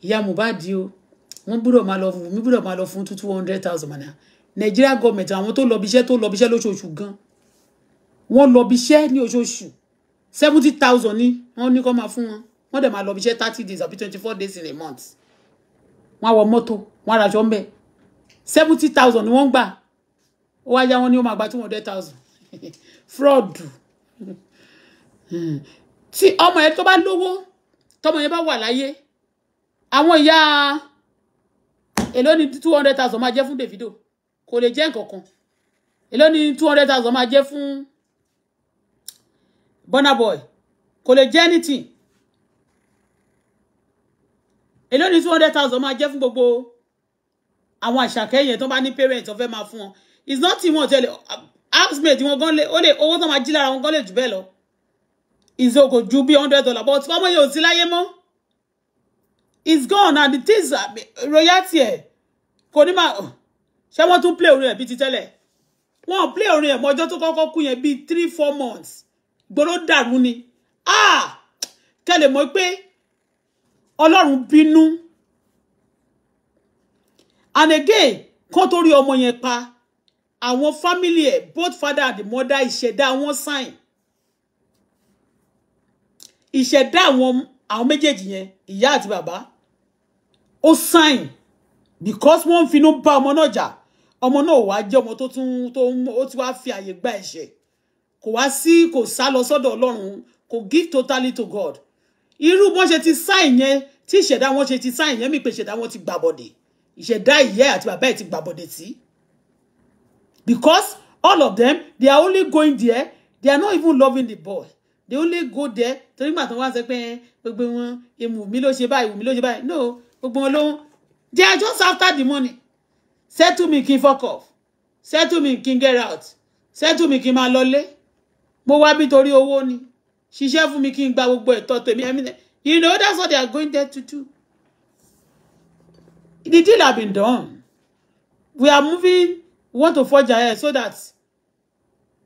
Speaker 1: Yeah, pé ìyá Mohbad o my love. máa lọ my love. gbúdọ̀ máa two two hundred thousand naira Nigeria government àwọn tó lọ bíṣẹ́ tó lọ bíṣẹ́ lóṣooṣù gan wọ́n lọ bíṣẹ́ ní oṣooṣù seventy thousand ni wọ́n ní kó máa fún wọn wọ́n dẹ̀ máa lọ thirty days àbí twenty four days in a month wọ́n á wọ mọ́tò wọ́n á raṣọ seventy thousand ni wọ́n ń gbà ó wá yá wọn ní ó máa gba two hundred thousand <laughs> fraud <laughs> tí ọmọ yẹn tó bá lówó tọmọ yẹn bá wà láyé àwọn ìyá èló ni two hundred thousand máa jẹ́ fún Davido kò lè jẹ́ nǹkan kan èló ni two hundred thousand máa jẹ́ fún Burna Boy kò lè jẹ́ anything èló ni two hundred thousand máa jẹ́ fún gbogbo àwọn àṣàkẹ́ yẹn tó bá ní parents ọ̀fẹ́ máa fún wọn it's not tí wọ́n tẹ̀lé housemate wọn gan lè ó lè owó tó máa jí lára wọn gan lè jù bẹ́ẹ̀ lọ ìzòkò ju bí hundred dollar but ọmọ yẹn ò sí láyé mọ́ it's gone and the things royalty ẹ̀ kò ní máa ṣé wọ́n tún play orin ẹ̀ bíi ti tẹ́lẹ̀ wọ́n play orin ẹ̀ mọ́ ọjọ́ tó kọ́kọ́ kú yẹn bíi three four months gbòòrò dàrú ni ah kẹlẹ̀ mọ́ pé ọlọ́run bínú and again kán tó rí ọmọ yẹn pa àwọn family ẹ̀ both father and mother ìṣẹ̀dá wọn sign ìṣẹ̀dá àwọn àwọn méjèèjì yẹn ìyá àti Baba. ó sign because wọ́n ń finú bá ọmọ náà jà ọmọ náà wàá jẹ́ ọmọ tó tún tó ó ti wá fi àyè gba ẹ̀ṣẹ̀ kò wá sí kò sá lọ sọ́dọ̀ ọlọ́run kò give totally to God irú bọ́n ṣe ti sá ìyẹn tí ìṣẹ̀dá wọn ṣe ti sá ìyẹn mi pé ìṣẹ̀dá wọn ti gbàbọ̀dè ìṣẹ̀dá ìyẹ́ àti bàbá ẹ̀ ti gbàbọ̀dè sí because all of them they are only going there they are not even loving the boy they only go there torí gbàtàn wá sọ pé gbogbo wọn èmù mi ló ṣe báyìí èmù mi ló ṣe báyìí no gbogbo wọn ló they are just after the money settle mi kí n fuck off settle mi kí n get out settle me, kí n máa lọlé mo wá bí torí owó ni ṣiṣẹ́ fún mi kí n gba gbogbo ẹ̀tọ́ tèmi ẹ̀mí you know that's what they are going there to do the deal have been done we are moving we want to forge ahead so that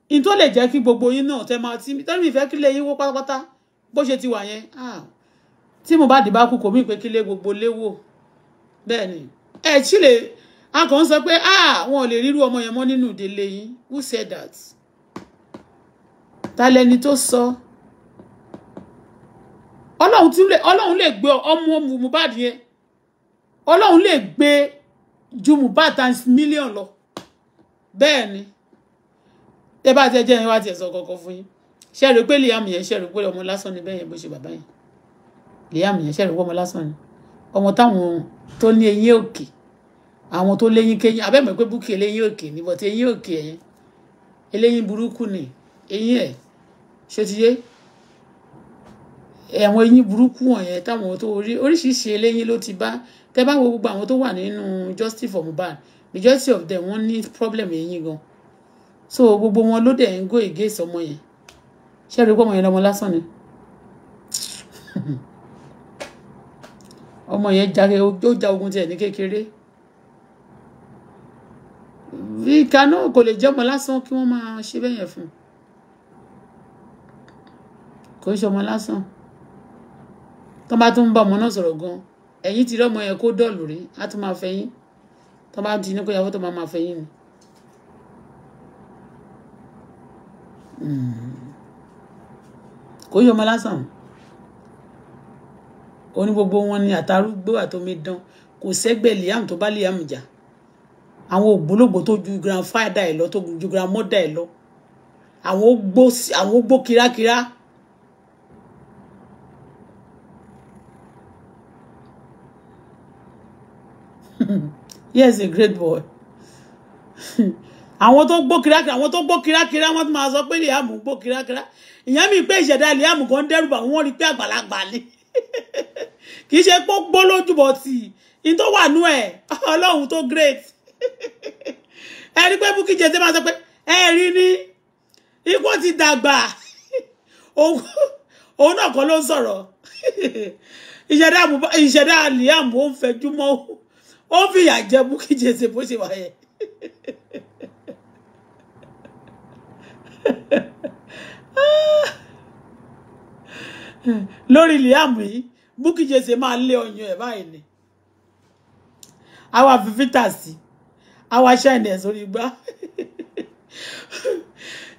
Speaker 1: in tó lè jẹ́ kí gbogbo yín náà tẹ́ tell me tẹ́lẹ̀ ìfẹ́ kílẹ̀ yín wó pátápátá bó ṣe ti wà yẹn ah, tí mo bá dìbà kú kò mí pé kílẹ̀ gbogbo léwò bẹ́ẹ̀ ni ẹ̀ tí a kàn ń sọ pé ah wọn ò lè rírú ọmọ yẹn mọ́ nínú ìdílé yín who said that ta lẹni tó sọ ọlọ́run tún lè ọlọ́run lè gbé ọmọ Mohbad yẹn ọlọ́run lè gbé ju Mohbad times million lọ bẹ́ẹ̀ ni tẹ bá tẹ jẹ́ yẹn wá tiẹ̀ sọ kọ̀ọ̀kan fún yín ṣe rò pé Liam yẹn ṣe rò pé ọmọ lásán ni bẹ́ẹ̀ yẹn bó ṣe bàbá yẹn Liam yẹn ṣe rò pé ọmọ lásán ni ọmọ táwọn tó ní eyín òkè àwọn tó léyín kéyín abẹ́mọ̀ pé búkì eléyín òkè ni bọ̀tí eyín òkè ẹ̀yìn eléyín burúkú ni eyín ẹ̀ ṣé ti yé àwọn eyín burúkú wọ̀nyẹn táwọn tó orí oríṣiríṣi eléyín ló ti bá tẹ́ bá wo gbogbo àwọn tó wà nínú justice for Mohbad majority of them wọ́n ní problem eyín gan so gbogbo wọn ló dẹ̀ ń go against ọmọ yẹn ṣé ẹ rí pé ọmọ yẹn lọmọ lásán ni <laughs> ọmọ yẹn jáde ó já ogun tiẹ̀ ní kékeré ìka náà kò lè jọmọ lásán kí wọ́n máa ṣe bẹ́ẹ̀ yẹn fún un kò ń ṣọmọ lásán tó bá tún ń bá ọmọ náà sọ̀rọ̀ gan ẹ̀yìn ti rí ọmọ yẹn kó dọ̀lù rí á tún máa fẹ́yìn tó bá ti ní kó yàwó tó máa máa fẹ́yìn ni. kò ń ṣọmọ lásán ó gbogbo wọn ni àtàrúgbó àtòmídán kò sẹ́gbẹ̀ẹ́ liam tó bá liam jà àwọn ògbólógbò tó ju grandfather ẹ̀ lọ tó ju grandmother ẹ̀ lọ àwọn ogbó àwọn ogbó kirakira yes <laughs> a great boy <laughs> àwọn tó gbó kirakira àwọn tó gbó kirakira wọ́n ti máa sọ pé Liam gbó kirakira ìyẹn mi pé ìṣẹ̀dá Liam kan dẹ́rùbà wọ́n rí pé àgbàlagbà ni <laughs> kì í ṣe pé ó gbó lójúbọ tì í tó wà nú ẹ̀ Ọlọ́run tó great. <laughs> ẹ rí pé Bukky Jesse máa sọ pé ẹ rí ní ikú ti dàgbà <laughs> òun náà kọ́ ló ń sọ̀rọ̀ <laughs> ìṣẹ̀dá Liam ó ń fẹjú mọ́ ó ń fìyà jẹ Bukky Jesse bó ṣe wà yẹn. lórí Liam yìí Bukky Jesse máa lé ọyàn ẹ̀ báyìí ni àwa fi fítà sí á wá ṣàìní ẹ̀ sórí igbá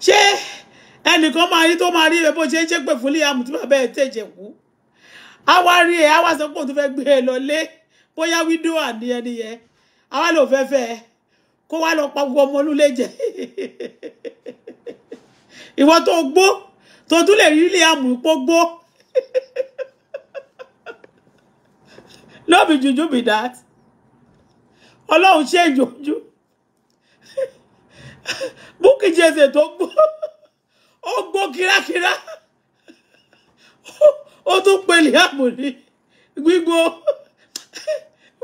Speaker 1: ṣé ẹnìkan máa rí tó máa rí ẹ bó ṣe ń ṣépè fún Liam tí bàbá ẹ tẹ̀jẹ̀ kú á wá rí ẹ á wá sọ pé òun tó fẹ́ gbé ẹ lọlé bóyá wíńdò àní ẹni yẹn á wá lò fẹ́fẹ́ ẹ kó wá lọ pa gbogbo ọmọ olúlé jẹ ìwọ tó gbó tó tún lè rí Liam pó gbó no <laughs> be juju be that ọlọ́run ṣe ìjọ́jú Bukky Jesse tó gbó ó gbó kírákírá ó tún pèlè ààbò ní gbígbó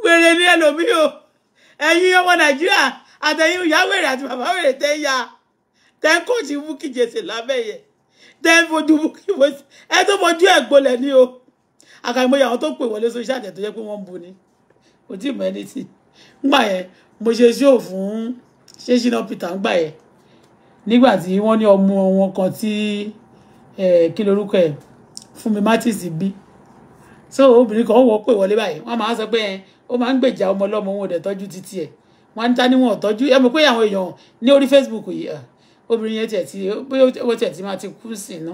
Speaker 1: wèrè ní ẹlòmíì o ẹ̀yin ọmọ nàìjíríà àtẹ̀yìn ìyá wèrè àti bàbá wèrè tẹ́ ya tẹ́ ń kóòtù Bukky Jesse lábẹ́ yẹn tẹ́ ń fojú Bukky Jesse ẹ tó fojú ẹ̀ gbolẹ̀ ní o àkàìmọye àwọn tó pè wọlé sóṣà tẹ̀ tó jẹ́ pé wọ́n ń bu ni kò tí ì mọ ẹni tì í ngbà yẹn mo ṣe ṣó fún ṣéṣínà Peter ngbà yẹn nígbà tí wọ́n ní ọmọ wọn kan tí kí lorúkọ ẹ̀ Fúnmi Martins bí so obìnrin kan wọ́n pè wọlé báyìí wọ́n máa ń sọ pé ó máa ń gbèjà ọmọ ọlọ́mọ wọn ò dẹ̀ tọ́jú títí ẹ̀ wọ́n ń dání wọn ò ẹ mọ̀ pé àwọn èèyàn ní orí Facebook yìí ah, obìnrin yẹn tiẹ̀ ti bóyá owó tiẹ̀ ti máa ti kú sí iná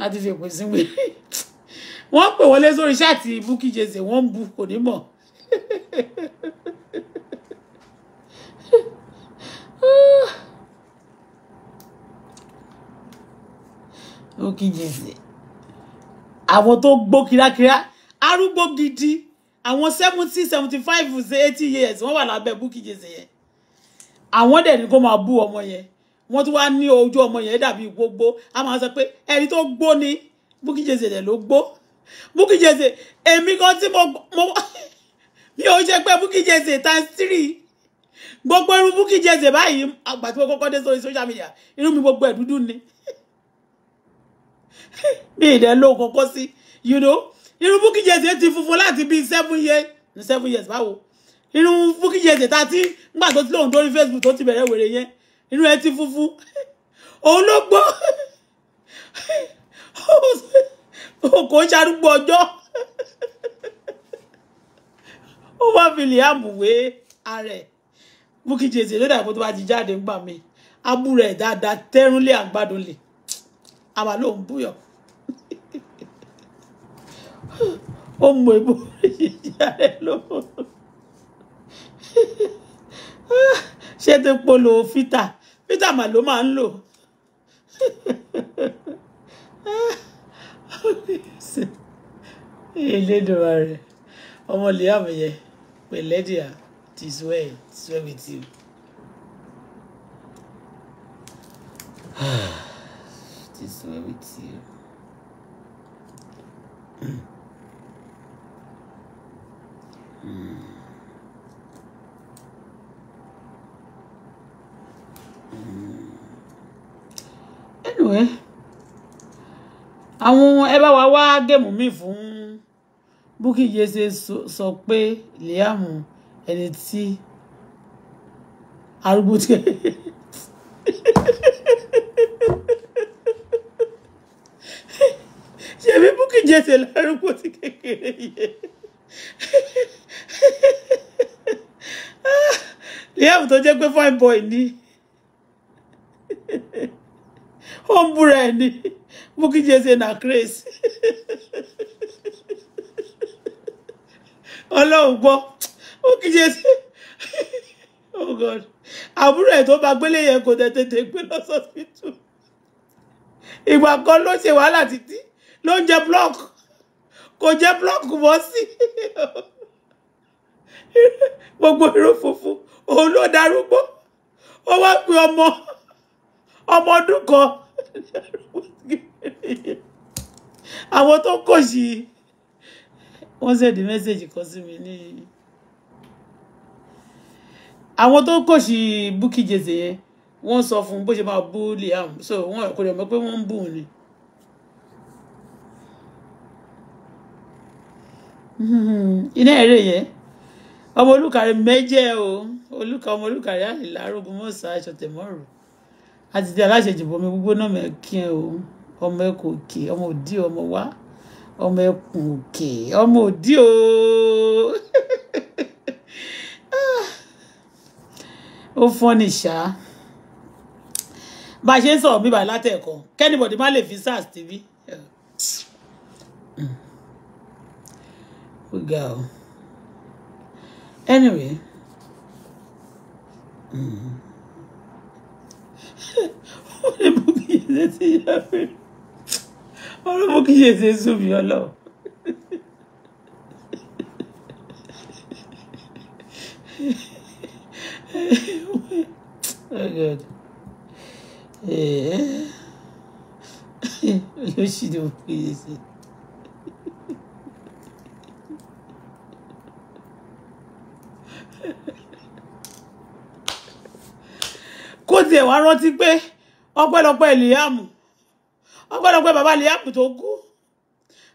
Speaker 1: láti fi pèsè <laughs> wọ́n pè wọlé sórí ṣáàtì Bukky Jesse bu kò ní mọ̀ I want to òkìjìsì here. I gbó kíákíá arúgbó gidi àwọn seventy seventy five eighty years I want to wọ́n wà lábẹ́ búkìjìsì yẹn àwọn dẹ̀ ní kó máa bú ọmọ yẹn wọ́n tún wá ní ojú ọmọ yẹn dàbí gbogbo a máa sọ pé ẹni tó gbó ni búkìjẹsẹ̀ look ló gbó búkìjẹsẹ̀ èmi kan tí mo mi ò ṣe pé Bukky Jesse times three gbogbo irú Bukky Jesse báyìí àgbà tí mo kọ́kọ́ dé sórí social media irú mi gbogbo ẹ̀ dúdú ni <laughs> mi ì dẹ̀ lóun kọ́kọ́ sí you know irú Bukky Jesse ti funfun láti bíi seven years seven years báwo irú Bukky Jesse ta ti ngbà tó ti lóun dórí Facebook tó ti bẹ̀rẹ̀ wèrè yẹn irú ẹ ti funfun <laughs> òun ló gbọ́ <laughs> kò ń ṣarúgbó ọjọ́ o wá fi Liam wé ààrẹ Bukky Jesse ló dàgbò tó bá ti jáde ńgbà mi abúrò ẹ̀ dáadáa tẹ́rúnlé àgbàdo lè àwa ló ń búyọ̀ ó mọ ebó ìyàrá lọ́wọ́ ṣé tó polo fita fita mà ló máa ń lò èlédùn rẹ ọmọ Liam yẹn pẹ̀lẹ́ díà tis well tis well with you. <sighs> tis well with you. Mm. anyway àwọn ẹ bá wa wá géèmù míì fún Bukky Jesse sọ pé Liam ẹni tí arúgbó tí ṣebí Bukky Jesse lárúgbó tí kékeré yẹ Liam tó jẹ́ pé fine boy ni ó ń búra ẹ̀ ni Bukky na craze ọlọ́run gbọ́ ó kì í ṣe sí oh god àbúrò ẹ̀ tó bá gbélé yẹn kò tètè gbé lọ́sọ̀tìtù ìgbà kan ló ṣe wàhálà títí ló ń jẹ block kò jẹ block mọ́ sí gbogbo irú funfun òun ló darúgbó ó wá pe ọmọ ọmọ ọdún kan àwọn tó kọ̀ sí wọ́n sẹ̀dí mẹ́sẹ̀jì kan sí mi ní. àwọn tó kòṣì Bukky Jesse yẹn wọ́n sọ fún bó ṣe máa bú Liam so wọ́n kò lè mọ̀ pé wọ́n ń bù ni. <laughs> iná eré yẹn ọmọ olùkàrí mẹ́jẹ o olùkà ọmọ olùkàrí àlèlà arógun mọ́sà aṣọ tẹ̀mọ́rù àti ti aláṣẹ ìjìnbọn mi gbogbo náà mẹ́kín o ọmọ ẹ kò kí ọmọ òdì ọmọ wa ọmọ ẹkùn òkè ọmọ òdí o <laughs> ó fọ́nì ṣá bá a ṣe ń sọ̀rọ̀ bíbá látẹ̀kọ́ kẹ́nìbọ̀dì má lè fi sars tv. <sniffs> ó ga ọ anyway. Mm. <laughs> ọ̀rọ̀ mo kì í ṣe ṣe sùn mí ọlọ́run. oh God. Eh, eh. lóṣì ni mo fi ṣe ṣe. kó tiẹ̀ wá rántí pé ọpẹ́lọpẹ́ Liam ó gbọ́dọ̀ pé bàbá lè yàpù tó kú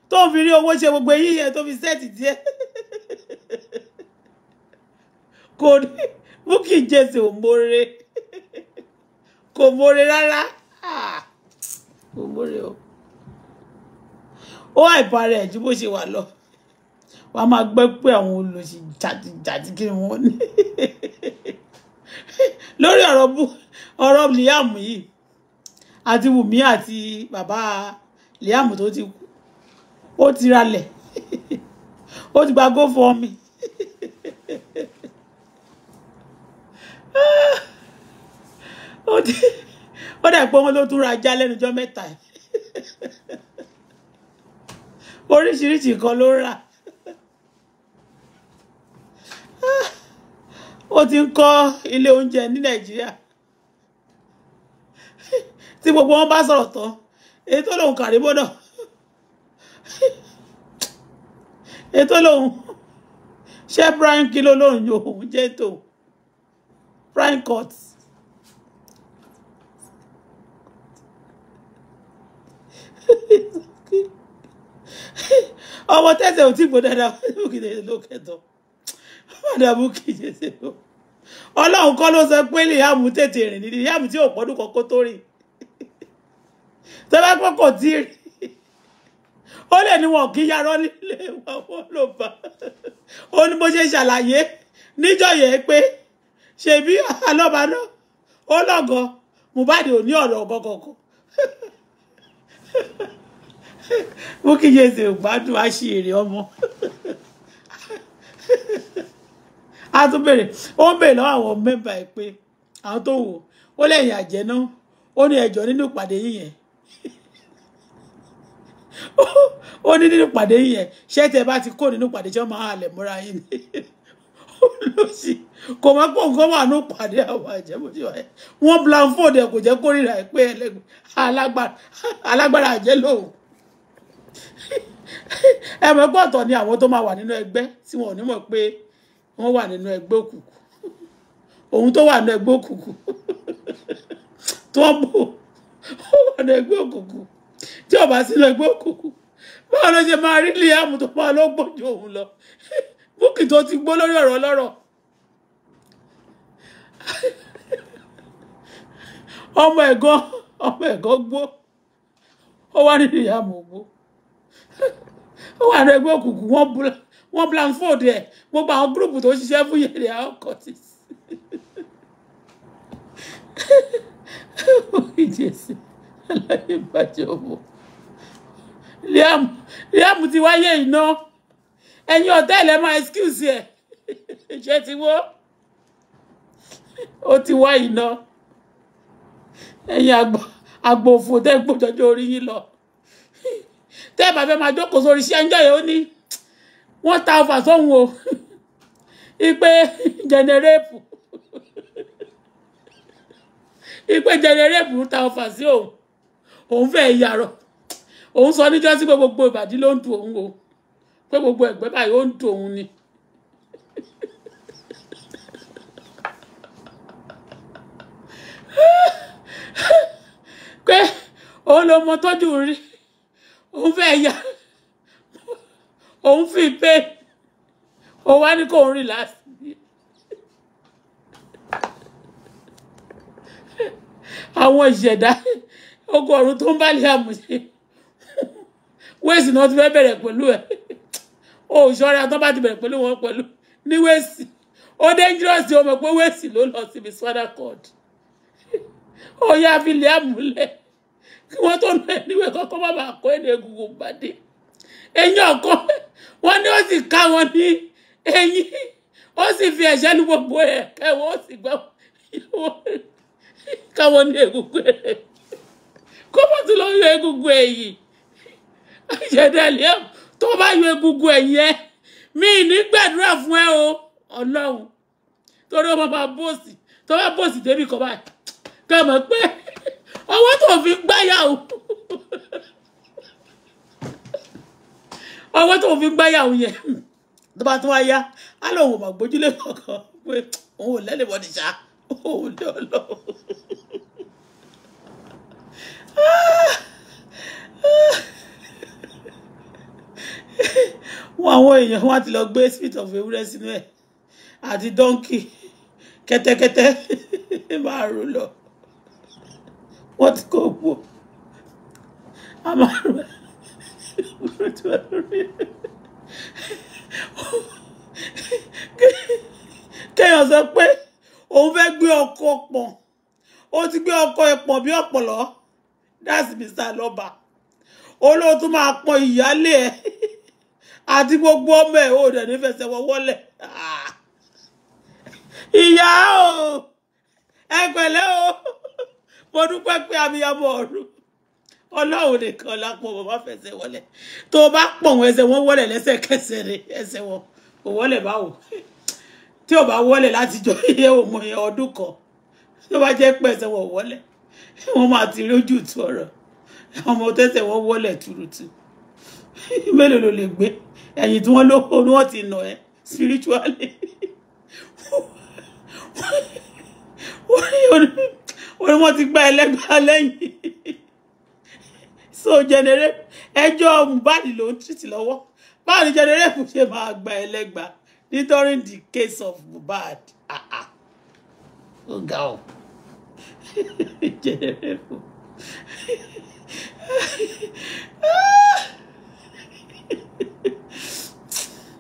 Speaker 1: tó fi rí owó ṣe gbogbo eyín yẹn tó fi sẹ́ẹ̀tì díẹ̀ kò ní Bukky Jease ò mórè kò mórè rárá kò ah, mórè o ó àìbá rẹ̀ ju bó ṣe wà lọ wàá máa gbẹ́ pé àwọn olùsí jàdìjàdì kí ni wọ́n ní <laughs> lórí ọ̀rọ̀ Liam yìí àti Wùmí àti bàbá Liam tó ti kú ó ti ralẹ̀ <laughs> ó ti gba go for me. ó dẹ̀ pé wọ́n ló tún ra ajá lẹ́nu ọjọ́ mẹ́ta yìí <laughs> oríṣiríṣi nǹkan ló rà <laughs> ó ti ń kọ́ ilé oúnjẹ ní Nàìjíríà tí gbogbo wọn bá sọ̀rọ̀ tán èyí tó lòun kàrí bọ́dọ̀ èyí tó lòun ṣé prime kilo lòun yóò òun jẹ́ tó prime court. ọmọ tẹ́tẹ̀ ò tí gbó dáadáa lókìtẹ̀ lókẹ́tọ̀ mádàmú kì í ṣe ṣe lọ ọlọ́run kọ́ ló sọ pé lè yàmú tètè rìn nídìí yàmú tí ò pọ́dún kan kó tó rìn tẹ́lá pé kò tí ì ó lè ní wọn kí yarọ nílé wọn ló bá ó ní bó ṣe ṣàlàyé níjọ́ yẹn pé ṣebí alọba náà ó lọgọ Mohbad ò ní ọ̀rọ̀ ọgọgọgọ mo kì í yé ṣe gbádùn àṣírí ọmọ a tún béèrè ó ń béèrè lọ́wọ́ àwọn mẹ́mbà ẹ̀ pé àwọn tó wò ó lẹ́yìn àjẹ́ náà ó ní ẹjọ́ nínú ìpàdé yìí yẹn ó ní nínú pàdé yẹn ṣé tẹ bá ti kó nínú pàdé tí wọn máa halẹ̀ mọ́ra yín ni olùsí kò má pọ̀ nǹkan wà ní pàdé àwọn àjẹmọ́sí wa wọn blanford ẹ kò jẹ́ kórìíra ẹ pé alágbára àjẹ lòun ẹmọ ẹgbẹ́ ọ̀tọ̀ ni àwọn tó máa wà nínú ẹgbẹ́ tí wọn ò ní mọ̀ pé wọ́n wà nínú ẹgbẹ́ òkùnkùn òun tó wà nínú ẹgbẹ́ òkùnkùn tó ń bò ó wà ní ẹgbẹ́ òkùnkùn tí ọba sí ní ẹgbẹ́ òkùnkùn báwo ló ṣe máa rí Liam tó máa lọ́gbọ̀n òun lọ Bukky tó ti gbó lórí ọ̀rọ̀ ọlọ́rọ̀ ọmọ ẹ̀gán ọmọ ẹ̀gán gbó ó wá ní Liam gbó ó wà ní ẹgbẹ́ òkùnkùn wọ́n búra wọn blindfold ẹ gbogbo àwọn gúrùpù tó ṣiṣẹ́ fún yẹrẹ àwọn kọtìsì ìjẹsìn aláyé bàjẹ́ ọmọ Liam Liam ti wáyé iná ẹ̀yin ọ̀tá ẹ̀ lẹ́ máa excuse ẹ̀ ṣe ti wọ́ ó ti wá iná ẹ̀yin àgbòfò tẹ́ ń gbòjọ́jọ́ orí yín lọ tẹ́ ẹ̀ bá fẹ́ máa jókòó sórí iṣẹ́ ńjọ́ yẹn ó ní wọ́n ta ọfà sóhun o ipe jẹnẹrẹ́pù ìpè jẹnẹrẹ́pù ń ta ọfà sí òun òun fẹ́ yàrá òun sọ níjọ́ sí pé gbogbo ìbàdí ló ń tu òun o pé gbogbo ẹ̀gbẹ́ báyìí ó ń tu òun ni. pé òun ló mọ tọ́jú rí òun fẹ́ yà òun fi pé òun wá ní kó òun relax àwọn ìṣẹ̀dá ogun ọ̀run tó ń bá lè àmọ̀ṣe wéèsì náà ti fẹ́ bẹ̀rẹ̀ pẹ̀lú ẹ̀ o ṣọ́ra tó bá ti bẹ̀rẹ̀ pẹ̀lú wọn pẹ̀lú ní wéèsì ó dangerous o mọ̀ pé wéèsì ló lọ síbi spinal cord ó yá fi lè àmúlẹ̀ kí wọ́n tó lọ ẹ̀níwẹ̀ kọ́kọ́ má bàa kó èdè egungun gbàdé eyín ọ̀kan wọ́n ní ó sì ká wọn ní eyín ó sì fi ẹ̀ṣẹ́ ní gbogbo ẹ̀ kẹwọ́n ó sì gbà wọ́n káwọn ní egungun ẹ̀ kó bó ti lọ yọ egungun ẹ̀yìn àjẹdẹ̀lẹ́ tó bá yọ egungun ẹ̀yìn ẹ̀ mí ní gbàdúrà fún ẹ o ọlọ́run torí ọmọ bá bòsì tó bá bòsì débi kan báyìí ká mọ̀ pé ọwọ́ tó fi gbáyà o ọwọ́ tó fi gbáyà o yẹn tó bá tún wá yá á lọ wò mà gbójúlé kankan pé òun ò lẹ́lẹ̀ wọ́n ti ṣá. Oh lọ lọ. wọn àwọn èèyàn wọn ti lọ gbé spirit of a sínú ẹ̀ the donkey kete kete. rò What wọ́n ti kó gbó a máa rò kéèyàn òun fẹ́ gbé ọkọ pọ̀ ó ti gbé ọkọ ẹ̀pọ̀ bí ọ̀pọ̀lọ́ that's Mr. Lọ́ba olóòtú máa pọn ìyálé ẹ̀ <laughs> àti gbogbo ọmọ ẹ̀ ó dẹ̀ nífẹsẹ̀ wọ́wọ́lẹ̀ <laughs> ìyá o ẹ pẹ̀lẹ́ o <laughs> mo dúpẹ́ pé abiyamọ ọ̀run ọlọ́run nìkan lápọ̀ bàbá fẹsẹ̀ wọlẹ̀ tó bá pọ̀ wọn ẹsẹ̀ wọn wọlẹ̀ lẹ́sẹ̀kẹsẹ̀ rẹ̀ ẹsẹ̀ wọn kò wọlẹ̀ báwo tí ò bá wọlé láti jọ <laughs> iye òmò yẹn ọdún kan tí ó bá jẹ́ pẹ̀sẹ̀ wọ̀ wọlé <laughs> wọ́n máa ti rójú tu ọ̀rọ̀ ọmọ tẹ́sẹ̀ wọ́n wọlé tuurutu <laughs> mélòó ló lè gbé ẹ̀yìn tí wọ́n ló ní wọ́n ti nà ẹ́ spiritually wọ́n ní wọ́n ti gba ẹlẹ́gbẹ́ lẹ́yìn so generate ẹjọ́ Mohbad ló ń tìtì lọ́wọ́ báwo ni generate kò ṣe máa gba ẹlẹ́gbàá ní during the case of Mohbad ah ah ó ga ọ <laughs> jẹrẹrẹfọ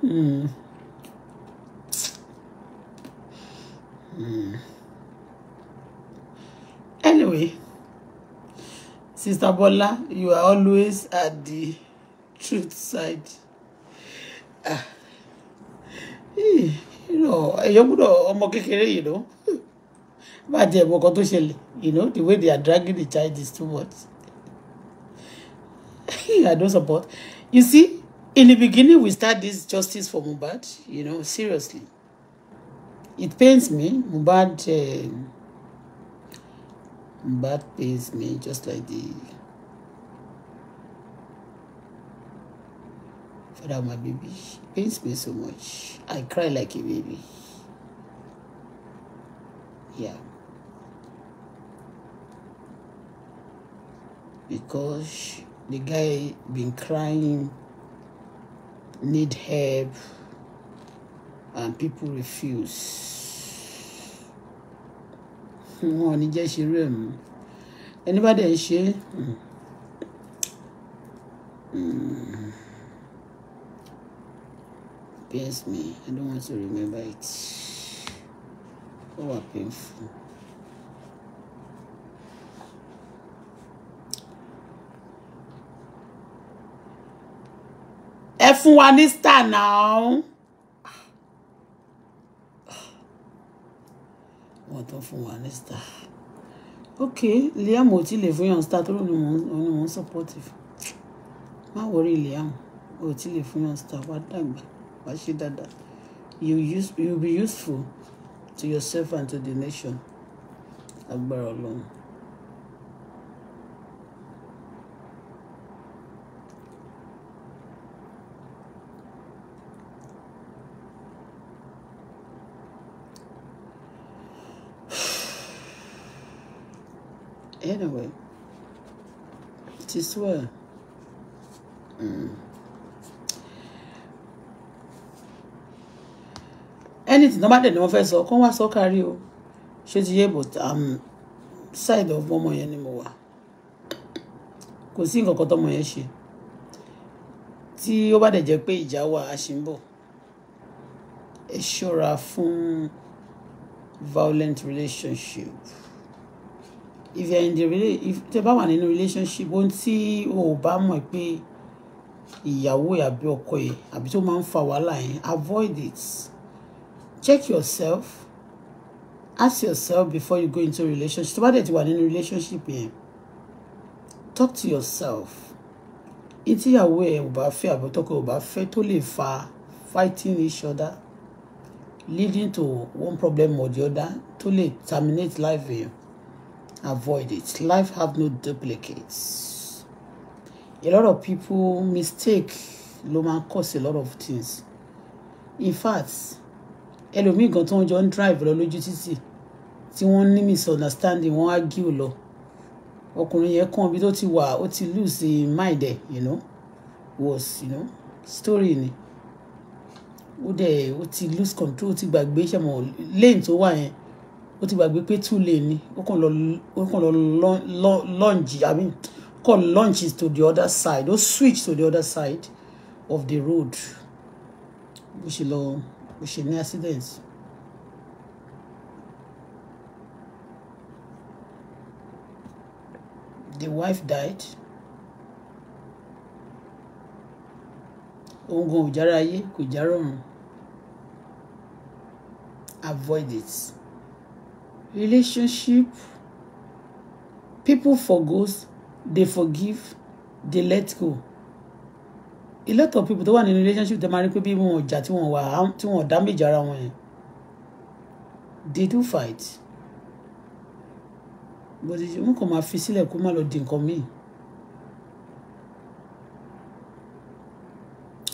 Speaker 1: hmm. hmm. Anyway, Sister Bola, you are always at the truth side. Ah èyàn gbọ́dọ̀ ọmọ kékeré yìí ló bá jẹ́ ẹ̀bùn kan tó ṣẹlẹ̀ you know the way they are dragging the child is too much <laughs> I don't support you see in the beginning we start this justice for Mubad. you know seriously it pains me Mubad. uh, eh, Mohbad pains me just like the. Father, my baby pains me so much. I cry like a baby. Yeah. Because the guy been crying, need help, and people refuse. Hmm, Wọn in ní jẹ́ ṣe rẹ̀ Mm. Hmm pains me. I don't want to remember it. Oh, how painful. F fún wa ní now. What of fún wa ní star. Liam ò tí lè fún yàn star tó ló ní mò Liam, ò tí lè fún yàn star Why that? You use you will be useful to yourself and to the nation. Agbára alone. <sighs> Anyway, it is well. Mm. anything tó bá dẹ̀ ni wọ́n fẹ́ sọ kó wá sọ kárí o ṣé ti yé um, side of ọmọ yẹn ni mo wà kò sí nǹkan kan tọmọ yẹn ṣe tí ó bá dẹ̀ jẹ́ pé ìjà wà á ṣì ń bọ̀ ẹ violent relationship if you in the if tẹ bá wà nínú relationship ohun tí o ò bá mọ̀ pé ìyàwó àbí ọkọ yẹn àbí tó máa ń fa wàhálà yẹn avoid it check yourself ask yourself before you go into a relationship tó bá you are in nínú relationship here? talk to yourself ìtìyàwó ẹ ò bá fear? About talking about fear? tó lè fa fighting each other leading to one problem or the other tó late. terminate life yẹn avoid it life have no duplicates a lot of people mistake Loma cause a lot of things in fact ẹlòmíì gan tó ń jọ ń drive lọ lójú títì tí wọ́n ní misunderstanding wọ́n argue lọ ọkùnrin yẹn kàn bí tó ti wà ó ti lose mind ẹ̀ you know was you know story ni ó dẹ̀ ó ti lose control ó ti gbàgbé ṣẹ̀mọ̀ lane tó wà yẹn ó ti gbàgbé pé two lane ni ó kàn lọ ó kàn i mean kàn lunge to the other side ó switch to the other side of the road bó ṣe lọ mo ṣe ní accident. The wife died. òun gan ò jára ayé kò avoid it relationship people forgoes they forgive they let go a lot of people tó wà nínú relationship tẹ́ máa rí pé bí wọn ọjà tí wọn wà tí wọn ọ̀dá méjì ara wọn yẹn they do fight but wọn kàn máa fi sílẹ̀ kó má lọ di nǹkan míì.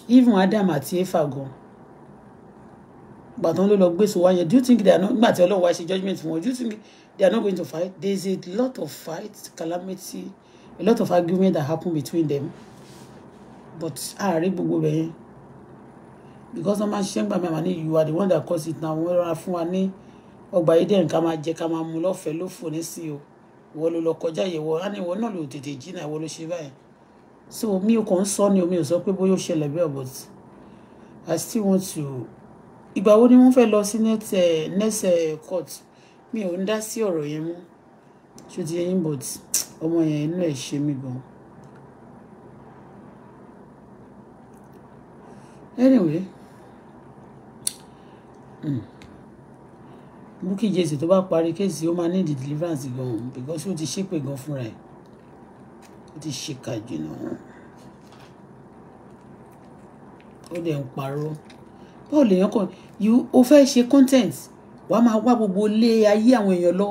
Speaker 1: even Adam àti Efa gan gbàtàn ló lọ gbèsò wáyé do you think they are not nígbà tí Ọlọ́run wá ṣe judgement fún wọn do you think they are not going to fight there is a lot of fight calamity a lot of argument that happen between them but ààrẹ gbogbo rẹ̀ yẹn because wọ́n máa ń ṣiṣẹ́ ń gbà mí àmà ní you are the one that cause it now wọ́n rọra fún wa ní ọgbà eden ká máa jẹ ká máa mu lọ́fẹ̀ẹ́ ló fò ní sí o ìwọ ló lọ kọjá ìyẹ̀wò á ní ìwọ náà ló tètè jí náà ìwọ ló ṣe báyìí so mi ò kàn ń sọ ni omi ò sọ pé bóyá ó ṣẹlẹ̀ bẹ́ẹ̀ but I still want to ìgbà wo ni wọ́n fẹ́ lọ sí next eh, eh, court mi ò ń dá sí ọ̀rọ̀ yẹn mọ́ ṣó yẹn but ọmọ yẹn inú ẹ̀ ṣe mí gan-an. anyway Bukky hmm, Jease tó bá parí kéèsì ó máa need deliverance gan because ó ti ṣépè gan fúnra ẹ̀ ó ti ṣèkà jìnnà ó dẹ̀ ń parọ́ Paul, lèèyàn kàn yìí o fẹ́ ṣe content wàá máa wá gbogbo ilé ayé àwọn èèyàn lọ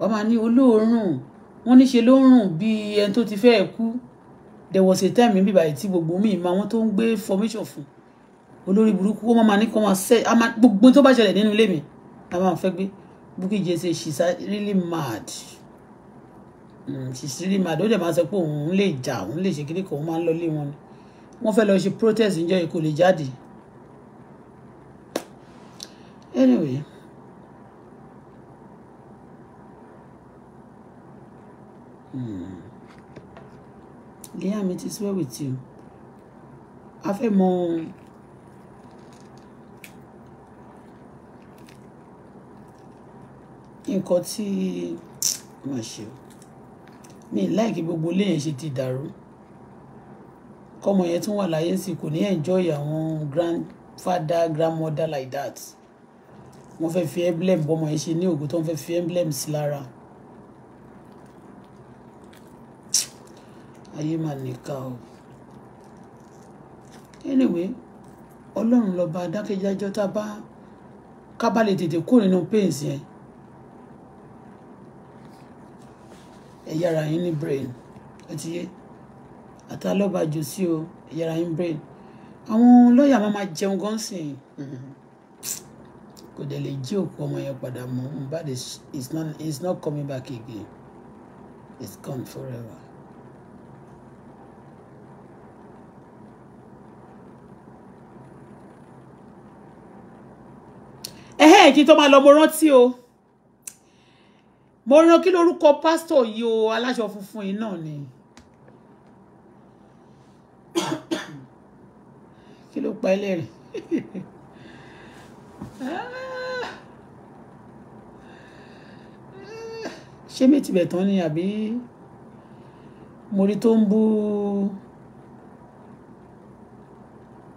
Speaker 1: wàá máa ní olóòórùn wọn níṣe ló ń rùn ẹni tó ti fẹ́ kú there was a time níbi ìbàyìí tí gbogbo mi máa wọn tó ń gbé formation fún un olórí burúkú wọn máa ní kó máa sẹ a máa gbogbo tó bá ṣẹlẹ̀ nínú ilé mi la máa fẹ́ gbé Bukky Jesse she's really mad hmm, she's really mad ó dẹ̀ máa sọ pé òun lè jà òun lè ṣe kíní kan òun máa ń lọ lé wọn ni wọ́n fẹ́ lọ ṣe protest níjọ́ yìí kò lè jáde anyway. Hmm. Liam, it is well with you. A fẹ́ mọ nǹkan tí wọ́n ṣe mi láìkí gbogbo ilé yẹn ṣe ti dàrú kọ́mọ yẹn tún wà láyé sí kò ní enjoy àwọn grandfather grandmother like that wọ́n fẹ́ fi emblem bọ́mọ yẹn ṣe ní ògùn tó ń fẹ́ fi emblem sí lára. ayé mà níkà o anyway ọlọ́run lọ́ba adákẹ́jájọ́ tá a bá ká bá lè tètè kúrò nínú pains yẹn ẹ̀yà ara yín ní brain ẹ ti yé àtàlọ́ba jò sí o ẹ̀yà ara yín brain àwọn lọ́ọ̀yà máa ma jẹun gan sìn kò dẹ̀ lè jí òkú ọmọ yẹn padà mọ́ Mohbad is not is not coming back again it's gone forever. ẹ̀hẹ́ ẹ̀kí tó máa lọ mo rántí o mo rán kí lórúkọ pásítọ̀ yìí o aláṣọ funfun yìí náà ni kí ló pa ẹlẹ́rìn ṣé mẹ́tìbẹ̀ tán ni àbí mo rí tó ń bú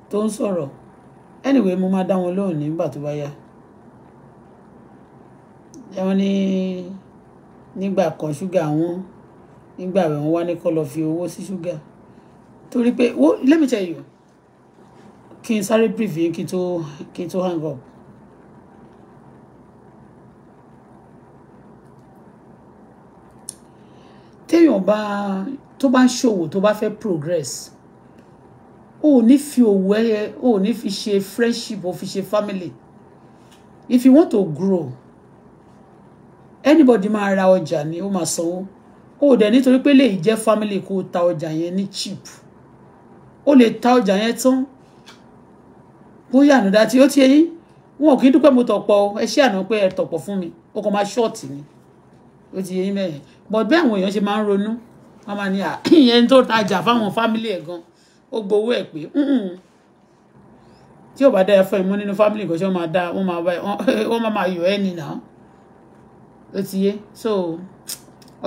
Speaker 1: tó ń sọ̀rọ̀ anyway mo máa dá wọn lóhùn nígbà tó bá yá wọn ní. Ni nígbà kan ṣúgà wọn nígbà wọn wá ní kó lọ fi owó sí ṣúgà torí pé wo let me tell you kí n sáré brief yín kí n tó kí n tó hang up. téèyàn bá tó bá ń ṣòwò tó bá fẹ́ progress o ò ní fi òwò ẹyẹ o ò ní fi ṣe friendship o fi ṣe family if you want to grow anybody máa ra ọjà ni ó máa sanwó o ò dẹ̀ nítorí pé lè jẹ́ family kó o ta ọjà yẹn ní cheap o lè ta ọjà yẹn tán bóyá ànúdá tí ó ti ẹ̀yìn wọn ò kí ń dúpẹ́ mo tọ̀pọ̀ ẹ ṣé àná pé ẹ tọ̀pọ̀ fún mi o kò máa ṣọ́ọ̀tì ni ó ti yẹn mẹ́rin but bẹ́ẹ̀ àwọn èèyàn ṣe máa ń ronú wọ́n máa ní à ah, <clears throat> ìyẹn tó tajà fáwọn fámílì ẹ̀ gan ó gbowó ẹ̀ pé tí ò bá dára fún ẹ mú nínú fámílì kan ṣé wọ́n máa dá wọ́n máa <laughs> yọ ẹ́ nìyà ó ti yé so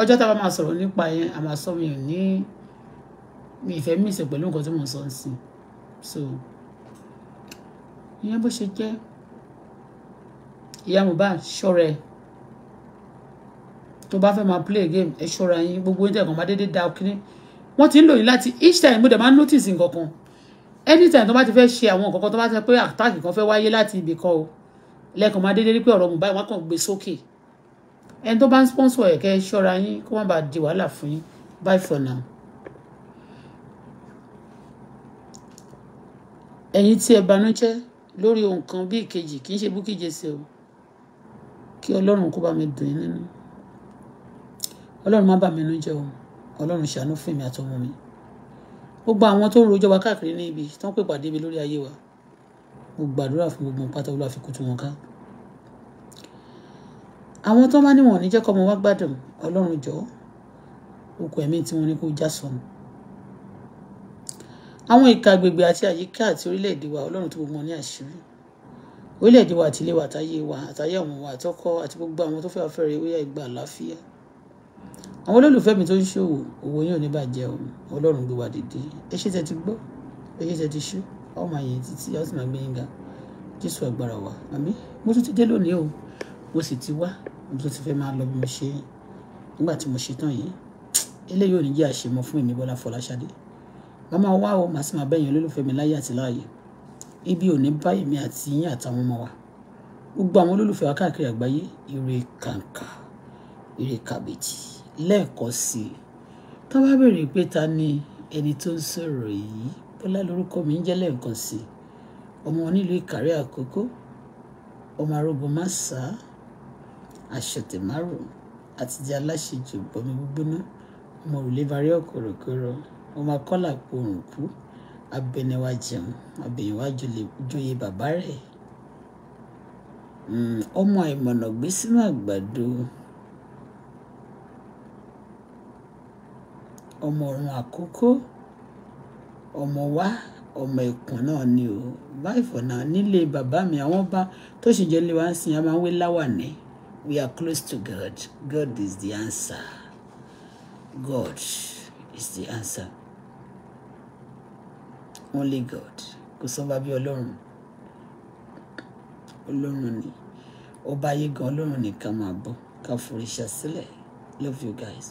Speaker 1: ọjọ́ tá a bá máa sọ̀rọ̀ nípa yẹn a máa sọ mi ò ní mi ìfẹ́ mi ìsẹ̀ pẹ̀lú nǹkan tí mo sọ ń sìn so ìyẹn bó ṣe jẹ́ ìyá Mohbad ṣọ́ra ẹ̀ tó bá fẹ́ máa play game ẹ ṣọ́ra yín gbogbo oúnjẹ kan máa déédéé da kínní wọ́n ti ń lò yín láti each time mo dẹ̀ máa ń notice nǹkan kan anytime tó bá ti fẹ́ ṣe àwọn nǹkan kan tó bá ti fẹ́ pé attack kan fẹ́ wáyé láti ibì kan o lẹ́ẹ̀kan máa déédéé rí pé ọ̀rọ̀ Mohbad wọn kàn gbé sókè ẹni tó bá ń sponsor ẹ̀ kẹ́ ẹ ṣọ́ra yín kó má bàa di wàhálà fún yín bye for now. ẹ̀yin tí ẹ banújẹ́ lórí ohun kan bí ìkejì kì í ṣe Bukky Jesse o kí ọlọ́run kó bá mi dùn yín nínú ọlọ́run má bà mí nú jẹ́ o ọlọ́run ṣàánú fún mi àtọmọ mi gbogbo àwọn tó ń rojọ́ wa káàkiri ní ibi tí wọ́n pè pàdé mi lórí ayé wa mo gbàdúrà fún gbogbo pátá olúwa fi kú wọn ká àwọn tó máa ní wọn ò ní jẹ́ kọ́mọ wá gbádùn ọlọ́run jọ̀ọ́ okùn ẹ̀mí tí wọ́n ní kó já sọnù àwọn ìka agbègbè àti àyíká àti orílẹ̀-èdè wa ọlọ́run tó gbogbo ní àṣírí orílẹ̀-èdè wa àtìlé wa àtayé wa àtayé àwọn wa àtọ́kọ́ àti gbogbo àwọn tó fẹ́ wá fẹ́rẹ̀ ewé ìgbà àlàáfíà àwọn olólùfẹ́ mi tó ń ṣòwò owó yóò ní bàjẹ́ ọlọ́run gbé wa dìde ẹ ṣé ti gbọ́ ẹ ṣé ti ṣú ọmọ àyè títí ọtí màá ga jésù agbára wa àmín mo tún ti dé lónìí o mo sì ti wá mo tún ti fẹ́ máa lọ bí mo ṣe nígbà tí mo ṣe tán yìí eléyìí ò ní jẹ́ àṣemọ fún èmi Bọ́lá Fọláṣadé màmá wa o màá sì máa bẹ̀yìn olólùfẹ́ mi láyé àti láàyè ibi ò ní bá èmi àti yín àtàwọn ọmọ wa gbogbo àwọn olólùfẹ́ wa káàkiri àgbáyé ire kàǹkà ire kàbèjì lẹ́ẹ̀kan sí i tó bá béèrè pé ta ni ẹni tó ń sọ̀rọ̀ yìí Bọ́lá lórúkọ mi ń jẹ́ lẹ́ẹ̀kan sí i ọmọ onílù Ìkàrẹ́ Àkókó ọmọ arógun má sá àṣetèmárò àtijọ́ aláṣejù bọ́mi gbígbóná ọmọ òrùlé barí ọ̀kọ̀rọ̀kọ̀rọ̀ ọmọ akọ́là porùn kú abẹniwa jẹun abẹniwa joyè bàbá rẹ̀ hmm, ọmọ àìmọ̀nà gbé sínú àgbàdo ọmọ ọ̀run àkókò ọmọ wa ọmọ ẹkùn náà ni o báyìí fọ̀ nílé bàbá mi àwọn bá tó ṣèjọ́ lé wa ń sìn àwọn máa ń wé láwà ní we are close to God, God is the answer. God is the answer. Only God. Kò sọ́ba bí Ọlọ́run. ni. Ọba ayé gan Ọlọ́run nìkan máa bọ́. Ká foríṣà sílẹ̀. Love you guys.